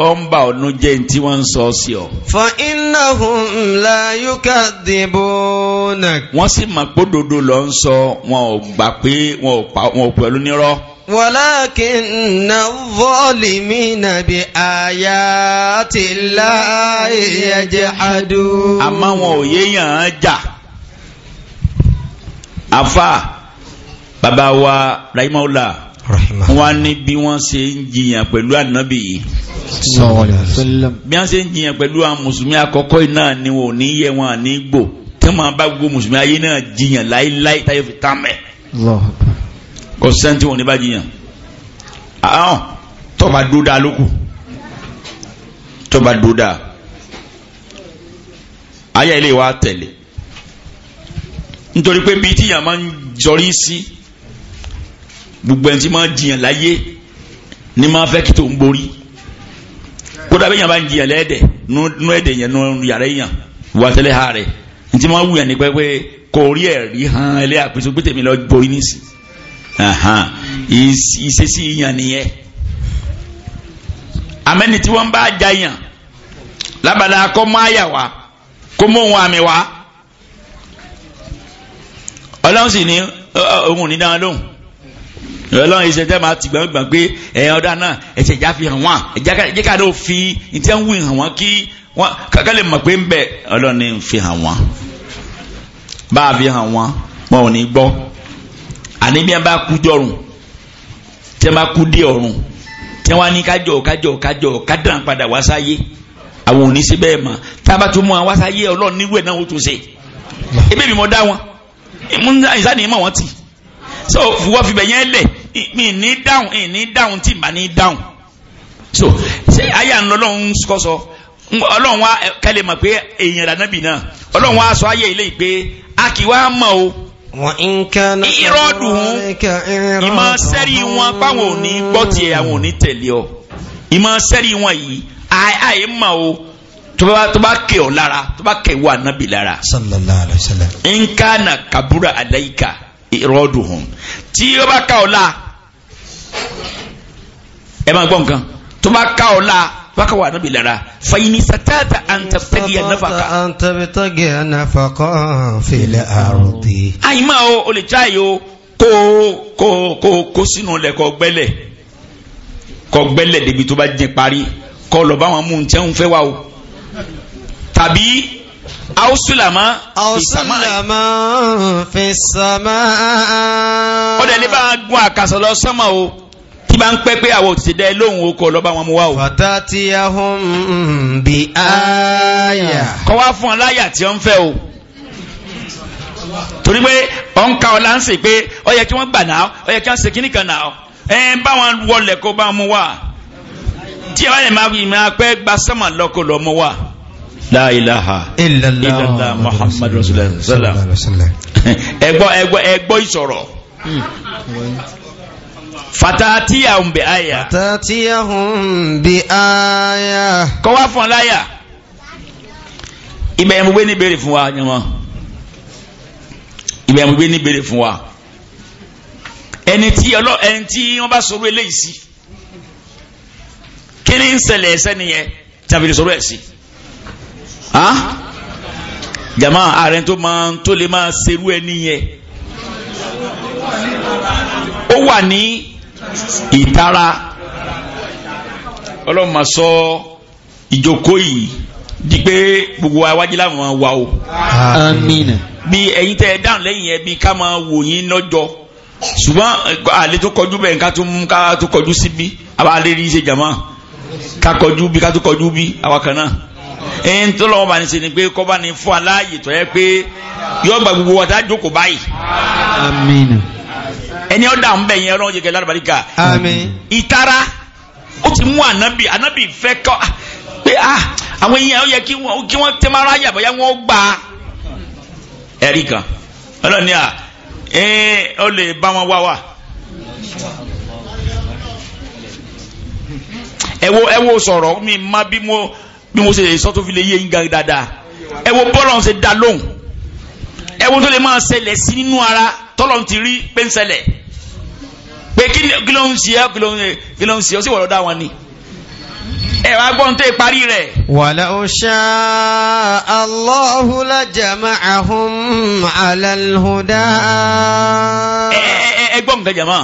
ó ń bà ọ́nú jẹ́ tí wọ́n ń sọ sí ọ. fa innahum la yukadhibunak. wọ́n sì mọ̀ pé òdodo ló ń sọ wọn ò gbà pé wọn ò pa wọn ò pè ọ́ nírọ́. walakinna adh-dhalimina bi ayati llahi yajhadun. àmọ́ wọn ò yéèyàn jà afa baba wa rahimahullah wọn ní bí wọ́n ṣe ń jiyàn pẹ̀lú ànábì yìí bí wọ́n ṣe ń jiyàn pẹ̀lú àwọn mùsùlùmí àkọ́kọ́ yìí náà ni wọn ò ní yẹ wọn ní gbò tí wọ́n bá gbogbo mùsùlùmí ayé náà jiyàn láíláí táyé fi tán mẹ́ kò sẹ́ńtì wọn ní bá jiyàn àwọn tọ́ba dúdà lókù tọ́ba dúdà ayé ilé wa tẹ̀lé nítorí pé bíi tíyàn máa ń jọrí sí gbogbo ẹni tí máa ń jiyàn láyé ni máa fẹ́ kí tó ń borí kódà bẹ́ẹ̀ yàn bá ń jiyàn lẹ́ẹ̀dẹ̀ nú ẹ̀dẹ̀ yẹn nú yàrá yàn wà tẹ́lẹ̀ ha rẹ̀ ní tí máa wù yàn ní pẹ́pẹ́ kò rí ẹ̀rí han ẹlẹ́yà pé sọgbẹ́ tèmi lọ borí nísì ìṣesí yàn nìyẹn amẹ́ni tí wọ́n bá já lábàdà kọ́ mọ́ àyà wa kó mọ́ òun àmì wa ọlọ́run ni, ní ohun ní dáhùn lóhùn ọlọ́run ìṣe tẹ́ máa ti gbọ̀ngbọ̀n pé ẹ̀yàn ọ̀dà náà ẹ̀ṣẹ̀ ìjà fi hàn wọ́n ẹ̀jẹ̀ ká ló fi ìtẹ́ ń wí hàn wọ́n kí wọ́n kàkà lè mọ̀ pé ń bẹ̀ ọlọ́run ní fi hàn wọ́n bá a fi hàn wọ́n wọn ò ní gbọ́ àní bí wọ́n bá kú dọ̀rùn tí wọ́n bá kú dé ọ̀run tí wọ́n ní kájọ kájọ kájọ kádàn padà wá sáyé àwọn ò ní síbẹ̀ mọ́ tá wá sáyé ọlọ́run níwẹ̀ náà ó tún ṣe ebí mi mọ̀ dá wọn ìmúnza ìsáni ìmọ̀ wọn ti so wọ́n fi bẹ̀ yẹn lẹ̀ mi ní dáhùn mi ní dáhùn tí mà ní dáhùn so ṣé àyà ń lọ lọ́hún kọ́ sọ ọlọ́run wa kẹlẹ̀ mọ̀ pé èèyàn lànàbì náà ọlọ́run wa sọ ayé ilé ìpè a kì mọ̀ o ìrọ̀dùn ìmọ̀ sẹ́rí wọn báwọn ò ní gbọ́ tiẹ̀ àwọn ò ní tẹ̀lé ọ ìmọ̀ sẹ́rí wọn yìí àìmọ̀ o tó bá tó bá kẹ ọ lára tó bá kẹ wọ anabi lára. sallallahu alayhi wa sallam. nka na kabura alayika irọdu hàn tí o bá ka ọ la ẹ máa gbọ́ nǹkan tó bá ka ọ la tó bá ka wọ anabi lára fayini satata antabtagiya nafaka. antabtagiya nafaka fil ardi. ayi ma o o le ja yi o kó kó kó kó sínú lẹ kọ gbẹlẹ kọ gbẹlẹ débi tó bá jẹ parí kọ bá wọn mú un tẹ́ ń fẹ́ wa o tàbí àwùsùlàmọ́ fìsàmà. fìsàmà. ó dẹ̀ ní bá gun àkàsọ̀ lọ sọ́mọ̀ o tí bá ń pẹ́ pé àwọn òtítì dẹ́ lóhùn o kọ̀ lọ́ba wọn mú wá o. fàtà tí a hùn bí àyà. kọ́ wá fún ọ láyà tí ó ń fẹ́ o torí pé ọ̀n ka ọ̀ láǹsì pé ọ yẹ kí wọ́n gbà náà ọ yẹ kí wọ́n ṣe kíní kan náà ẹ ń bá wọn wọlé kó bá wọn mú wá tí ẹ bá yẹ máa pẹ́ gba sọ́mọ̀ lọ́kọ̀ lọ́ wá la ilaha illallah muhammad rasulullah ẹgbọ́ ẹgbọ́ ẹgbọ́ ìsọ̀rọ̀ hmm. fatatiyahum bi aya fatatiyahum bi aya kọ́ wá fún aláyà ibẹ̀ yẹn mo gbé ní ìbéèrè fún wa yẹmọ ibẹ̀ yẹn mo gbé ní ìbéèrè fún wa ẹni tí ọlọ ẹni tí wọn bá sọ̀rọ̀ eléyìí sí kí ni ń ṣẹlẹ̀ ẹsẹ̀ nìyẹn tàbí sọ̀rọ̀ ẹ̀ sí jama ààrẹ tó máa tó lè máa serú ẹni yẹn ó wà ní ìtara ọlọ́run máa sọ ìjókòó yìí di pé gbogbo awájú làwọn wà o. àmín. bí ẹ̀yin tẹ ẹ dáhùn lẹ́yìn ẹ bí ká máa wò yín lọ́jọ́ ṣùgbọ́n àlè tó kọjú bẹ́ẹ̀ ká tó kọjú síbí àbá lè rí iṣẹ́ jama ká kọjú bí ká tó kọjú bí àwa kan náà. ẹn tó lọ́wọ́ bá ní ṣe ni pé kọ́ bá ní fún aláàyè tó gba gbogbo wata a jókòó báyìí. ni ẹni ọ̀dà ń bẹ̀ yẹn ọlọ́run jẹ́ kẹ́ lálùbáríkà. àmín. ìtara ó ti mú anabi anabi fẹ́ kọ́ ah, pé ah, àwọn èèyàn ó yẹ kí wọ́n tẹ́ máa ráyà bóyá wọ́n gbà á. ẹ̀rí kan ọlọ́ni à ọ lè bá wọn wá wa. ẹ wo ẹ wo sọ̀rọ̀ mi bí mo ṣe sọ tó fi lè yé yín gan dáadáa ẹ wo bọ́lọ̀ ṣe dá lóhùn ẹ wo tó lè máa ṣẹlẹ̀ sí nínú ara tọ́lọ̀ ti rí pé ń ṣẹlẹ̀ pé kí ló ń ṣe ẹ kí ló ń ṣe ọ sí wọ́n lọ dá wọn ni ẹ̀wà gbọ́n tó parí rẹ̀. Walau sha'a Allahu la jama'ahum 'ala al-huda. ẹgbọ́n nǹkan jama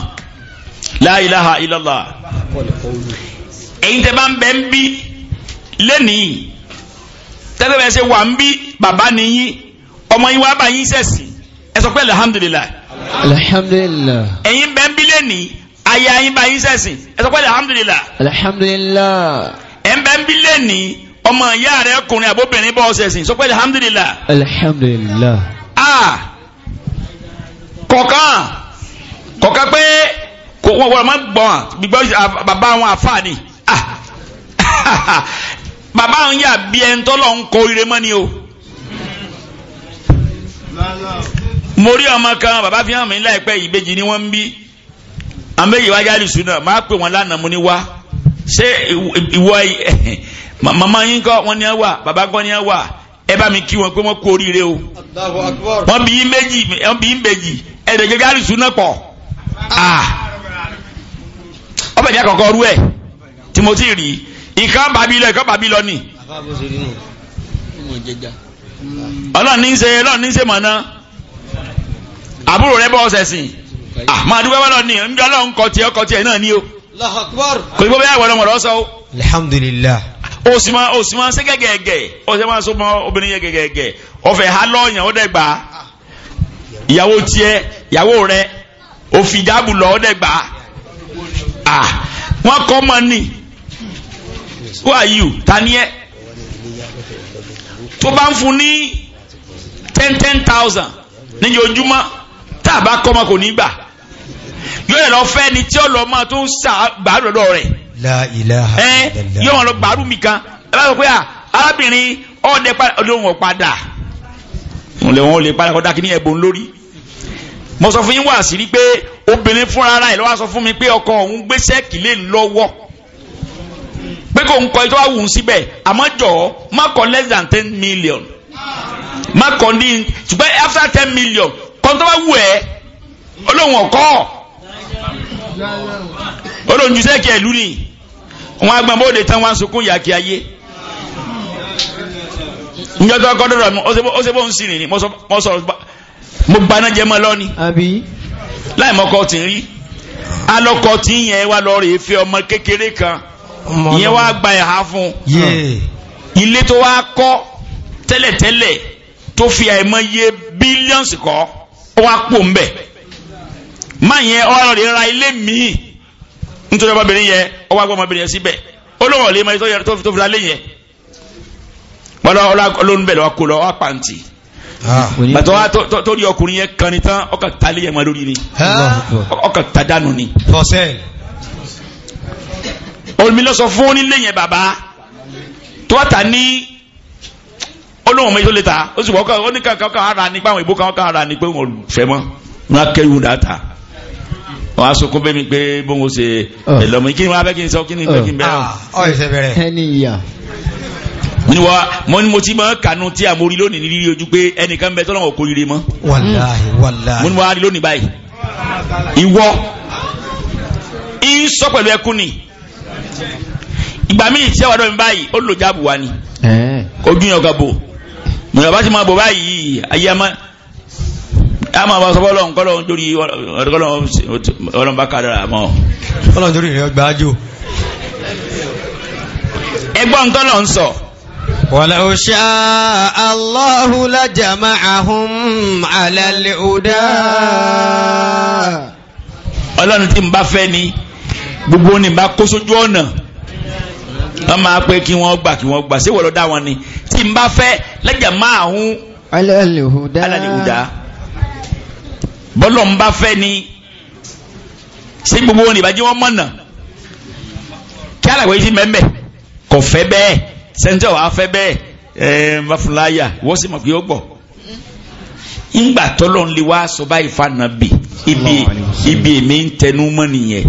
la ilaha illallah ẹ̀yin tẹ́ bá ń bẹ́ ń bí lẹ́nìí tẹ́lẹ̀ bẹ́ẹ̀ ṣe wà ń bí bàbá nìyí ọmọ yín wá bá yín sẹ̀sìn ẹ sọ pé alhamdulilayi. alhamdulilayi. ẹ̀yin bẹ́ẹ̀ ń bí lẹ́nìí aya yín bá yín sẹ̀sìn ẹ sọ pé alhamdulilayi. alhamdulilayi. ẹ̀ ń bẹ́ẹ̀ ń bí lẹ́nìí ọmọ ìyá rẹ̀ ọkùnrin àbóbìnrin bọ́ sẹ̀sìn sọ pé alhamdulilayi. alhamdulilayi. a kọ̀ọ̀kan kọ̀ọ̀kan pé kò wọ́n wọ́n máa gbọ́n bàbá àwọn àfáà baba àwọn yà bí ẹ ń tọ́lọ̀ ń kọ ire mọ́ ni o. mo rí ọmọ kan bàbá fi hàn mí láìpẹ́ ìbejì ni wọ́n ń bí àmì ìwà jáde sùnà máa pè wọ́n lánàá mo ní wá ṣé ìwọ màmá yín kọ́ wọ́n ní wà bàbá kọ́ ní wà ẹ bá mi kí wọn pé kú oríire o bí í méjì bí í méjì ọbẹ̀ ah. ní rú tí ìkan bàbí lọ ìkan bàbí lọ ni. ọlọ́ọ̀ni ń ṣe ọlọ́ọ̀ni ń ṣe mọ̀nà àbúrò rẹ bọ́ ọ̀sẹ̀ sìn àmọ́ àdúgbò wọn lọ ni ǹjọ́ ọlọ́run kọ tiẹ̀ kọ tiẹ̀ náà ni o. kò gbọ́ bẹ́ẹ̀ wọlé wọlé ọ̀sán o. alhamdulillah. o sì máa o sì máa ṣe gẹ́gẹ́gẹ́ o sì máa so mọ obìnrin yẹn gẹ́gẹ́gẹ́ ọ̀fẹ́ ha lọ́ọ̀yàn ó dẹ̀ gbà ìyàwó tiẹ̀ ìyàwó rẹ̀ òfìjáàbù lọ ó dẹ̀ gbà ah, wọ́n kọ́ mọ́ ni who are you ta ni ẹ ń fún ní ten ten thousand níyẹn ojúmọ́ tá a bá kọ́ ọmọ kò ní gbà yóò yẹ lọ fẹ́ ni tí ó lọ máa tó ń sa gbàrú lọ́dọ̀ rẹ̀ La ilaha illallah yóò wọn lọ gbàrú mi kan ẹ bá sọ pé arábìnrin ọ̀dẹ ọdún wọn padà wọn lè wọn lè padà kọ́ dákì ní ẹ̀bùn lórí mo sọ fún yín wá sí rí pé obìnrin fúnra rẹ̀ ló wá sọ fún mi pé ọkọ òun gbéṣẹ́ kìlẹ̀ lọ́wọ́ pé kò ń kọ ẹjọ́ àwùn síbẹ̀ àmọ́ jọ má kọ less than ten million má kọ ní ṣùgbọ́n after ten million kọ́ńtọ́ bá wù ẹ́ olóhùn ọ̀kọ́ olóhùn jù sẹ́kì ẹ̀lú ni wọn agbọ̀n bó de tán wọn sunkún yàkí ayé njẹ́ tó kọ́ dọ̀dọ̀ mi ó ṣe bó ń sìn ní mo sọ̀rọ̀ mo gbaná jẹ́ mọ́ lọ́ni láì mọ́kọ́ tì ń rí alọ́kọ̀ tí ń yẹn wá lọ́ọ́ rèé fẹ́ ọmọ kékeré kan ìyẹn wá gba ẹ̀há fún ilé tó wá kọ́ tẹ́lẹ̀tẹ́lẹ̀ tó fi àìmọye bílíọ̀nsì kọ́ ó wá pò ń bẹ̀ má yẹn ọ̀rọ̀ rẹ̀ ra ilé míì nítorí ọmọbìnrin yẹn ó wá gbọ́ ọmọbìnrin yẹn síbẹ̀ ó lóun ọ̀lẹ́ mọ́ ẹ tó fi ra lé yẹn bọ́lá ọlọ́run bẹ̀rẹ̀ wa kó lọ wá pàǹtì ah. bàtọ́ wa tó rí ọkùnrin yẹn kan ní tán ọkàn ta yẹn mọ́ lórí ni ọkàn ta ni olùmí lọ sọ fún onílé yẹn bàbá tó wà ta ní olóhùn méjì tó lè ta ó sì wọ́n kọ́ ní kankan kan ara ní pé àwọn ìbò kan kan ara ní pé òun fẹ́ mọ́ wọn kẹ́rù dá ta wọn a sọkún bẹ́ẹ̀ mi pé bóun ṣe ah. ẹlọmọ kí ni wọn abẹ́ kí ni sọ kí ni pé kí ni bẹ́ẹ̀. ọ ah. ìṣe ah, bẹ̀rẹ̀. ẹni ìyà. mo ní wa mo ní mo ti máa kànú tí a mo rí lónìí rírí ojú pé ẹnìkan bẹ tọ́lọ́wọ́ kò rire mọ́. wàláhì wàláhì. mo ní wa rí lónìí báyìí ìgbà míì tí ẹwà dọ́mi báyìí ó lò jáàbù wa ni ojú yẹn ọ̀gá bò mọ̀nà bá ti máa bò báyìí ayé a a máa bá sọ bọ́ọ̀lọ́ nkọ́lọ́ nítorí ọlọ́run bá kára àmọ́. ọlọ́run nítorí ìrìn ọgbà ájò. ẹgbọ́n nkọ́lọ́ ń sọ. ولو شاء الله لجمعهم على الهدى ọlọ́run tí ń bá fẹ́ ni gbogbo ní bá kó sójú ọ̀nà wọ́n máa pé kí wọ́n gbà kí wọ́n gbà sí wọ́n lọ dá wọn ni tí n bá fẹ́ lẹ́jà máa hún alálìhùdá bọ́lọ̀ ń bá fẹ́ ni sí gbogbo wọn ìbájú wọn mọ̀nà kí alàgbé yìí ti mẹ́mẹ́ kò fẹ́ bẹ́ẹ̀ sẹ́ńtẹ̀ wàá fẹ́ bẹ́ẹ̀ ẹ̀ẹ́ mafúláyà wọ́n sì mọ̀ pé ó gbọ̀ ńgbà tọ́lọ́ ń lè wá sọ báyìí fa nàbì ibi èmi ń tẹnu mọ́ nìyẹn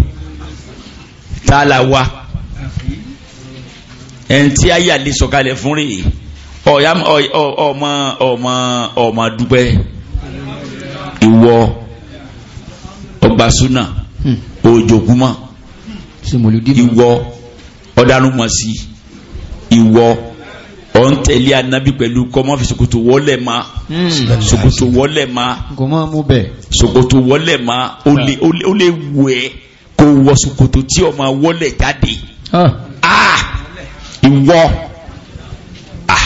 tààlà wa ẹn tí ayé àlè sọ̀kalẹ̀ fún rèé ọ̀yá ọmọ ọmọ ọmọ dúpẹ́ ìwọ ọgbà súnà hmm. òjòkúmọ̀ ìwọ ọ̀darúnmọ̀sí ìwọ ọ̀ ń tẹ̀lé anabi pẹ̀lú kọ́mọ́ fi ṣòkòtò wọlé ma hmm. ṣòkòtò wọlé ma ṣòkòtò wọlé ma ó lè wù ẹ́ kó wọ ṣòkòtò tí ọmọ wọlé jáde ah. Ah! ìwọ ah!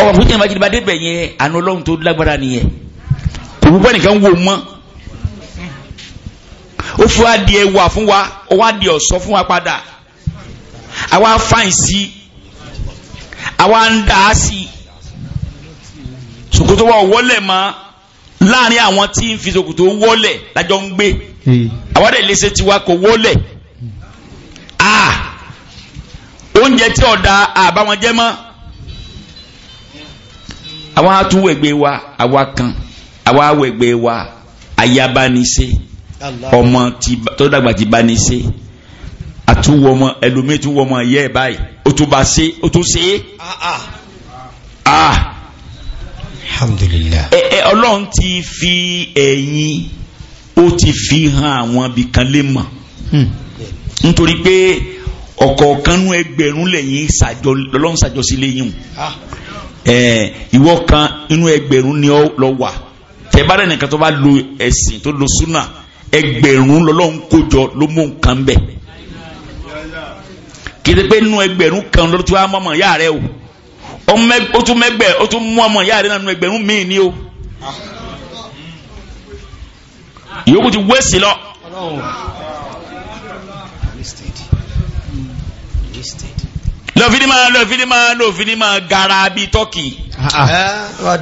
ọmọ fún jẹ́nìmá jìnnìmá débẹ̀ yẹn àná ọlọ́run tó lágbára nìyẹn kò púpọ̀ nìkan wò mọ́ ó fún wa di fún wa ó wá di ọ̀sọ́ fún wa padà àwa fáìn sí àwa ń dà á sí ṣòkòtò wa ò wọlé láàrin àwọn tí ń fi ṣòkòtò wọlẹ̀ lájọ ń gbé àwọn dẹ̀ léṣe tiwa kò wọlẹ̀ oúnjẹ tí ọ̀dà àbáwọn jẹ́ mọ́ àwọn atúwẹ̀gbẹ́ wa àwa kan àwa awẹ̀gbẹ́ wa ayabanise ọmọ tó dàgbà ti bá ní ṣe ẹlòmíì tún wọmọ yẹ ẹ báyìí ó tún bá ṣe ó tún ṣe alhamdulillah ọlọ́run ti fi ẹ̀yìn ó ti fi hàn àwọn abìkan lè mọ̀ hmm. nítorí pé ọ̀kọ̀ọ̀kanú ẹgbẹ̀rún lẹ́yìn ṣàjọ lọ́lọ́run ṣàjọ sí lẹ́yìn ah. ìwọ kan inú ẹgbẹ̀rún ni ọ lọ wà tẹ̀bárẹ̀ nìkan tó bá lo ẹ̀sìn tó lo súnà ẹgbẹ̀rún lọ́lọ́run kójọ ló mú nǹkan bẹ̀ kí ni pé inú ẹgbẹ̀rún kan lọ́dún tí wàá mọ̀mọ́ yára rẹ o ó tún mẹ́gbẹ̀ ó tún mú ọmọ ìyá rẹ̀ nínú ẹgbẹ̀rún míì ni o ìyókù ti wéèsì lọ. lọ́fíìdì máa lọ́fíìdì máa lọ́fíìdì máa gara bí tọ́kì. Ah, ah.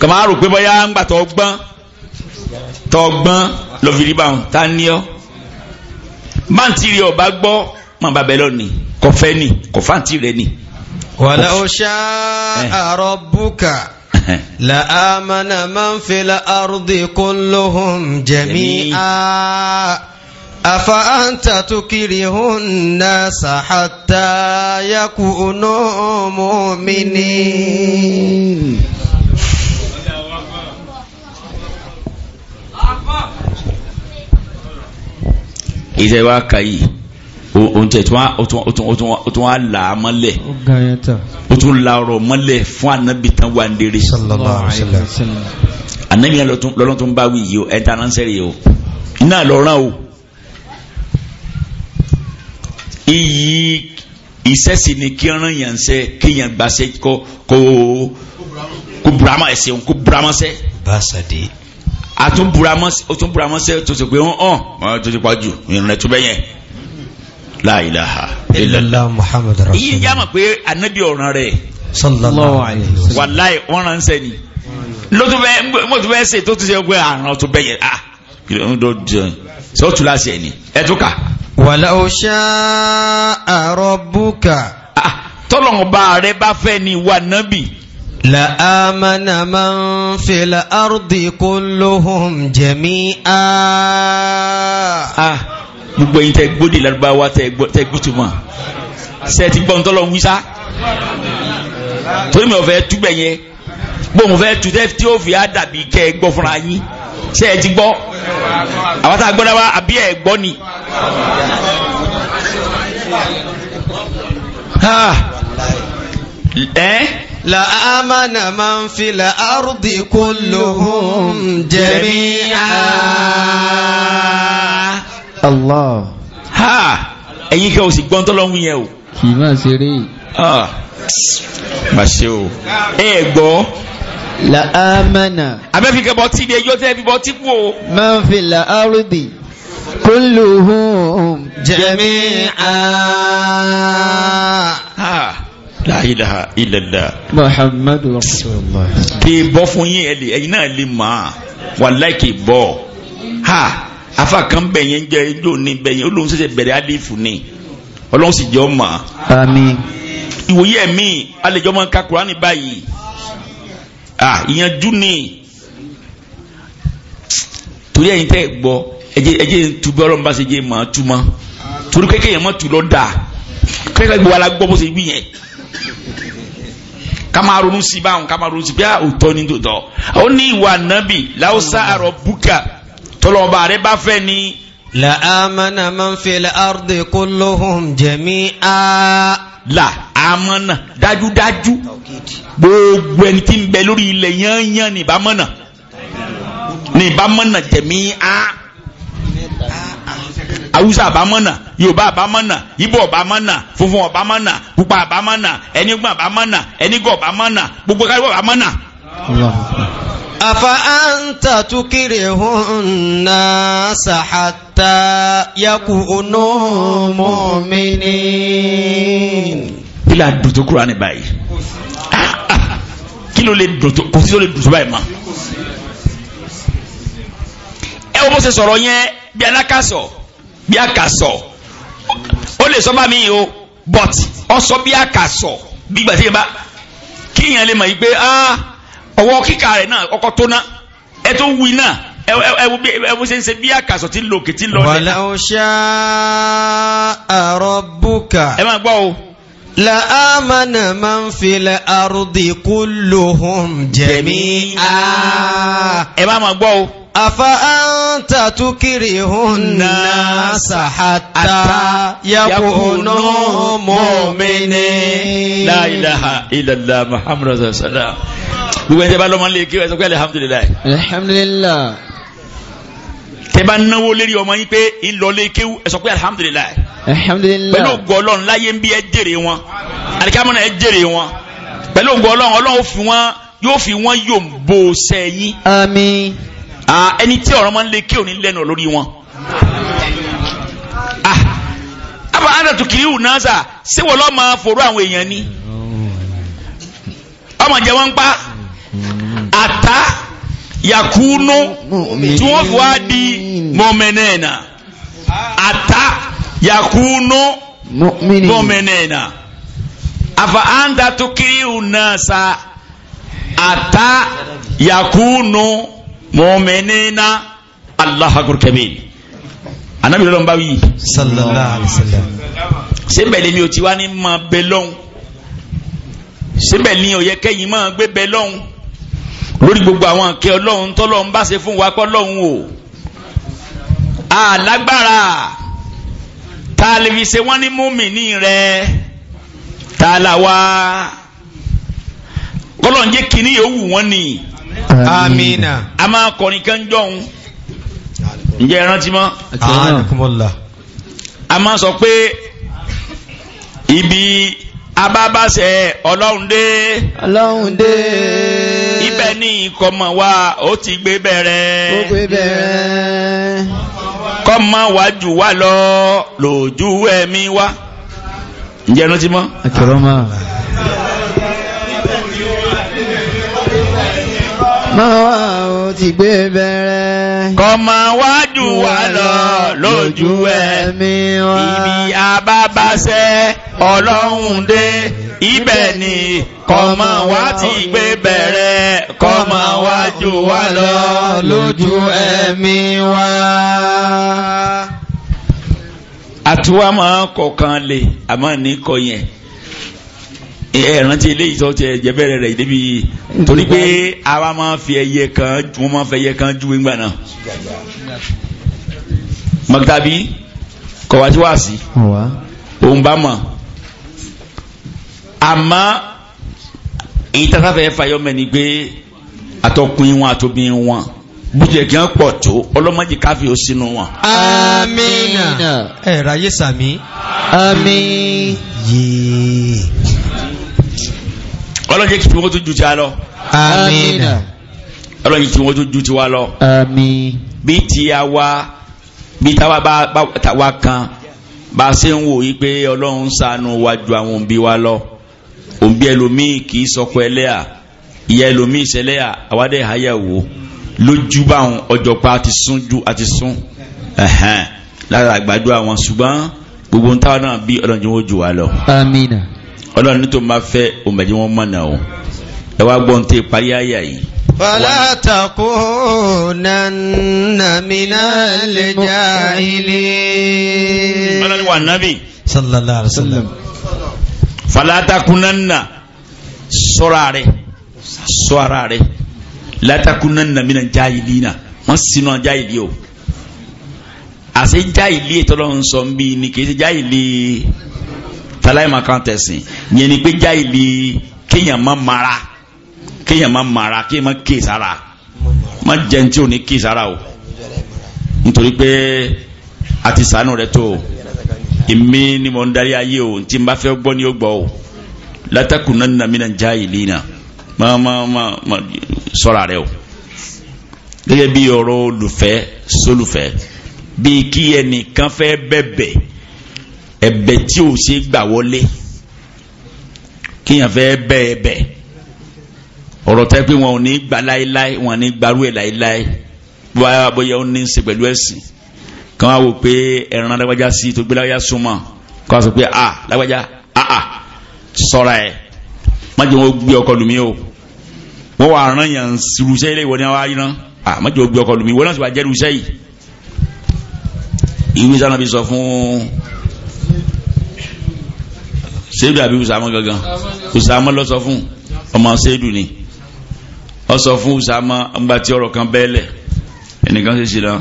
kàmá rò pé bóyá ń gbà tó gbọ́n tó gbọ́n lọ́fíìdì bá tá a ní ọ́. báńtì rẹ̀ ọba gbọ́ mọ̀ bàbẹ́ lọ́ni kọfẹ́ ni kọfáǹtì rẹ̀ ni. ولو شاء إيه. ربك إيه. لآمن من في الأرض كلهم جميعا أفأنت تكره الناس حتى يكونوا مؤمنين إذا واقعي òun tẹ̀ tó wá là á mọ́lẹ̀ ó tún la ọ̀rọ̀ mọ́lẹ̀ fún anabi tán wà ń dèrè anabi yẹn lọ́lọ́ tó ń bá wí yìí o ẹ̀ta náà ń sẹ́rì o iná lọ́ràn o iyì ìsẹ́sì ni kí ọ̀ràn yàn sẹ́ kí yàn gbàsẹ́ kó kó kó burama ẹ̀ sẹ́wọ̀n kó burama sẹ́. báṣadé. burama sẹ́ tó ti pé hàn hàn tó ti pa jù ìrìn rẹ̀ láìláha illallah muhammad rasulullah yìí yá mọ̀ pé anabi ọ̀ràn rẹ̀ sallallahu alaihi wasallam wàláì wọ́n rán sẹ́ni mo tún bẹ́ẹ̀ ṣe tó tún ṣe pé ah, àrùn tó bẹ́yẹ ah uh, sọ tún láṣẹ ẹni ẹ tún kà. walau sha'a rabbuka. Ah, tọ́lọ̀mọba rẹ bá fẹ́ ni wà nábì. la amana man fil ardi kulluhum jami'a. Ah, gbogbo ẹ̀yin tẹ gbóde Lárúbáwá tẹ gbótùmọ̀ ṣe gbọ́n tọ́lọ́ wíṣá torí mi ò fẹ́ túbẹ̀ yẹn bó mo fẹ́ tu tẹ́ tí ó fi á dàbí kẹ́ gbọ́ fúnra yín ṣe gbọ́ àwọn tá a àbí ẹ gbọ́ ni. La amana man fi la ardi kulluhum jami'a. Allah. ha ẹ̀yin kẹ́ ò sì gbọ́n tọ́lọ́ ń wí yẹn o. kì í máa ṣeré. má ṣe o ẹ gbọ́. la amana. abẹ́fikẹ́ bọ́ tí de yóò tẹ́ fi bọ́ tí kú o. máa ń fi la arúbì kulluhum jami'a la ilaha illallah muhammadu rasulullah kì í bọ́ fún yín ẹ̀yìn náà lè máa wà láì kì ha afa kan bẹ̀yẹn jẹ́ ijó ni bẹ̀yẹn olóhùn ṣẹ̀ṣẹ̀ bẹ̀rẹ̀ alifu ni ọlọ́run sì jẹ́ ọ mọ̀. àmín. ìwòye ẹ̀mí alẹ́jọ́ máa ń ka kurani báyìí ìyanjú ni torí ẹ̀yin tẹ́ ẹ gbọ́ ẹjẹ́ ẹjẹ́ tubẹ́ ọlọ́run bá ṣe jẹ́ màá túmọ̀ torí kékeré yẹn mọ̀ tù lọ dà kékeré gbọ́ wàhálà gbọ́ bó ṣe wí yẹn kama ronú sí báwọn kama ronú sí bí i à ah, òótọ́ ní tòótọ́ ó ní ìwà nábì láwùsá àrọ̀ búkà tọ́lọ́ọ̀bà rẹ bá fẹ́ ni. la amana man fil ardi kulluhum jami'a. la amana dájúdájú gbogbo ẹni tí ń bẹ lórí ilẹ̀ yányán ní ìbámọ́nà ní ìbámọ́nà jami'a. Hausa àbámọ́nà Yorùbá àbámọ́nà Ìgbò àbámọ́nà funfun àbámọ́nà pupa àbámọ́nà ẹnigbọ̀n àbámọ́nà ẹnigbọ̀n àbámọ́nà gbogbo káríwọ̀ àbámọ́nà. أفأنت تكره الناس حتى يكونوا مؤمنين ilé àdùtò kúrò ní báyìí kí ló lè dùtò kò sí ló lè dùtò báyìí ma ẹ wo bó ṣe sọ̀rọ̀ yẹn bí alákàsọ bí àkàsọ ó lè sọ bá mi o but ọ sọ bí àkàsọ bí gbàtí yẹn bá kí yẹn lè mọ̀ yìí pé ah ọwọ́ kíkà rẹ̀ náà ọkọ̀ tó ná ẹ tó wí náà ẹwọ ṣe ń ṣe bí àkàsọ̀ tí ń lo òkè tí ń lọ rẹ̀. walau sha'a rabbuka. ẹ máa gbọ́ o. la amana man fil ardi kulluhum jami'a. ẹ máa máa gbọ́ o. afa anta tukirihun nasa hatta yakunu mu'minin. la ilaha illallah muhammadu rasulullah gbogbo ẹni tẹ́ bá lọ́mọ lé kí ẹ sọ pé alihamudulilayi. alihamudulilayi. tẹ́ bá náwó lérí ọmọ yín pé ńlọlé kéwú ẹ sọ pé alihamudulilayi. alihamudulilayi. pẹ̀lú ògo Ọlọ́run láyé ń bí ẹ jèrè wọn alikamọ́nà ẹ jèrè wọn pẹ̀lú ògo Ọlọ́run Ọlọ́run fi wọn yóò fi wọn yòǹbo sẹ́yìn. àmín. ẹni tí ọ̀rọ̀ máa ń lé kí òní lẹ́nu lórí wọn àbá àdàtùkìrí ùnáza síwọ́lọ́ máa fòrò àwọn èèyàn ni ọmọ jẹ wọ́n pa Ata yakunu tí wọ́n fi wá di mọ́mẹ́nẹ́ẹ̀nà Ata yakunu mọ́mẹ́nẹ́ẹ̀nà afa anda tukiriu nasa Ata yakunu mọ́mẹ́nẹ́ẹ̀nà Allahu akbar kabir anabi lọ́lọ́ bá wí. sallallahu alaihi wasallam. sẹ́mbẹ̀lẹ́ mi ò ti wá ní ma bẹ lọ́hùn sẹ́mbẹ̀lẹ́ mi ò yẹ kẹ́yìn máa gbé bẹ lọ́hùn lórí gbogbo àwọn akẹ́ ọlọ́run tọ́lọ́run bá ṣe fún wa kọ́ lọ́run o alágbára tá a lè fi ṣe wọ́n ní múmìnì rẹ tá a là wá kọ́lọ́run jẹ́ kínní yòówù wọ́n ni amina a máa kọrin kan jọ̀hún ǹjẹ́ ẹ rántí a máa sọ pé ibi abábáṣẹ ọlọ́run dé. ọlọ́run dé. ibẹ̀ ni ìkọmọ wa ó ti gbé bẹ̀rẹ̀. ó gbé bẹ̀rẹ̀. kọ́mọ wa jù wá lọ lójú ẹ̀mí wa. ǹjẹ́ ẹnu ti mọ́. àkìrọ̀ máa. máa ó ti gbé bẹ̀rẹ̀. kọ́mọ wa jù wá lọ lójú ẹ̀mí wa. ibi abábáṣẹ ọlọ́run dé ibẹ̀ ni kọ́mọ wa ti gbé bẹ̀rẹ̀ kọ́mọ wa jù wá lọ lójú ẹ̀mí wa. àtiwá máa kọ̀kan lè àmọ́ ní kọ yẹn ẹ̀rántí eléyìí tó tẹ jẹ́bẹ̀rẹ̀ rẹ̀ débi torí pé àwa máa fi ẹyẹ kan wọ́n máa fẹ́ ẹyẹ kan ju ìgbà náà. mọ̀tàbí kọ̀wá tí wàá sí òun bá mọ̀ àmọ́ èyí tá a sáfẹ́ fàyọ́ mẹ́ ni pé àtọkùnrin wọn àtobìnrin wọn bùjẹ̀ kí wọ́n pọ̀ tó ọlọ́mọdé káfí ó sínú wọn. amina ẹ ráyè sàmí. àmín yìí. ọlọ́jẹ́ kí wọ́n tó ju ti a lọ. amina. ọlọ́jẹ́ kí wọ́n tó ju ti wa lọ. àmín. bí ti a wa bí táwa bá wa kan bá a ṣe ń wò yí pé ọlọ́run ṣàánú wa àwọn òbí wa lọ òun bí ẹlòmíì kì í sọkọ ẹlẹ́à ìyá ẹlòmíì sẹlẹ́à àwádẹ́ ìháyàwó lójú báwọn ọjọ́ pa àti sún ju àti sún lára àgbàdo àwọn ṣùgbọ́n gbogbo ń táwọn náà bí ọlọ́run jẹ́ wọ́n jù lọ. amina. ọlọ́run ní tó máa fẹ́ òmẹ̀dí wọn mọ̀nà o ẹ wá gbọ́n tẹ parí àyà yìí. فلا تكونن من الجاهلين. صلى الله عليه وسلم falatakunanna sọ́ra rẹ̀ sọ ara rẹ̀ latakunanna mina jahilina wọ́n sinú jahili o àṣẹ jahili e tọ́lọ́ ń sọ bí ni kì í ṣe kan tẹ̀sìn yẹn ni pé jahili kéèyàn má mara kéèyàn má mara kéèyàn má ké sára má jẹun tí ò ní o nítorí pé a ti sànú rẹ tó o èmi ni mo ń darí ayé o tí n bá fẹ́ gbọ́ ni ó gbọ́ o látàkùnà nínú mi náà já ìlí náà má má má má sọ́ra rẹ o gẹ́gẹ́ bí ọ̀rọ̀ olùfẹ́ sólùfẹ́ bí kí ẹnìkan fẹ́ bẹ̀bẹ̀ ẹ̀bẹ̀ tí ò ṣe gbà wọlé kíyàn fẹ́ bẹ̀ ẹ̀bẹ̀ ọ̀rọ̀ tẹ́ pé wọn ò ní gbà láéláé wọn ò ní gbarú ẹ̀ láéláé bóyá bóyá ó ní í ṣe pẹ̀lú ẹ̀sìn kan wá wò pé ẹran lágbájá sí tó gbé lágbájá súnmọ́ kan wá sọ pé a ah, lágbájá a a ah, ah, sọ́ra ẹ̀ má jẹ́ wọn gbé ọkọ lùmí o wọ́n wà rán yàn sùrùsẹ́ ilé ìwọ ni wọ́n á yíran a má jẹ́ wọn gbé ọkọ lùmí wọ́n náà sì wà jẹ́ rùsẹ́ yìí ìwé sànà fi sọ fún sèédù àbí usama gangan usama lọ sọ fún ọmọ sèédù ni ọ sọ fún usama ńgbà tí ọ̀rọ̀ kan bẹ́ẹ̀ lẹ̀ ẹnìkan ṣe sí náà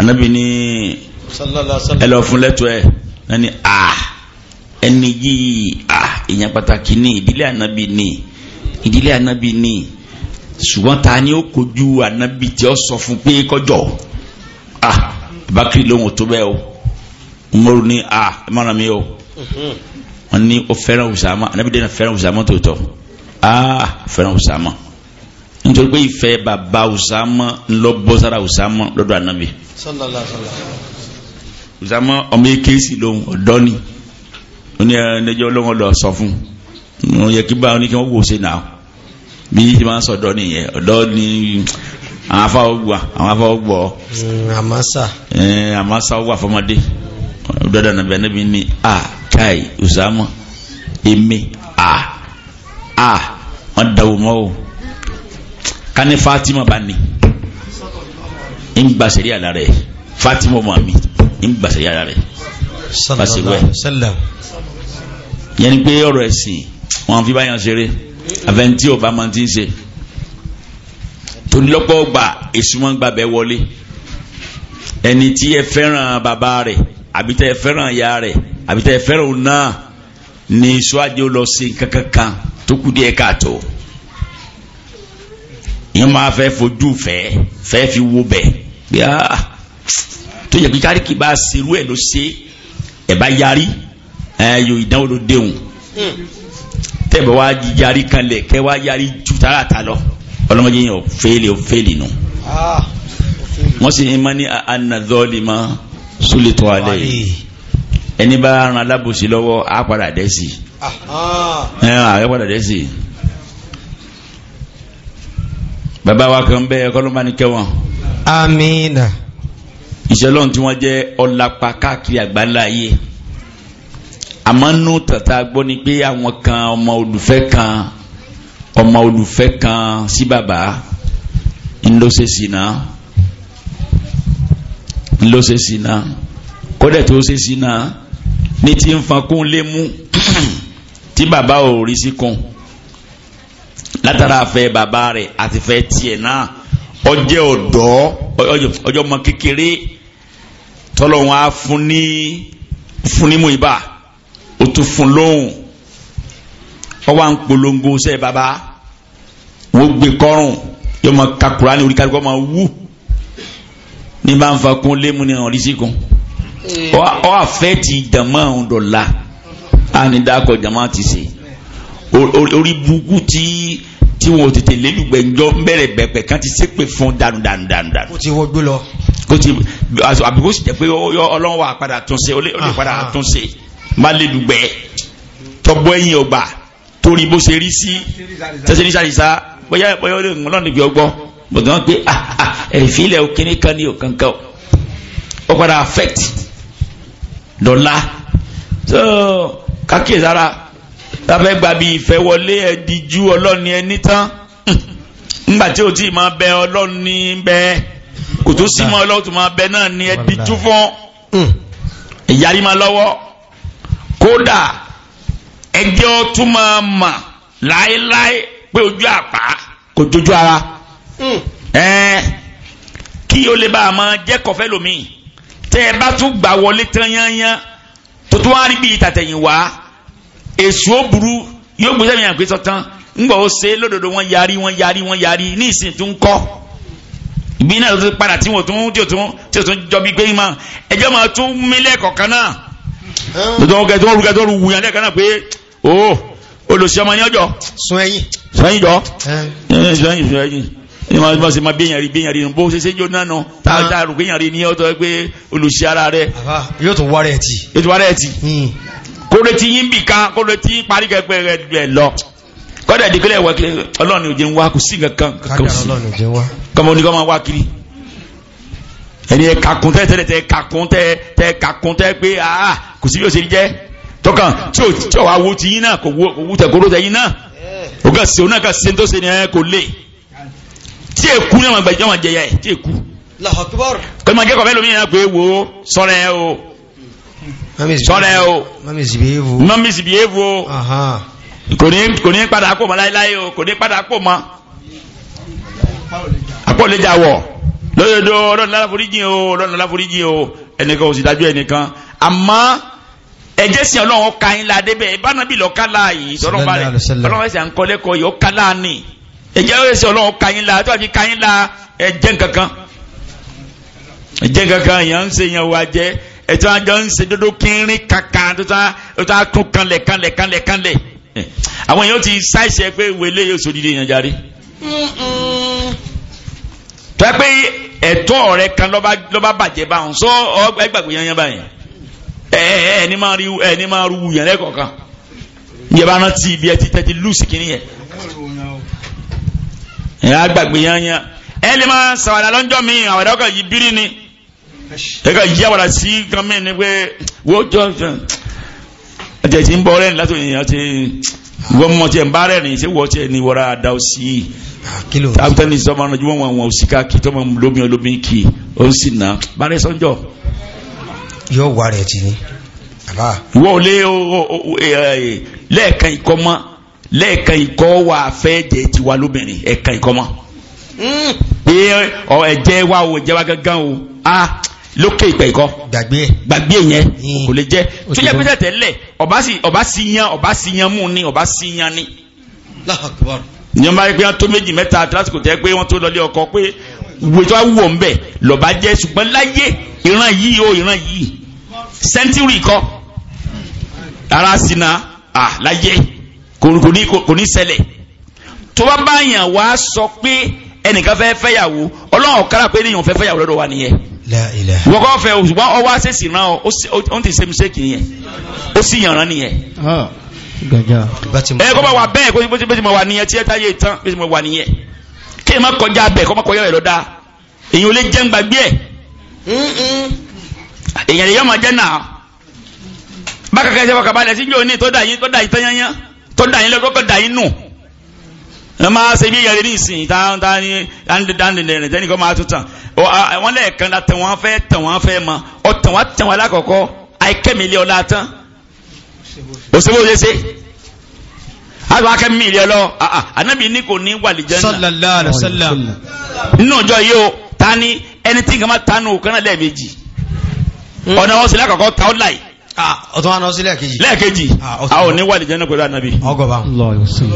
anabi ní ẹlọ fún lẹ́tọ̀ ẹ ẹni a ah, ẹni yìí a ah, èèyàn pàtàkì ní ìdílé anabi ní ìdílé anabi ní ṣùgbọ́n ta ni ó kojú anabi tí ó sọ fún pé kọjọ a ah, bakiri lóhùn tó bẹ́ẹ̀ o umaru ní a ẹ má mi o mm-hmm. wọn ní o fẹ́ràn usama anabi dẹ́nà fẹ́ràn usama tó tọ́ a fẹ́ràn usama nítorí pé ìfẹ́ bàbá Usama ńlọ bọ́sára Usama lọ́dọ̀ ànábì. sallallahu alaihi Usama ọmọ eke sì lóhun ọ̀dọ́ ni ó ní ẹnẹjọ́ ọlọ́wọ́n lọ sọ fún un yẹ kí bá wọn ní kí wọ́n wò ṣe nà ó bí ti máa ń sọ ọ̀dọ́ nìyẹn ọ̀dọ́ ni àwọn afa ọgbà àwọn afa ọgbọ. àmásà. àmásà ọgbà fọmọdé ọdọdọ nàbẹ níbi ní a kai Usama emi a a wọn dàwọ mọ́ o ká ní Fatima bá ní ń gba sẹ̀rí Fatima ọmọ mi ń gba sẹ̀rí àlá rẹ̀ fàṣẹwẹ́ yẹn ni pé ọ̀rọ̀ ẹ̀sìn wọn fi báyàn ṣeré àfẹnití ọba máa ti ń ṣe torí lọ́pọ̀ gbà èsì wọn gbà bẹ́ẹ̀ wọlé ẹni tí ẹ fẹ́ràn bàbá rẹ̀ àbí tẹ́ ẹ fẹ́ràn ìyá rẹ̀ àbí tẹ́ ẹ fẹ́ràn òun náà ní ìṣọ́ kankan kan tó kù díẹ̀ káàtó yín máa fẹ́ fojú fẹ́ fẹ́ fi wo bẹ̀ bí a ah, tó yẹ kí káríkì bá serú ẹ̀ ló ṣe ẹ̀ bá yarí ẹ̀ yóò ìdánwò ló déhùn hmm. tẹ́bẹ̀ wá yarí kanlẹ̀ kẹ́ wá yarí ju tààràtà lọ ọlọ́mọdé yẹn ò fẹ́lẹ̀ ò fẹ́lẹ̀ nù. Ah, wọ́n sì ń mọ́ ní anadọ́límọ́ sólètò alẹ́ yìí ẹni bá ran alábòsí lọ́wọ́ á padà dẹ́sì. á padà dẹ́sì bàbá wa kan bẹ́ẹ̀ kọ́lọ́mání kẹwọn. amiina. ìṣẹ́lọ́n tí wọ́n jẹ́ ọ̀làpá káàkiri àgbáńlá ayé àmọ́ nù tàtà gbọ́ ni pé àwọn kan ọmọ olùfẹ́ kan ọmọ olùfẹ́ kan sí bàbá ńlọ́sẹ̀sì náà ńlọ́sẹ̀sì tó ṣẹ̀sì ní ti ń fankún lé mú tí bàbá ò rí sí kan látara afẹ́ bàbá rẹ̀ àti fẹ́ tiẹ̀ náà ọjẹ́ ọ̀dọ́ ọjọ́ ọmọ kékeré tọ́lọ́wọ́n á fún ní fún ní múibà ó tún fún lóhùn ọwọ́ à ń polongo sẹ́ bàbá wọ́n gbé kọ́rùn yóò máa ka Kùránì orí kárìkọ́ máa wú ní bá ń fa kún lému eh. ní ọ̀rí sí kun ọ àfẹ́ ti jàmọ́ ọ̀hún dọ̀la dákọ̀ jàmọ́ ti sè orí burúkú tí tí wọn ò tètè lélùgbẹ́njọ́ bẹ̀rẹ̀ bẹ̀pẹ̀ kan ti ṣépè fún dànù dànù dànù dànù. kò ti wọ́n gbé lọ. kò ti àbí kò sì jẹ́ pé ọlọ́run wà padà tún ṣe ó lè padà tún ṣe má lélùgbẹ́ tọgbọ́ ẹ̀yìn ọgbà torí bó ṣe rí sí tẹ́sẹ̀ ní sàrìsà bóyá bóyá ó lè ń lọ́nà ìgbẹ́ ọgbọ́ bọ̀dán pé ah, ah, ẹ̀fílẹ̀ òkínní kan ní òkankan ó padà affect dọ́là so kákíyèsára tàbẹ́ gbàbí ìfẹ́ wọlé ẹ díjú ọlọ́run ní ẹni tán nígbà tí o ti máa bẹ ọlọ́run ní bẹ kò tó sí mọ́ ọlọ́run tó máa bẹ náà ní ẹ díjú fún hmm. ìyárí máa lọ́wọ́ kódà ẹjẹ́ ọ tún máa mà láéláé pé ojú àpá kò jojú ara hmm. kí o lè bá a máa jẹ́ kọfẹ́ lómi tẹ́ ẹ bá tún gbà wọlé tán yányán tó tún wá rí bí ìtàtẹ̀yìn wá èso burú yóò gbé sẹ́mi àgbẹ̀ sọ́tán ńgbà ó ṣe lódodo wọn yarí wọn yarí wọn yarí ní ìsìn tó ń kọ́ ìbí náà tó padà tí wọ́n tún tí wọ́n tún tún jọ bí gbẹ́yìn máa ẹjọ́ máa tún mílẹ̀ kọ̀ọ̀kan náà tó kẹ́ tó rú kẹ́ tó rú wùyàn lẹ́ẹ̀kan náà pé o olùsí ọmọ ní ọjọ́ sun ẹyin sun ẹyin jọ sun ẹyin sun ẹyin ní wọ́n bá ṣe máa rí béèyàn rí bó ṣe ṣe jó náà nù táà ah. rò rí ní ọ̀tọ̀ pé olùsí ara rẹ yóò tún wá rẹ̀ tì hmm kóre tí yín bìkan kóre tí yín parí kẹpẹ rẹ rẹ lọ kọ́dà ìdíkílẹ̀ wà kiri ọlọ́run ò jẹ́ ń wá kò sí nǹkan kan kò sí kọ́mọ oníkọ́ máa wá kiri ẹni ẹ kakun tẹ tẹlẹ tẹ kakun tẹ tẹ kakun tẹ pé aa kò sí bí o ṣe jẹ tọkàn tí o tí o wa wo ti yín náà kò wu tẹ kóró tẹ yín náà o ka se o náà ka se tó se ni ẹ kò le tí e ku ní ọmọ gbàdúrà jẹ yá ẹ tí e ku. kọ́ni ma jẹ́ kọ́ bẹ́ẹ̀ lómi yẹn pé wo sọ́rẹ́ o sọ́rẹ́ o mọ́mísì bí èèvù o kò ní padà kó mọ́ láéláé o kò ní padà kó mọ́ àpò lè jà wọ̀ lódodo ọlọ́run láforíjì o ọlọ́run láforíjì o ẹnìkan ò sì dájú ẹnìkan àmọ́ ẹjẹ sin Ọlọ́run ka yín la débẹ ìbánabi lọ ká la yìí sọ̀rọ̀ ba rẹ Ọlọ́run ẹsẹ àǹkọlẹ kọ yìí ó ká la ni ẹjẹ ẹsẹ Ọlọ́run ka yín la tó àfi ka yín la ẹjẹ nkankan ẹjẹ nkankan yẹn ń ṣe yẹn wá jẹ ètò àjọ ń ṣe dodo kínrín kankan tó tá tó tá kún kanlẹ̀ kanlẹ̀ kanlẹ̀ kanlẹ̀ àwọn èèyàn ti ṣàìṣe pé wẹlé yóò sọ dídí èèyàn járe. tó yẹ pé ẹ̀tọ́ rẹ kan lọ́ba bàjẹ́ báwọn sọ ọgbà ìgbàgbé yẹn yẹn báyìí ẹ ẹ ní máa rí ẹ ní máa rú yẹn lẹ́kọ̀ọ̀kan yẹ bá rántí ibi ẹ ti tẹ́tí lùsì kìíní yẹn. ẹ á gbàgbé yẹn yẹn ẹ lè máa sàwádà lọ́jọ́ mi àwàdà ọkọ̀ yìí bírí ni ẹ ka yí àwàdà sí gánmẹ́ ni pé wọ́n jọ ẹ̀jẹ̀ tí ń bọ̀ rẹ̀ látò yìnyín àti wọ́n mọ̀ tiẹ̀ ń bá rẹ̀ ní ṣé wọ́n tiẹ̀ ní wọ́ra àdá òsì yìí táwọn ní sọ́mọ́ ọ̀nà jùmọ̀ wọn òsì ká kí tọ́mọ lómi olómi kì í ó sì nà bárẹ̀ sọ́njọ́. yóò wá rẹ̀ tì ní. wọ́n lé lẹ́ẹ̀kan ikọ́ mọ́ lẹ́ẹ̀kan ikọ́ wà fẹ́ jẹ́ tiwa lóbìnrin ẹ̀ẹ̀kan ikọ́ mọ́. Hmm. ẹ̀jẹ̀ wa ò jẹ́ wa gángan o. Ah, lókè ìpẹ́ ikọ́ gbàgbé yẹn hmm. kò lè jẹ́ tó jẹ́ pẹ́sẹ̀ tẹ́lẹ̀ ọba sí yan ọba sí yan mú ni ọba sí yan ni. ìyẹn bá yẹ pé wọ́n tó méjì mẹ́ta lásìkò tẹ́ pé wọ́n tó lọlé ọkọ pé ìwé tó wù ọ́ ń bẹ̀ lọ́ba jẹ́ ṣùgbọ́n láyé ìran yìí o ìran yìí sẹ́ńtírì kọ́ rárá sí na à láyé kò ní ṣẹlẹ̀ tó bá báyàn wá sọ pé ẹnìkan fẹ́ fẹ́yàwó ọlọ́run kára pé níyàn fẹ́ fẹ́yàwó lọ́dọ̀ wa nìyẹn wọ́n kọ́ fẹ́ ṣùgbọ́n ọwọ́ àṣẹ̀sì ràn ọ́ ó ń tì ṣe mistake nìyẹn ó sì yànrán nìyẹn. ẹ kọ́ bá wà bẹ́ẹ̀ kó bí ti mọ̀ wà nìyẹn tí ẹ táyé tán bí ti mọ̀ wà nìyẹn kí ẹ má kọjá bẹ́ẹ̀ kọ́ má kọjá rẹ̀ lọ́dà èyàn ò lè jẹ́ gbàgbé ẹ̀ èyàn lè yọ ọmọ jẹ́ náà bákàkẹ́ ṣe fọkàbalẹ̀ sí ní òní tó dà yín tó dà yín tán yányán wọ́n máa ṣe bí ìyàrá ní ìsìn táwọn táwọn ní dáńdẹ̀dẹ̀rẹ̀ tẹ́nìkan máa tún tàn wọ́n lẹ́ẹ̀kan la tẹ̀ wọ́n fẹ́ tẹ̀ wọ́n fẹ́ mọ ọ̀tàn wá tẹ̀ wọ́n alákọ̀ọ́kọ́ àìkẹ́mi ilé ọlá tán òṣèlú òṣèṣe àgbà akẹ́mi ilé ọlọ́ ànábì ní kò ní wà lìjẹ́ náà sallallahu alaihi wasallam nínú ọjọ́ yìí o ta ni ẹni tí nǹkan máa tanu kan náà lẹ́ẹ̀mejì hmm. ọ̀nà wọn sì lákọ̀ọ́kọ́ ta ó láì ọ̀tún wọn náà sí lẹ́ẹ̀kejì lẹ́ẹ̀kejì àwọn ò ní wà lìjẹ́ náà pẹ̀lú ànábì ọgọ̀ bá ń lọ ìwòsàn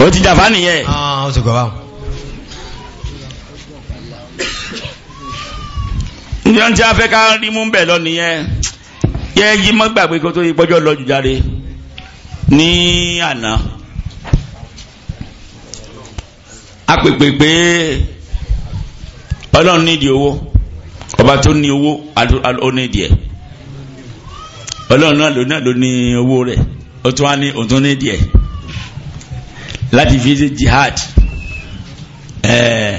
ó ti jàfá nìyẹn. Ah, ó ti gbọ́ báwọn. ní ọ̀n tí a fẹ́ ká rí mú bẹ̀ lọ nìyẹn yẹ yí mọ́ gbàgbé kó tó yí pọ́jọ́ lọ jù jáde ní àná. apèpè pé ọlọ́run nídìí owó ọba tó ní owó ó nídìí ẹ̀ ọlọ́run náà ló ní owó rẹ̀ ó tún wá ní òtún nídìí ẹ̀ láti fi ṣe jihad eh,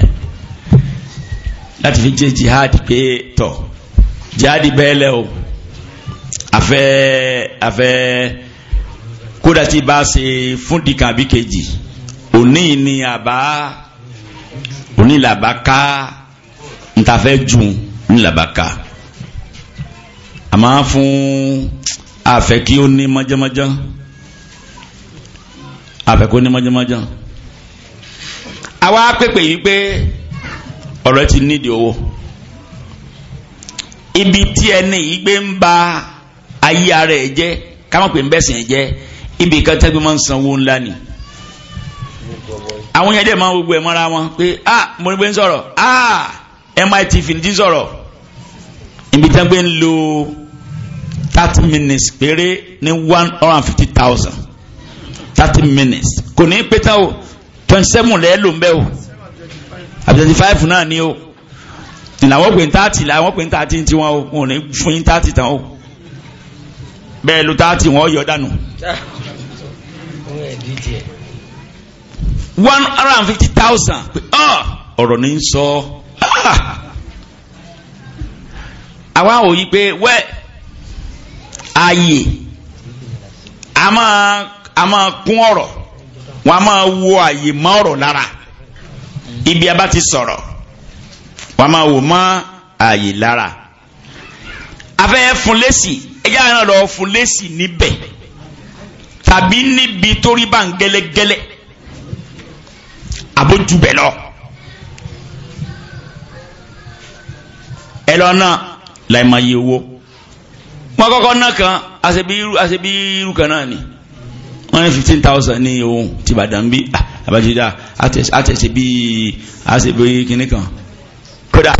láti fi ṣe jihad pé tọ̀ jihad bẹ́ẹ̀ lẹ́ o afẹ́ afẹ́ kódà tí bá ṣe fún dìkan àbí kejì òní ni àbá òní làbá ká ntàfẹ́ jù ní làbá ká àmọ́ fún àfẹ́ kí ó ní mọ́jẹ́mọ́jẹ́ àfẹ́kọ́ ní mọ́jàmọ́jà àwa pèpè yìí pé ọ̀rọ̀ ti nídìí owó ibi tí ẹni yìí gbé ń ba ayé ara ẹ̀ jẹ́ káwọn pè ń bẹ̀sìn ẹ̀ jẹ́ ibi kan tẹ́gbẹ́ máa ń sanwó ńlá ni àwọn yẹn dẹ̀ máa ń gbogbo ẹ̀ mọ́ra wọn pé ah mo ní gbé ń sọ̀rọ̀ ah MIT fìdí sọ̀rọ̀ ibi tí ń lo thirty minutes péré ní one hundred and fifty thousand thirty minutes kò ní pété o twenty seven lẹ́ẹ̀ ló ń bẹ́ o twenty five náà ni o ìlàwọ́ pé thirty làwọn pé thirty ti wọn o wọn ò ní fún thirty tán o bẹ́ẹ̀ lu thirty wọn yọ dànù. one hundred and fifty thousand ah! ọ̀rọ̀ ní sọ àwa ò yí pé wẹ́ẹ̀ ààyè a máa a máa kún ọ̀rọ̀ wọn a máa wo àyè mọ́ ọ̀rọ̀ lára ibi a bá ti sọ̀rọ̀ wọn a máa wò mọ́ àyè lára afẹ́ fún lẹ́sì ẹjẹ́ àná lọ fún lẹ́sì níbẹ̀ tàbí níbi tó bá ń gẹ́lẹ́gẹ́lẹ́ àbójú lọ. ẹ lọ náà láì máa yẹ owó wọn kọ́kọ́ náà kan àṣebí irú kan náà ni wọ́n ní fifteen thousand ní ohun ti Ìbàdàn bí ah, àbájáde àtẹ̀sẹ̀ bí àṣẹ bí kìnnìkan kódà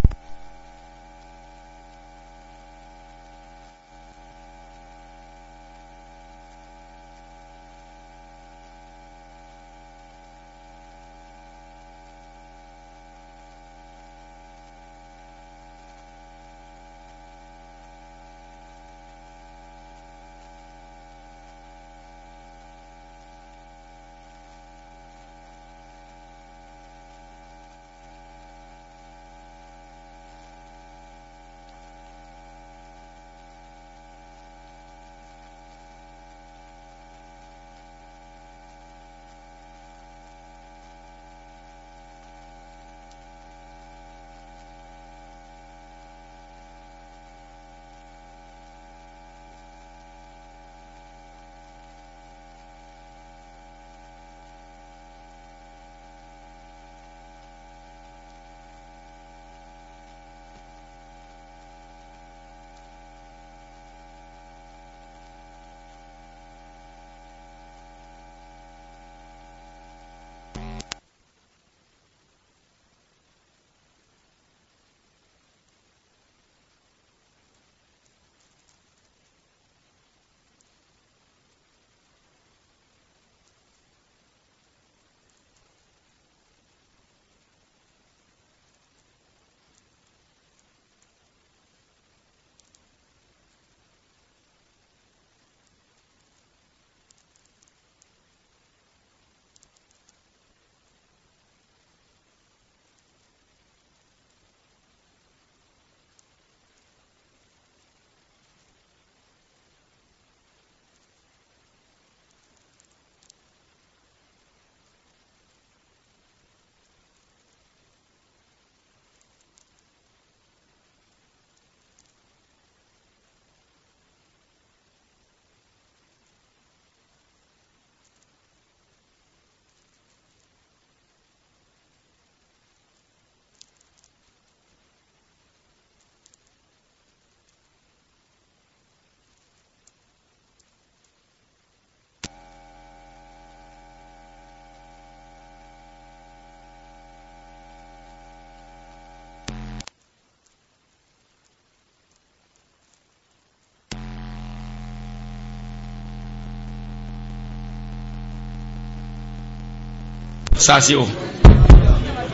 sasi o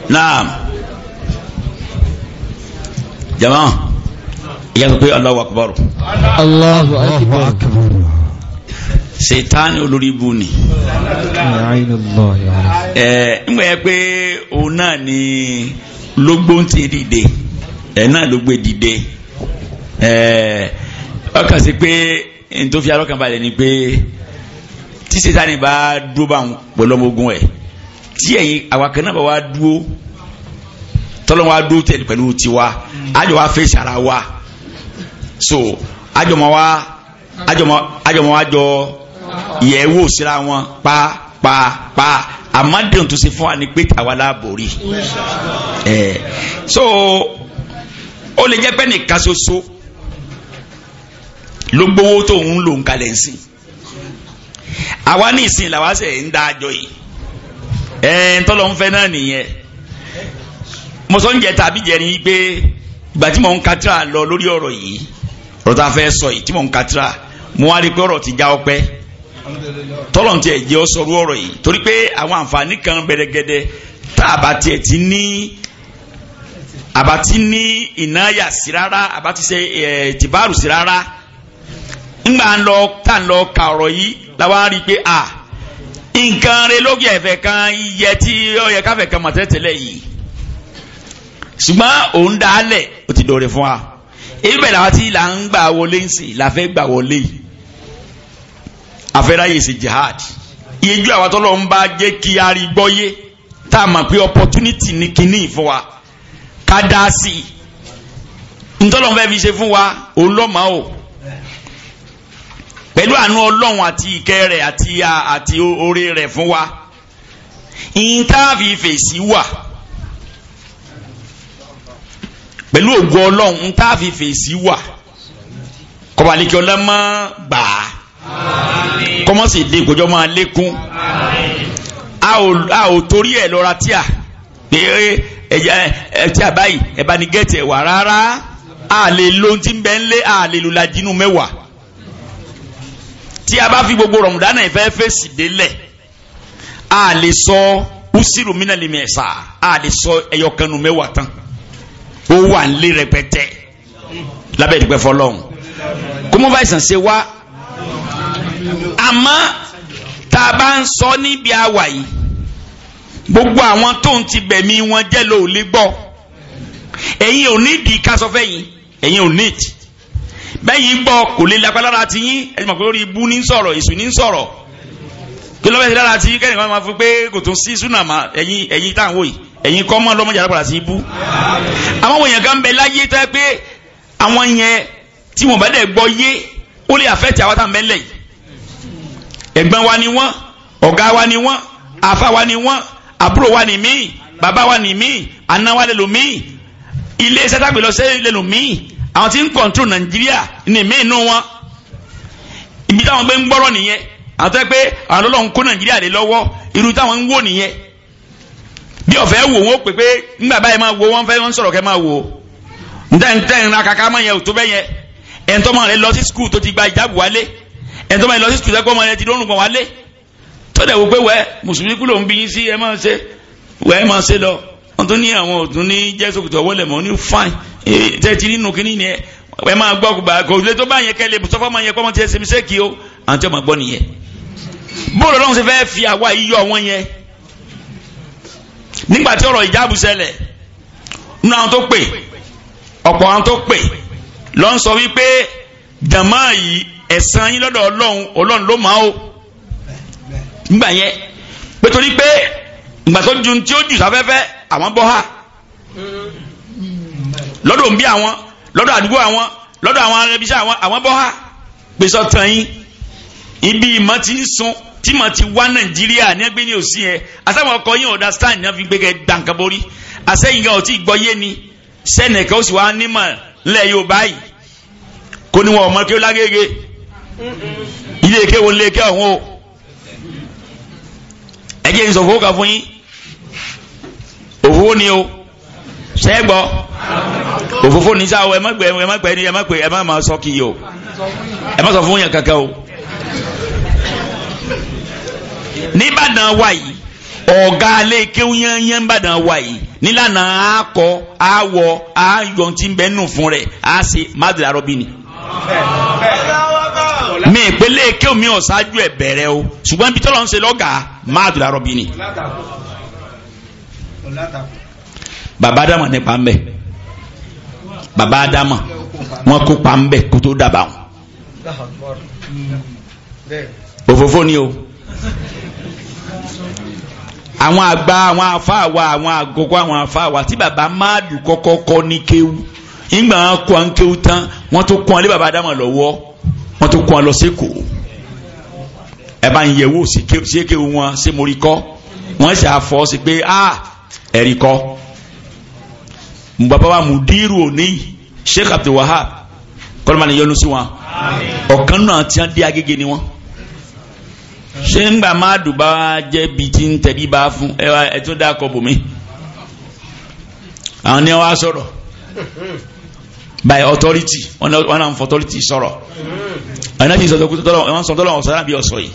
naam jama ìyá sọ pé Allahu akbar Allahu akbar sètaani olórí ibu ni ẹ ngbẹ yẹ pé òun náà ni lógbó ń ti dìde ẹ náà ló gbé dìde ẹ eh, ọkàn sí pé n tó fi alọ́kàn balẹ̀ ni pé tí sètaani bá dúró bá ń pẹ̀lú ọmọ ogun ẹ̀ tí ẹ̀yin àwa kan náà wa dúró tọ́lọ́ wa dúró tẹ̀ pẹ̀lú tiwa àjọ wa fèsì ara wa so àjọ ma wa àjọ ma àjọ ma wa jọ yẹ̀wò síra wọn pa pa pa àmàdéhùn tó ṣe fún wa ni pé àwa la borí ẹ so ó lè jẹ́ pé nìkan ṣoṣo ló tó ń lò ń kalẹ̀ ń sìn àwa ní ìsìn làwa ṣe ń dájọ́ yìí ẹ̀ẹ́n tọ́lọ̀ ń fẹ́ náà nìyẹn mo tàbí jẹrin wípé ìgbà tí mò lọ lórí ọrọ yìí ọrọ tá a fẹ́ sọ yìí tí mò ń katira mo wá rí i pé ọrọ ti já ọpẹ́ tọ́lọ̀ tiẹ̀ jẹ́ ọ sọ̀rọ̀ ọrọ yìí torí pé àwọn àǹfààní kan bẹ̀rẹ̀gẹ̀dẹ̀ tá a bá ka yìí làwọn á rí a. nǹkan rẹ lókè ẹ̀fẹ̀ kan iye tí ó yẹ káfẹ̀ kan mọ̀tẹ́tẹ̀lẹ̀ yìí ṣùgbọ́n òun dá lẹ̀ ó ti dòrè fún wa ibẹ̀ làwọn tí là ń gbà wọlé ń sè làfẹ́ gbà wọlé yìí àfẹ́ráyè sí jihad ìyejú àwọn tó lọ ń bá jẹ́ kí a rí gbọ́yé tá a mọ̀ pé opportunity ni kinní fún wa ká dá sí i ntọ́lọ́n fi ṣe fún wa òun lọ́mọ́ o pẹ̀lú àánú ọlọ́run àti ìkẹ́ rẹ̀ àti àti oore rẹ̀ fún wa ntaàfi fèsì wà pẹ̀lú ògo ọlọ́run ntaàfi fèsì wà kọ̀bàlíkì ọlọ́mọ gbà á kọ́mọ́sì dé ìgbọ́jọ́ máa lékún a ò torí ẹ̀ lọ́ra tíà pé ẹ̀yà ẹ̀tíà báyìí ẹ̀bá ni gẹ́tì ẹ̀wà rárá a lè lo ohun tí a lè lo lajínú mẹ́wàá tí a bá fi gbogbo rọ̀mùdánà ìfẹ́ fèsì délẹ̀ a lè sọ usiru mina lè mẹ́sà a lè sọ ẹyọkanu mẹ́wàá tán ó wà ń lé rẹpẹtẹ lábẹ́ ìdúpẹ́ fọlọ́hún kó mọ́ báyìí sàn ṣe wá àmọ́ tá a bá ń sọ níbi àwà yìí gbogbo àwọn tó ń ti bẹ̀mí wọn jẹ́ ló gbọ́ ẹ̀yin ò nídìí ká sọ fẹ́ yìí ẹ̀yin ò nídìí bẹ́yìn gbọ́ kò lè lápá lára ti yín ẹni mọ̀ pé lórí ibú ní sọ̀rọ̀ èṣù ní sọ̀rọ̀ kí ló bẹ́ẹ̀ ti lára ti yín kẹ́nìkan máa fi pé kò tún sí súnà mà ẹ̀yin ẹ̀yin táwọn wòye ẹ̀yin kọ́ mọ́ lọ́mọdé alápàdà sí ibú. àwọn wòyàn kan bẹ láyé tẹ́ pé àwọn yẹn tí wọ́n bá dẹ̀ gbọ́ yé ó lè àfẹ́tì àwọn táwọn bẹ́ẹ̀ lẹ̀ yìí. ẹ̀gbọ́n wa ni wọ́n ọ̀gá ni wọ́n àfa ni wọ́n àbúrò ni míì bàbá wa ni míì àná wa lẹ́lòmíì àwọn tí ń kọ̀ǹtró nàìjíríà ní ìmíì nù wọn ibi táwọn gbé ń gbọ́rọ̀ nìyẹn àwọn tó yẹ pé àwọn ọlọ́run kó nàìjíríà lé lọ́wọ́ irú táwọn ń wò nìyẹn bí ọ̀fẹ́ wò wọ́n pè pé nígbà báyìí máa wo wọ́n fẹ́ wọ́n sọ̀rọ̀ kẹ́ máa wò ntẹ́ntẹ́n akaka máa yẹ òtó bẹ́yẹ ẹ̀ńtọ́ máa rẹ lọ sí skul tó ti gba ìjáàbù wálé ẹ̀ńtọ́ máa lọ sí skul tó ti lórun gbọ̀n wálé tọ́jà wò pé sí ẹ máa ṣe wẹ́ ẹ máa ṣe wọ́n tún ní àwọn òtún ní jẹ́sọ̀kùtù ọwọ́lẹ̀ mọ́ ní fine tẹ́ ti nínú kínní ni ẹ máa gbọ́ kò ilé tó bá yẹn kẹ́lẹ́ sọ́fọ́ máa yẹ kọ́ máa ti ẹsẹ̀ mi sẹ́kì o àwọn tí wọ́n máa gbọ́ nìyẹn bóòlù ọlọ́run ti fẹ́ fi àwa yíyọ wọn yẹn nígbà tí ọ̀rọ̀ ìjáàbù ṣẹlẹ̀ nínú àwọn tó pè ọ̀pọ̀ àwọn tó pè lọ ń sọ wípé jàmá yìí ẹ̀san yín lọ́dọ̀ ọlọ́run ọlọ́run ló máa ó nígbà yẹn pé torí pé gbàtọ́ ju tí ó jù sáfẹ́fẹ́ àwọn bọ́ hà lọ́dọ̀ ń bí àwọn lọ́dọ̀ àdúgbò àwọn lọ́dọ̀ àwọn arẹbíṣẹ́ àwọn àwọn bọ́ hà pèsè ọ̀tàn yín ibi ìmọ̀ ti ń sun tí mọ̀ ti wá nàìjíríà ní ẹgbẹ́ ní òsì yẹn àsáwọn ọkọ yín ọ̀dà stand náà fi gbẹgẹ dànkà borí àsẹ́yìn gan ọtí gbọ́ yé ni sẹ́nẹ̀kẹ́ ó sì wá nímọ̀ ńlẹ̀ yóò báyìí kó ní wọn ọmọ kí ó lágége ilé ike wo ilé ike ọ̀hún o ẹ̀jẹ̀ ń sọ fowó kan fún yín òfófó ni o sẹ́gbọ́ òfófó ni sáwọ́ ẹ má gbé ẹ má gbé sọ o sọ fún kankan o. níbàdàn wà yìí ọ̀gá alẹ́ kéwú yányán níbàdàn wà yìí nílànà àkọ́ àwọ̀ àyọ̀ tí ń bẹ́ nù fún rẹ̀ á ṣe mádìlá rọ́bì ni. mi ìpele mi ẹ̀ bẹ̀rẹ̀ o ṣùgbọ́n ibi tọ́lọ́ ń ṣe lọ́gàá mádìlá rọ́bì ni. baba adama nípa ń bẹ baba adama wọn kópa ń kó tó dàbà wọn òfófó ni o àwọn àgbà àwọn afáàwà àwọn àgọkọ àwọn afáàwà tí baba máàlù kọ́kọ́ kọ́ ní kéwú ìgbà wọn kọ́ ń kéwú tán wọn tó kọ́ ọ lé baba adama lọ́wọ́ wọn tó kọ́ ọ lọ sí kò ẹ bá ń yẹ̀wò sí kéwú wọn sí morí kọ́ wọ́n ṣe àfọ́ sí pé ah ẹ̀rí kọ́ bàbá wa mudiru òní Sheikh Abdul Wahab kọ́lọ́mà ni yọnu sí wọn ọ̀kan náà tí wọ́n dé agége ni wọ́n ṣé ń gbà má dùbà jẹ́bi tí ń tẹ̀lé bá fún ẹ tó dá akọ bòmí àwọn ni wọ́n á sọ̀rọ̀ by authority one náà ń fọ authority sọ̀rọ̀ àwọn náà ti sọ̀tọ̀ kú tọ́lọ̀ wọ́n sọ̀tọ̀ lọ́wọ́ sọ̀rọ̀ bí ọ̀sọ̀ yìí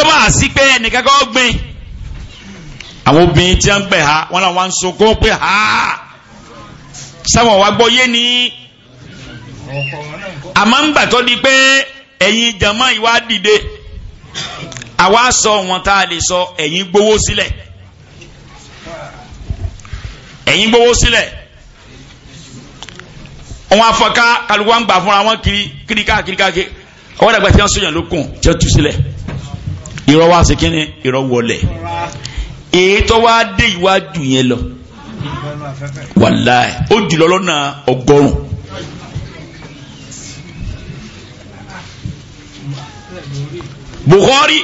ọmọ àsí pé ẹnìkan kan gbìn àwọn obìnrin tí wọ́n ń pẹ̀ ha wọ́n làwọn ń sunkún pé ha sáwọn wa gbọ́ yé ni àmọ́ ń gbà tó di pé ẹ̀yin jama ìwà dìde àwa sọ wọn tá a lè sọ ẹ̀yin gbowó sílẹ̀ ẹ̀yin gbowó sílẹ̀ wọn afọká kálukú wa ń gbà fúnra wọn kiri kiri káàkiri káàkiri ọwọ́ dàgbà tí wọ́n sọ̀yàn lókun tí wọ́n tú sílẹ̀ ìrọ̀ wá sí kíni ìrọ̀ wọlé èyí tó wá dé iwájú yẹn lọ wàláì ó jùlọ lọ́nà ọgọ́rùn. Bukhari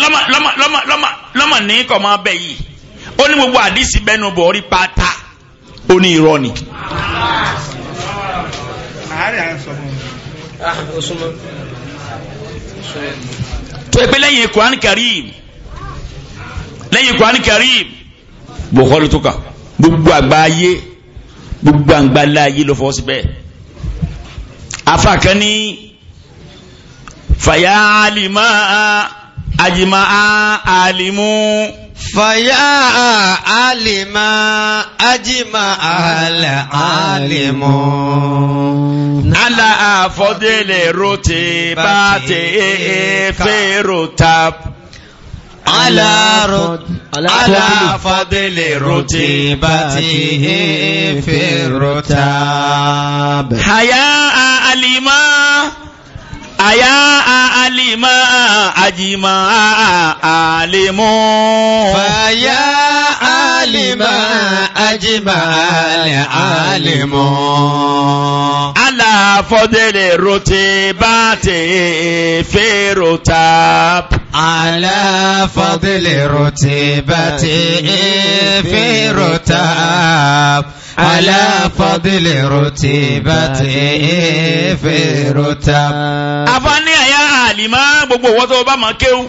lọ́mà lọ́mà lọ́mà lọ́mà lọ́mà ní kọ́ máa bẹ̀ yìí ó ní gbogbo àdìsí bẹ́nu Bukhari pátá ó ní irọ́ ni tó ẹgbẹ́ lẹ́yìn Quran Karim lẹ́yìn Quran Karim Bukhari tó kà gbogbo àgbà ayé gbogbo àgbà láàyè ló fọwọ́ sí bẹ́ẹ̀ afa kan ní fàyà àlìmọ́ فيا عالم أجمع العالم على فضل رتبات في رتب على على فضل رتبته في الرتاب حياء علمًا àyà àlìmọ́ àjìmọ́ àlìmọ́. fàyà àlìmọ́ àjìmọ́ àlìmọ́. aláfọ́dẹ̀lẹ̀ rotẹ́ bá tẹ̀ fẹ́ rota. على فضل رتبته في رتاب على فضل رتبته في رتب أفاني يا عالم gbogbo wọn tó bá máa kéwú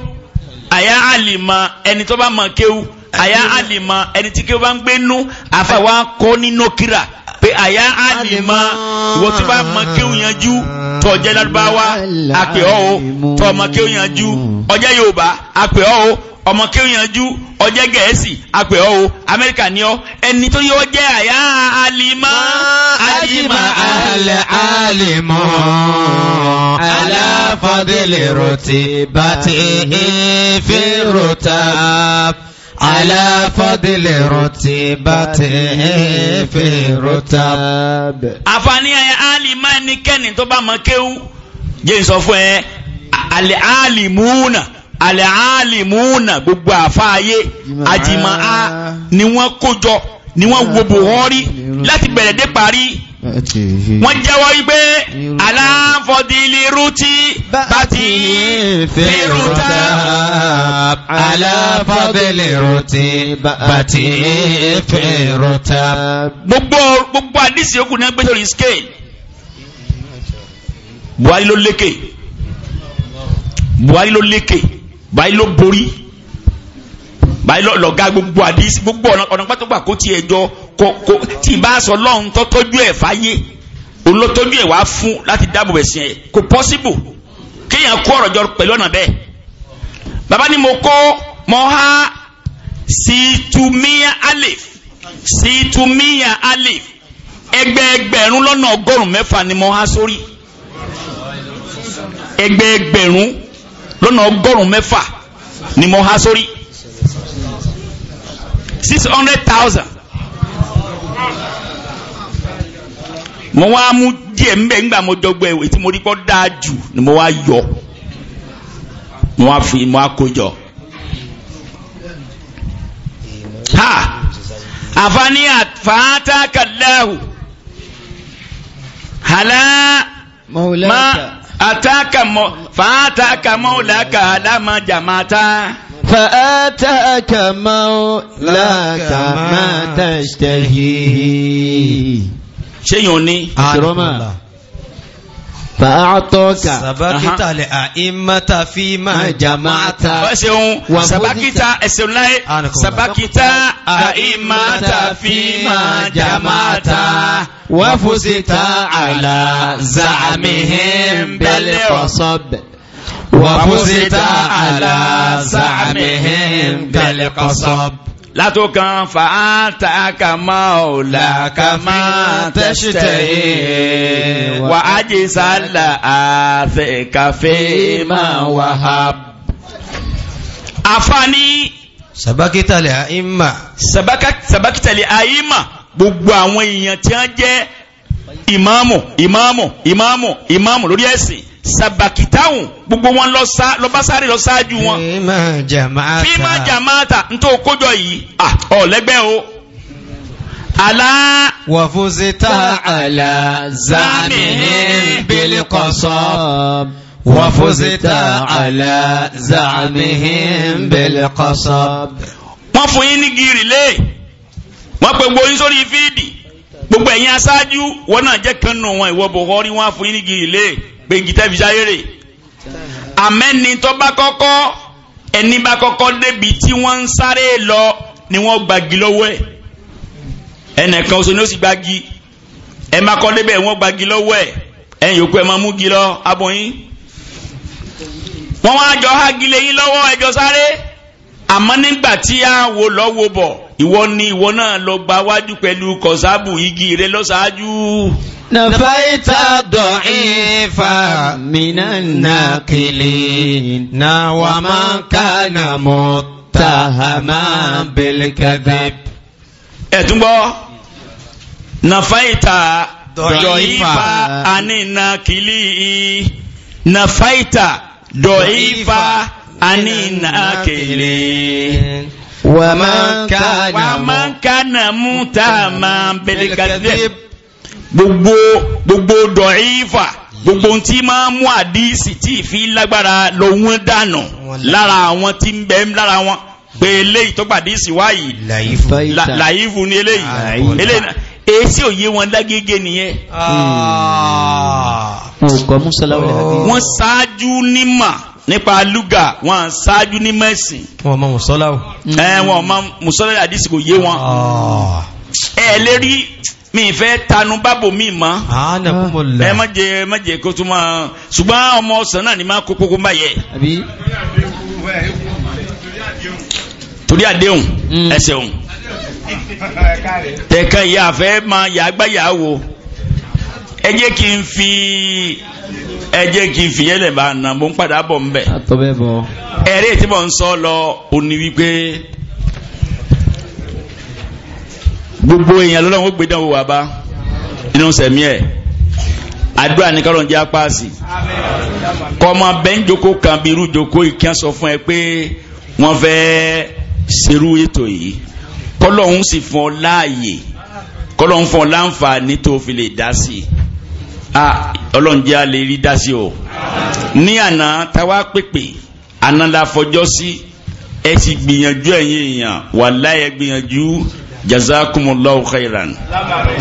àyà àlìmọ ẹni tó bá máa kéwú àyà àlìmọ ẹni tí kéwú bá ń gbé nú àfàwọn akọ ní nókìrà pé àyà àlìmọ ìwọ tó bá máa kéwú yanjú tó jẹ́ lárúbáwá àpè ọ́ o tó máa kéwú yanjú ọjẹ́ Yorùbá àpè ọ́ o ọmọ kéwìn yanjú ọjẹ́ gẹ̀ẹ́sì apẹ̀ ọ́ o amẹ́ríkà ni ọ́ ẹni tó yẹ ọ àyà alima alima alẹ́ alimọ́ aláfàdélé rọ̀tì bàtì ìfẹ́ rọ̀tà. على فضل رتبته في رتب àfààní ayé àlìmá ẹnikẹ́ni tó bá mọ̀ kéwú jẹ́ ìsọfún ẹ àlìmúnà alẹ́ alimuna gbogbo àfáàyè àjìmọ̀ a ni wọ́n kójọ ni wọ́n wo buhari láti bẹ̀rẹ̀ dé parí wọ́n jẹ́wọ́ wípé aláfọ̀dìlì rúti bàtì fèrúta aláfọ̀dìlì rúti bàtì fèrúta. gbogbo gbogbo àdìsí yòókù ní ẹgbẹ́ scale buhari ló lékè buhari ló lékè báyìí ló borí báyìí lọ́ga gbogbo àdísí gbogbo ọ̀nà pátágbà kó tiẹ̀ jọ kó tí ì bá sọ lọ́hún tó tọ́jú ẹ̀ fáyé olótọ́jú ẹ̀ wá fún láti dáàbò ẹ̀sìn ẹ̀ kò pọ́síbù kéèyàn kó ọ̀rọ̀ jọ pẹ̀lú ọ̀nà bẹ́ẹ̀ bàbá ni mo kó mọ́ há situmiya alif situmiya alif ẹgbẹẹgbẹ̀rún lọ́nà ọgọ́rùn-ún mẹ́fà ni mo há sórí ẹgbẹẹgbẹ̀rún lọ́nà ọgọ́rùn-ún mẹ́fà ni mo há sórí six hundred thousand mo wá mú díẹ̀ ńbẹ̀ ńgbà mo dọ́gbọ́ ẹ̀wẹ̀ tí mo rí kọ́ dáa jù ni mo wá yọ mo wá fi mo wá kójọ. ha àfààní àfàátà kàdáhù hàlá. mọ̀wúlẹ́ta. أتاك مو... فأتاك مولاك لما جمعتا فأتاك مولاك ما تشتهي شيء ني فأعطوك سبكت لأئمة فيما جمعت سبكت سبكت أئمة فيما جمعت وفزت على زعمهم بالقصب وفزت على زعمهم بالقصب لا تكن فأنتك مولاك ما تشتهي وأجز لآثك فيما وهب أفاني سبكت لأئمة سبكت سبكت لأئمة gbogbo àwọn èèyàn tí wọ́n jẹ́ ìmáàmù ìmáàmù ìmáàmù ìmáàmù lórí ẹ̀sìn sàbàkìtáhùn gbogbo wọn lọ́bá sáré lọ sáájú wọn. fíìmà jàmáàtà ntó kójọ yìí ọ̀lẹ́gbẹ́ o. Àlá wàfúnsítà àlá zàmì ní bílí kọ̀sọ́. وفزت على زعمهم بالقصب wọ́n fún yín ní gírì lé wọ́n pe gbogbo yín sórí fíìdì gbogbo ẹ̀yin aṣáájú wọn náà jẹ́ kan nù wọn ìwọ buhari wọn fún yín ní gírílé gbẹ̀ngì tẹ́ fi sáyé rè àmẹ́ni tó bá kọ́kọ́ ẹni bá kọ́kọ́ débi tí wọ́n ń sáré lọ ni wọ́n gbagi lọ́wọ́ ẹ̀ ẹnìkan oṣù ni ó sì gbagi ẹ má kọ́ débẹ̀ wọ́n gbagi lọ́wọ́ ẹ̀ ẹ̀yin yòókù ẹ̀ máa mú gi lọ aboyún wọ́n wá jọ hágilé yín lọ́wọ́ ẹjọ́ sáré àmọ́ nígbà tí a wò lọ́wọ́ bọ̀ ìwọ ni ìwọ náà lọ gba wájú pẹ̀lú kọ̀sáàbù igi rẹ lọ́sàájú. nàfàìtà dọ̀ín fa mìnà náà kìlì náà wà máa ń ká nà mọ́ tàhámà bẹ̀lẹ̀kẹ́dẹ́. ẹ̀tún gbọ́ nàfàìtà dọ̀ín àníná kìlì nàfàìtà dọ̀ín àníná kìlì wàmán kánà múta máa bẹ̀lẹ̀kàdé gbogbo gbogbo dọ̀ífà gbogbo tí máa mú àdísì tí ìfi lágbára lòun dànù lára àwọn tí ń bẹ lára wọn pé eléyìí tó gbàdísì wáyìí làyífù ní eléyìí èsì òye wọn dágége nìyẹn. Hmm. wọ́n ṣáájú nímà nípa lúgà wọn ṣáájú ní mẹ́sìn. wọn mọ mùsọ́lá o. ẹ wọn mọ mùsọ́lá àdìsí kò yé wọn. Ah. ẹ lérí mi fẹ́ tanu bábò mi mọ́. àánà kò mọ̀ la. ẹ má jẹ má jẹ kó tún máa ṣùgbọ́n ọmọ ọ̀sán náà ni máa kó kókó bá yẹ. àbí. torí àdéhùn hmm. ẹsẹ̀ òun. tẹ̀kan ìyá àfẹ́ máa yàgbá yàá wo ẹ jẹ́ kí n fi ẹ jẹ́ kí n fìyẹn lẹ̀ bá nà mo ń padà bọ̀ ń bẹ̀. ẹ̀rí tí mo ń sọ lọ òní wípé gbogbo èèyàn lọ́lọ́run ó gbé dánwò wá bá inú sẹ̀mí ẹ̀ àdúrà ní kọ́lọ́n apáàsì kọ́mọ bẹ́ńjoko kan bí irú joko ìkíyàn sọ fún ẹ pé wọ́n fẹ́ ṣerú ètò yìí kọ́lọ́hún sì fún ọ láàyè kọ́lọ́hún fún ọ láǹfààní tó fi lè dá sí i ọlọ́njẹ́ a lè rí dásí o ní àná táwa pèpè àná la fọjọ́ sí ẹ sì gbìyànjú ẹ̀yin èèyàn wàláyé gbìyànjú jazakumulawo khayran.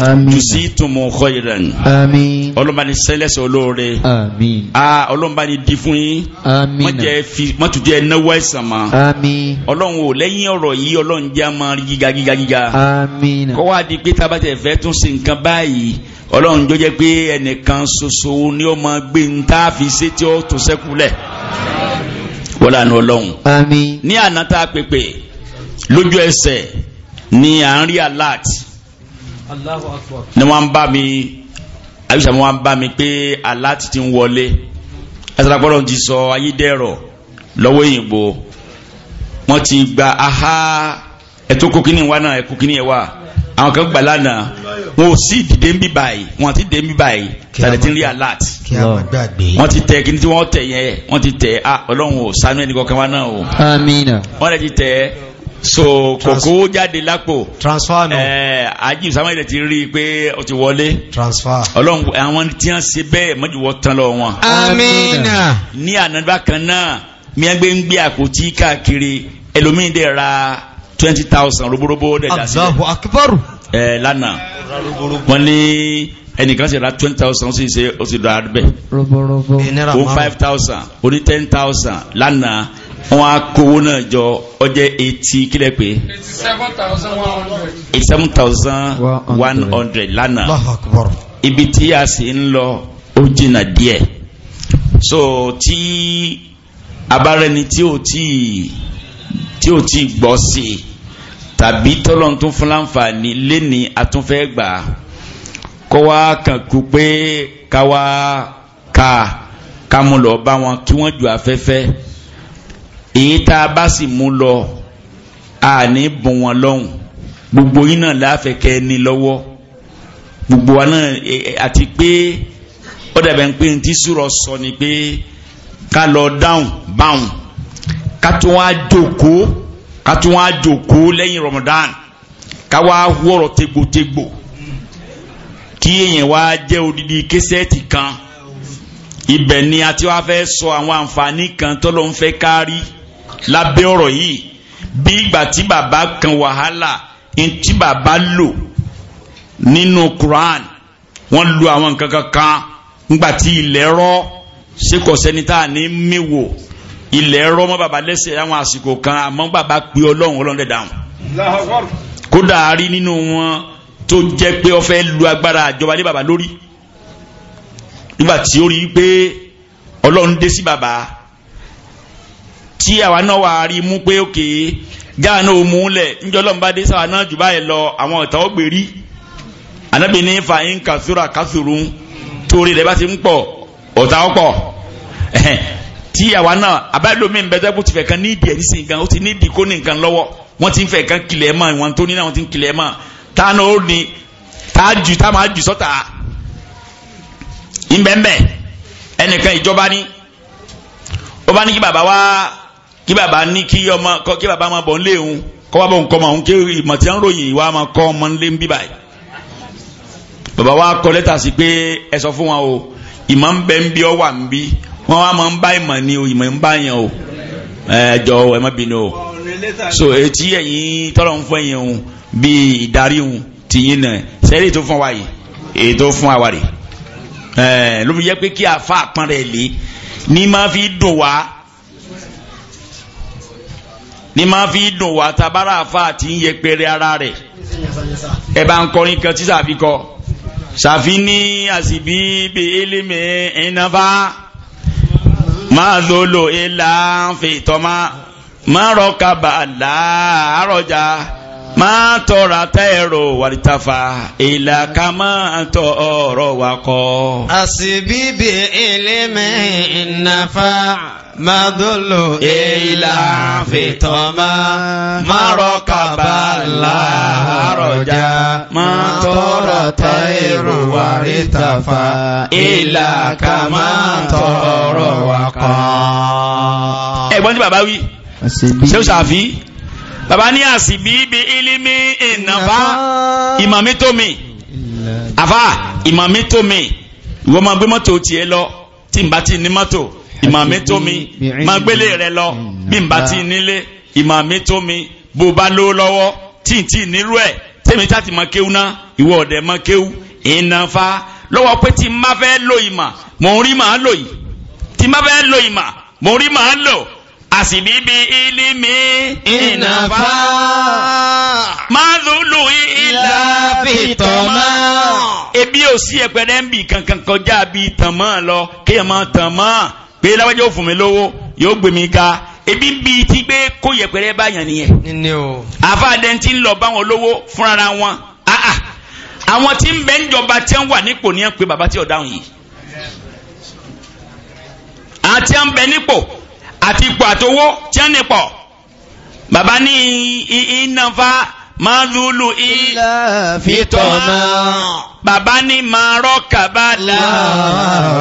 àmín tusitumu khairan àmín ọlọmọba ni sẹlẹsẹ olóore àmín aa ah, ọlọmọba ni di fún yín àmín mọjẹ fi mọtujẹ náwó ẹsàn ma àmín Ọlọ́run o lẹ́yìn ọ̀rọ̀ yìí Ọlọ́run jẹ ama giga giga giga àmín kọwọ adi pé tabatẹ fẹ́ tún ṣe nǹkan báyìí Ọlọ́run jọ jẹ pé ẹnìkan ṣoṣo ni ó máa gbé ntá fi ṣe tí ó tó ṣẹ́kù lẹ wọlé àná Ọlọ́run ní àná tá lójú ẹsẹ̀ ni à ń alert Allahu Akbar ni wọ́n bá mi àyùsà wọ́n bá mi pé alert ti ń wọlé asàlápọ̀lọ́ ti sọ ayédèrò lọ́wọ́ òyìnbó wọ́n ti gba aha ẹ̀tọ́ kókínì wa náà ẹ̀kú kínì ẹ̀ wá àwọn kan gbà lánàá wọn ò sí dìde ń bí báyìí wọn ti dìde ń bí báyìí tàbí ti ń rí alert wọn ti tẹ kíni tí wọn tẹ yẹn wọn ti tẹ ah, ọlọ́run ò ṣàánú ẹnì kọ̀ọ̀kan wa náà o. wọn lè ti tẹ so kòkó jáde lápò transfer nù ẹ eh, ajib samuel ti rí i pé ó ti wọlé transfer ọlọ́run àwọn tí wọ́n ṣe bẹ́ẹ̀ mọ́júwọ́ tán lọ wọn. amiina. ní ànábà kan náà miagbe ń gbé àpótí káàkiri ẹlòmíín dẹ̀ ra twenty thousand roborobo dẹ̀ dà sílẹ̀. Allahu akbar. ẹ eh, lánàá wọn ní ẹnìkan sì ra twenty thousand sì ṣe ó sì dọ̀ àdúgbẹ́. roborobo. ó five thousand ó ní ten thousand Lana wọ́n á kówó náà jọ ọjẹ́ eighty kílẹ̀ pé eighty seven thousand one hundred lánàá ibi tí a sì ń lọ ó jìnnà díẹ̀ so tí abárẹni tí ò tí tí ò tí gbọ́ sí i tàbí tọ́lọ́n tún fún láǹfààní lẹ́ni àtúnfẹ́ gbà kọ́ wá kàn kú pé ká wá ka ká mú lọ bá wọn kí wọ́n ju afẹ́fẹ́ èyí tá a bá sì mú lọ àní bùn wọn lọ́hùn gbogbo yín náà láfẹ̀kẹ́ ní lọ́wọ́ gbogbo wa náà e, e, àti pé ó dàbẹ̀ ń pè ní tí sùrọ̀ sọ ni pé ká lọ dáhùn báhùn ká tún wá jókòó ká tún wá jókòó lẹ́yìn Ramadan ká wá wọ̀rọ̀ tegbòtegbò kí èèyàn wá jẹ́ odidi késẹ́ẹ̀tì kan ibẹ̀ ni a ti wá fẹ́ sọ àwọn àǹfààní kan tọ́lọ́ ń fẹ́ kárí lábẹ́ ọ̀rọ̀ yìí bí ìgbà tí bàbá kan wàhálà ntí bàbá lò nínú Quran wọ́n lu àwọn nǹkan kankan ńgbà tí ilẹ̀ rọ́ ṣé kò sẹ́ni tá a ní mí wò ilẹ̀ rọ́ mọ́ bàbá lẹ́sẹ̀ àwọn àsìkò kan àmọ́ bàbá pe ọlọ́run ọlọ́run dẹ̀ dáhùn kódà a rí nínú wọn tó jẹ́ pé ó fẹ́ lu agbára àjọba lé bàbá lórí nígbà tí ó rí i pé ọlọ́run dé sí bàbá tí àwa náà wà á rí mú pé òkè gáà náà ó mú lẹ̀ níjọ́ lọ́nbadé sáwà náà jù báyìí lọ àwọn ọ̀tá ó gbèrí anabi ní fa yín kasura kasuru torí rẹ bá ti ń pọ̀ ọ̀tá ọ̀pọ̀ tí àwa náà abáyọ̀lómi ń bẹ́tẹ́ kó ti fẹ́ kan ní ìdí ẹ̀ nísìnyí kan ó ti ní ìdí kó ní nǹkan lọ́wọ́ wọ́n ti ń fẹ́ kan kìlẹ̀ mọ́ ìwọ̀n tó ní náà wọ́n ti ń kìlẹ̀ mọ́ tá a náà ó ní tá a jù tá a máa jù sọ́tà ńbẹ́ńbẹ́ ẹnìkan ìjọba ní ó bá ní kí bàbá wa kí bàbá ní kí ọmọ kí bàbá máa bọ̀ ń lé òun kọ́ wá bọ̀ ń kọ́ máa ń kí ìmọ̀ tí wọ́n ròyìn ìwà máa kọ́ ọmọ ńlé ń bí báyìí. bàbá wa kọ lẹ́tà sí pé ẹ sọ fún wa o ìmọ̀ ń bẹ ń bí ọ wà ń bí wọ́n wá máa ń bá ìmọ̀ ni o ìmọ̀ ń bá yẹn o ẹ ẹ má bínú o so etí ẹ̀yin tọ́lọ̀ ń fún ẹ̀yin òun bíi ìdarí òun tìyín náà sẹ́yìn tó fún wa yìí ní máa fi dùn wá ní máa fi dùn wá tabara àfa àti ń yẹpẹrẹ ara rẹ̀ ẹ bá ń kọrin kan tí sàfi kọ sàfi ní àsìbí bí elémè ẹnàfà máa lòlò ìlà fìtọ́mà máa rọ kaba làárọ̀jà máa tọrọ àtẹ́rò wàlítàfà ìlàkà máa tọ ọ̀rọ̀ wakọ. àsìbí bí elémè ẹnàfà madolo ila fitoma maroka bala aroja matoro tairu waritafa ila kama toro waka. ẹ̀gbọ́n tí bàbá wí ṣé ó ṣàfi bàbá ní àsìbí bí ilimi ìnàfà ìmàmí tómi àfà ìmàmí tómi ìwọ́n máa gbé mọ́tò tiẹ̀ lọ tí n bá ti ní mọ́tò ìmọ̀ mi tó mi máa gbélé rẹ lọ bí n bá ti nílé ìmọ̀ mi tó mi bó bá lówó lọ́wọ́ tí ti nílò ẹ̀ tèmi tá ti mọ kéwú náà ìwọ ọ̀dẹ̀ mọ kéwú ìnáfa lọ́wọ́ pé tí n bá fẹ́ lo ìmọ̀ mò ń rí màá lò yìí tí n bá fẹ́ lo ìmọ̀ mò ń rí màá lò àsìbíbi ilimi ìnàfà máàlúlù ìlà fìtọ̀mọ́. ebi ò sí ẹ̀pẹ̀rẹ̀ ń bì kankan kọjá bíi tàn mọ́ lọ kéèyàn máa tàn mọ́ pé láwájá ò fún mi lówó yóò gbé mi ká ebi ń bi ti gbé kó yẹpẹrẹ báyàn nìyẹn. àfa adẹ́ntì ń lọ báwọn olówó fúnra wọn àwọn tí ń bẹ ń jọba tí ń wà nípò ní ẹ̀ pé bàbá tí ò dáhùn yìí àti ń bẹ nípò àti ipò àtowó tí ń nípò bàbá ní iná fa mádùúlù ilá fìtọ̀nà bàbá ní márọ́kàbàlá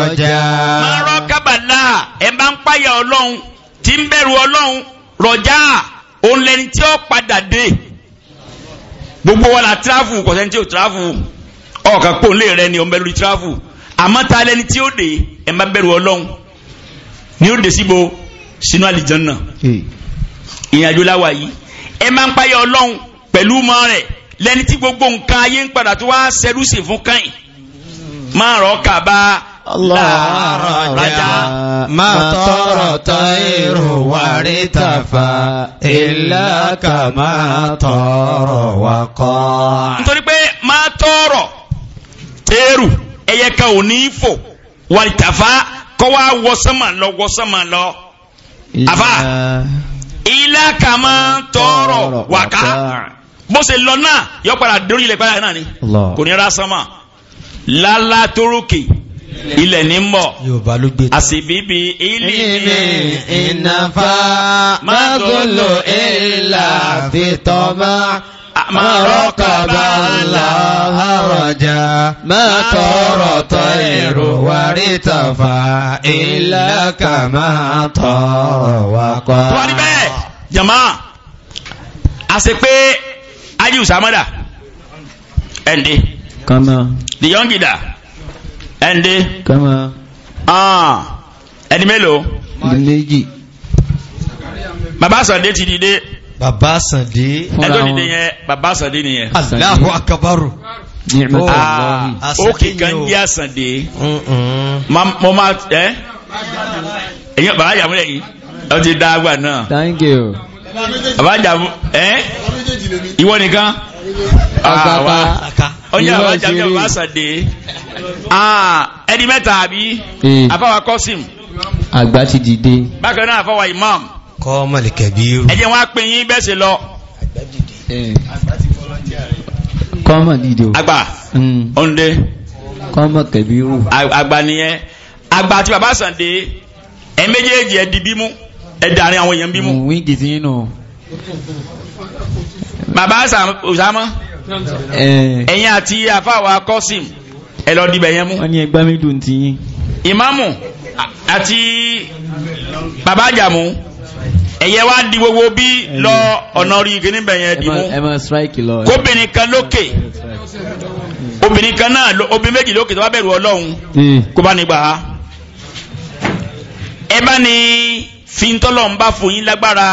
ọjà márọ́kàbàlá ẹ bá ń páyà ọlọ́run tí ń bẹ̀rù ọlọ́run rọ̀já òun lẹni tí ó padà dé gbogbo wọn la tíráfù kọ̀sẹ́ tí ó tíráfù ọ̀kan pò ń lè rẹ ni ọmọ ẹlòmí tíráfù àmọ́ ta lẹni tí ó dé ẹ bá bẹ̀rù ọlọ́run ni ó dé síbo sínú àlìjọ́nà ìrìnàjò láwa yìí ẹ máa ń páyà ọlọ́run pẹ̀lú mọ́ rẹ̀ lẹ́ni tí gbogbo nǹkan ayé ń padà tó wá ṣẹlú sí fún káyìn máa rọ̀ kàbá láàárọ̀ rájá máa tọrọ tọ́ èrò wà rí tàfà ilá kà máa tọrọ wà kọ́. nítorí pé máa tọrọ tẹ́rù ẹyẹ kan ò ní fò wà rí tàfà kọ́ wá wọ sánmà lọ wọ sánmà lọ. àfà ilá kà máa tọrọ wà ká bó ṣe lọ náà yọ dórí ilẹ̀ padà náà ni kò ní ra sánmà lálá tórókè ilẹ̀ ní mọ̀ àṣìbíbi ilé ní ìnàfà mágòlò ìlà fìtọ́mà mọ̀rọ́kàbà làárọ̀jà mẹ́tọ̀ọ̀rọ̀ èrò wà rí tàfà ilẹ̀ kàmá tọ̀rọ̀ wà kọ́. jama a ṣe pé aji usamada ende kama diyongida ende kama ah ẹni mélòó méjì bàbá sàdé ti di dìde bàbá sàdé ẹjọ́ dìde yẹn bàbá sàdé nìyẹn Allahu akabaru ó kì kan jí àsàdé mo máa ẹ eh? ẹ̀yìn bàbá yàmúlẹ̀ yìí ó ti dá àgbà náà thank you bàbá jàmú ẹ ìwọ nìkan àwa ọjà bàbá jàmú jàmú bá sàdé ẹni mẹ́ta àbí àfáwà kọ́sìm. àgbà ti dìde. bákan náà àfáwà imam. kọ́ mọ̀lẹ̀kẹ̀ bí irú. ẹ jẹ́ wọn á pè yín bẹ́ẹ̀ ṣe lọ. àgbà dìde. kọ́ mọ̀ dìde o. àgbà òǹde. Mm. kọ́ mọ̀ kẹ̀bí irú. àgbà nìyẹn àgbà àti bàbá sàdé ẹ méjèèjì ẹ di ẹ dàrin àwọn èèyàn bímú. wí gidi nínú. bàbá Usama ẹ̀yin àti àfàwà kọ́sìm ẹ lọ dìbẹ̀ yẹn mú. wọ́n ní ẹgbẹ́ mi dùn tí ìmáàmù àti bàbá àjàmú ẹ̀yẹ wá di gbogbo bí lọ ọ̀nà orí igi níbẹ̀ yẹn dì mú kóbìnrin kan lókè obìnrin kan náà obìnrin méjì lókè tó bá bẹ̀rù ọlọ́run hmm. kó bá ní gbà á ẹ bá ní fi ń tọ́lọ̀ ń bá fún yín lágbára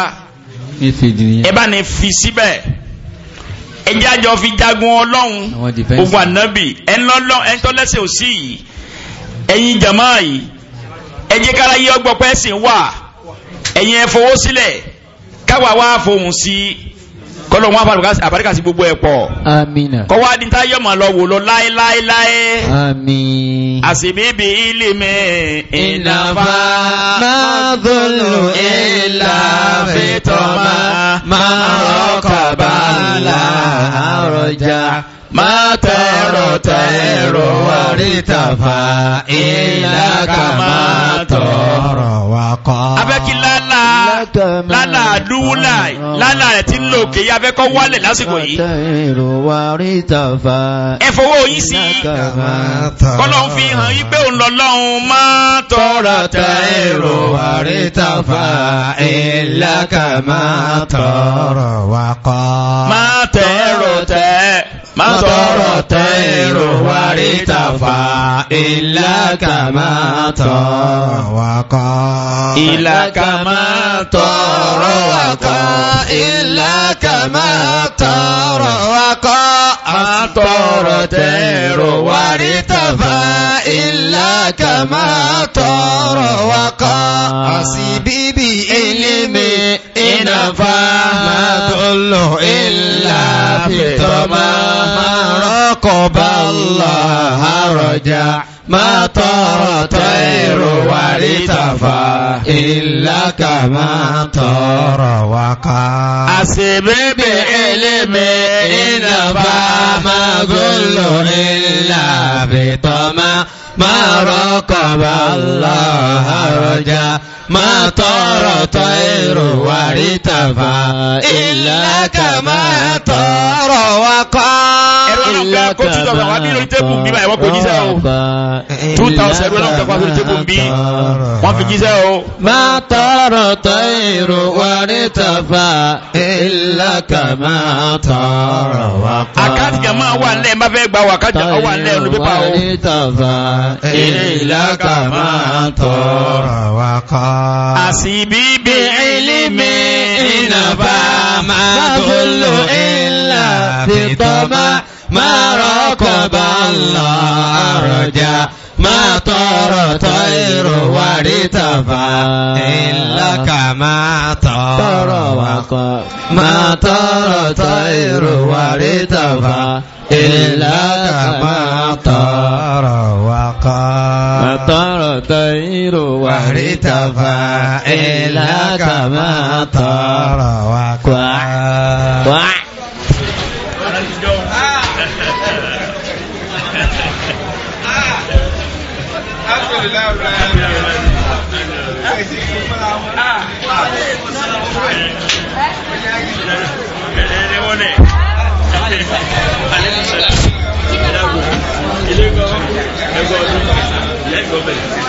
ẹ bá ní fi síbẹ̀ ẹ jẹ́ àjọ fi jagun ọlọ́run ogun ànábì ẹ ń lọ́lọ́ ẹ ń tọ́lẹ́sẹ̀ òsì yìí ẹ̀yin jàmá yìí ẹ jẹ́ kára yí ọgbọ́pẹ́ sìn wà ẹ̀yin ẹ fowó sílẹ̀ káwa wá fohùn sí i kọ́lọ̀ wọn àbáríkà sí gbogbo ẹ̀ pọ̀. amina. kọ́ wá ní táyọ̀ lọ wò lọ láéláéláé. àmín. àsìbí bí ilé mi. ìnàfà máa dùnú ìlà fìtọ́mà máa rọ́kà bá là àròjà. ما ترى تير ورتفع إلا كما ترى وقال lálà àdúwúlà lálà rẹ̀ tí ń lò kè yá fẹ́kọ́ wálẹ̀ lásìkò yìí ẹ fọwọ́ yín sí kọ́lọ́n fi hàn yí pé òun lọ́lọ́run máa tọ́ra tẹ èrò àrítàfà ìlàkà máa tọrọ wákọ́ máa tẹ̀rọ tẹ̀ mátọ̀rọ̀ tẹ́rò wà rí tàfà ìlàkàmátọ̀ wàkọ́ ìlàkàmátọ̀ wàkọ́ ìlàkàmátọ̀ wàkọ́ mátọ̀rọ̀ tẹ́rò wà rí tàfà ìlàkàmátọ̀ wàkọ́ àsìbíbí ilé mi iná fa máa tó lọ ilà fìtọ́ máa rọ́kọ̀ bá lọ àrọ̀já máa tọrọ tọ́ èrò wà rí tàfà ìlàkà máa tọrọ wà ká. àṣìbíbì ilmi iná fa máa tó lọ ilà fìtọ́ máa. ما راقب الله رجا ما طار طير وارتفع إلا كما tọrọ wa kọ́ ẹ̀rọ ọlọ́pẹ́ kó tún tọrọ wa bí lórí tébù bí o two thousand ẹ̀rọ ọlọ́pẹ́ kó lórí o. má tọrọ tọ èrò wa ní tàfà ìlàkà má tọrọ wa kọ́. àkáǹtì kan máa wà nílẹ̀ o. ìlàkà má tọrọ wa kọ́. àṣìbí bí ilé mi ìnàbà má tó lò في طمع ما ركب الله أرجع ما طار طير وارتفع إلا كما طار وقف ما طار طير وارتفع إلا كما طار وقف ما طار طير وارتفع إلا كما طار وقف Ilé gbọ́ ẹgbẹ́ ọdún, ìyá ìgbọ́ bẹ̀rẹ̀.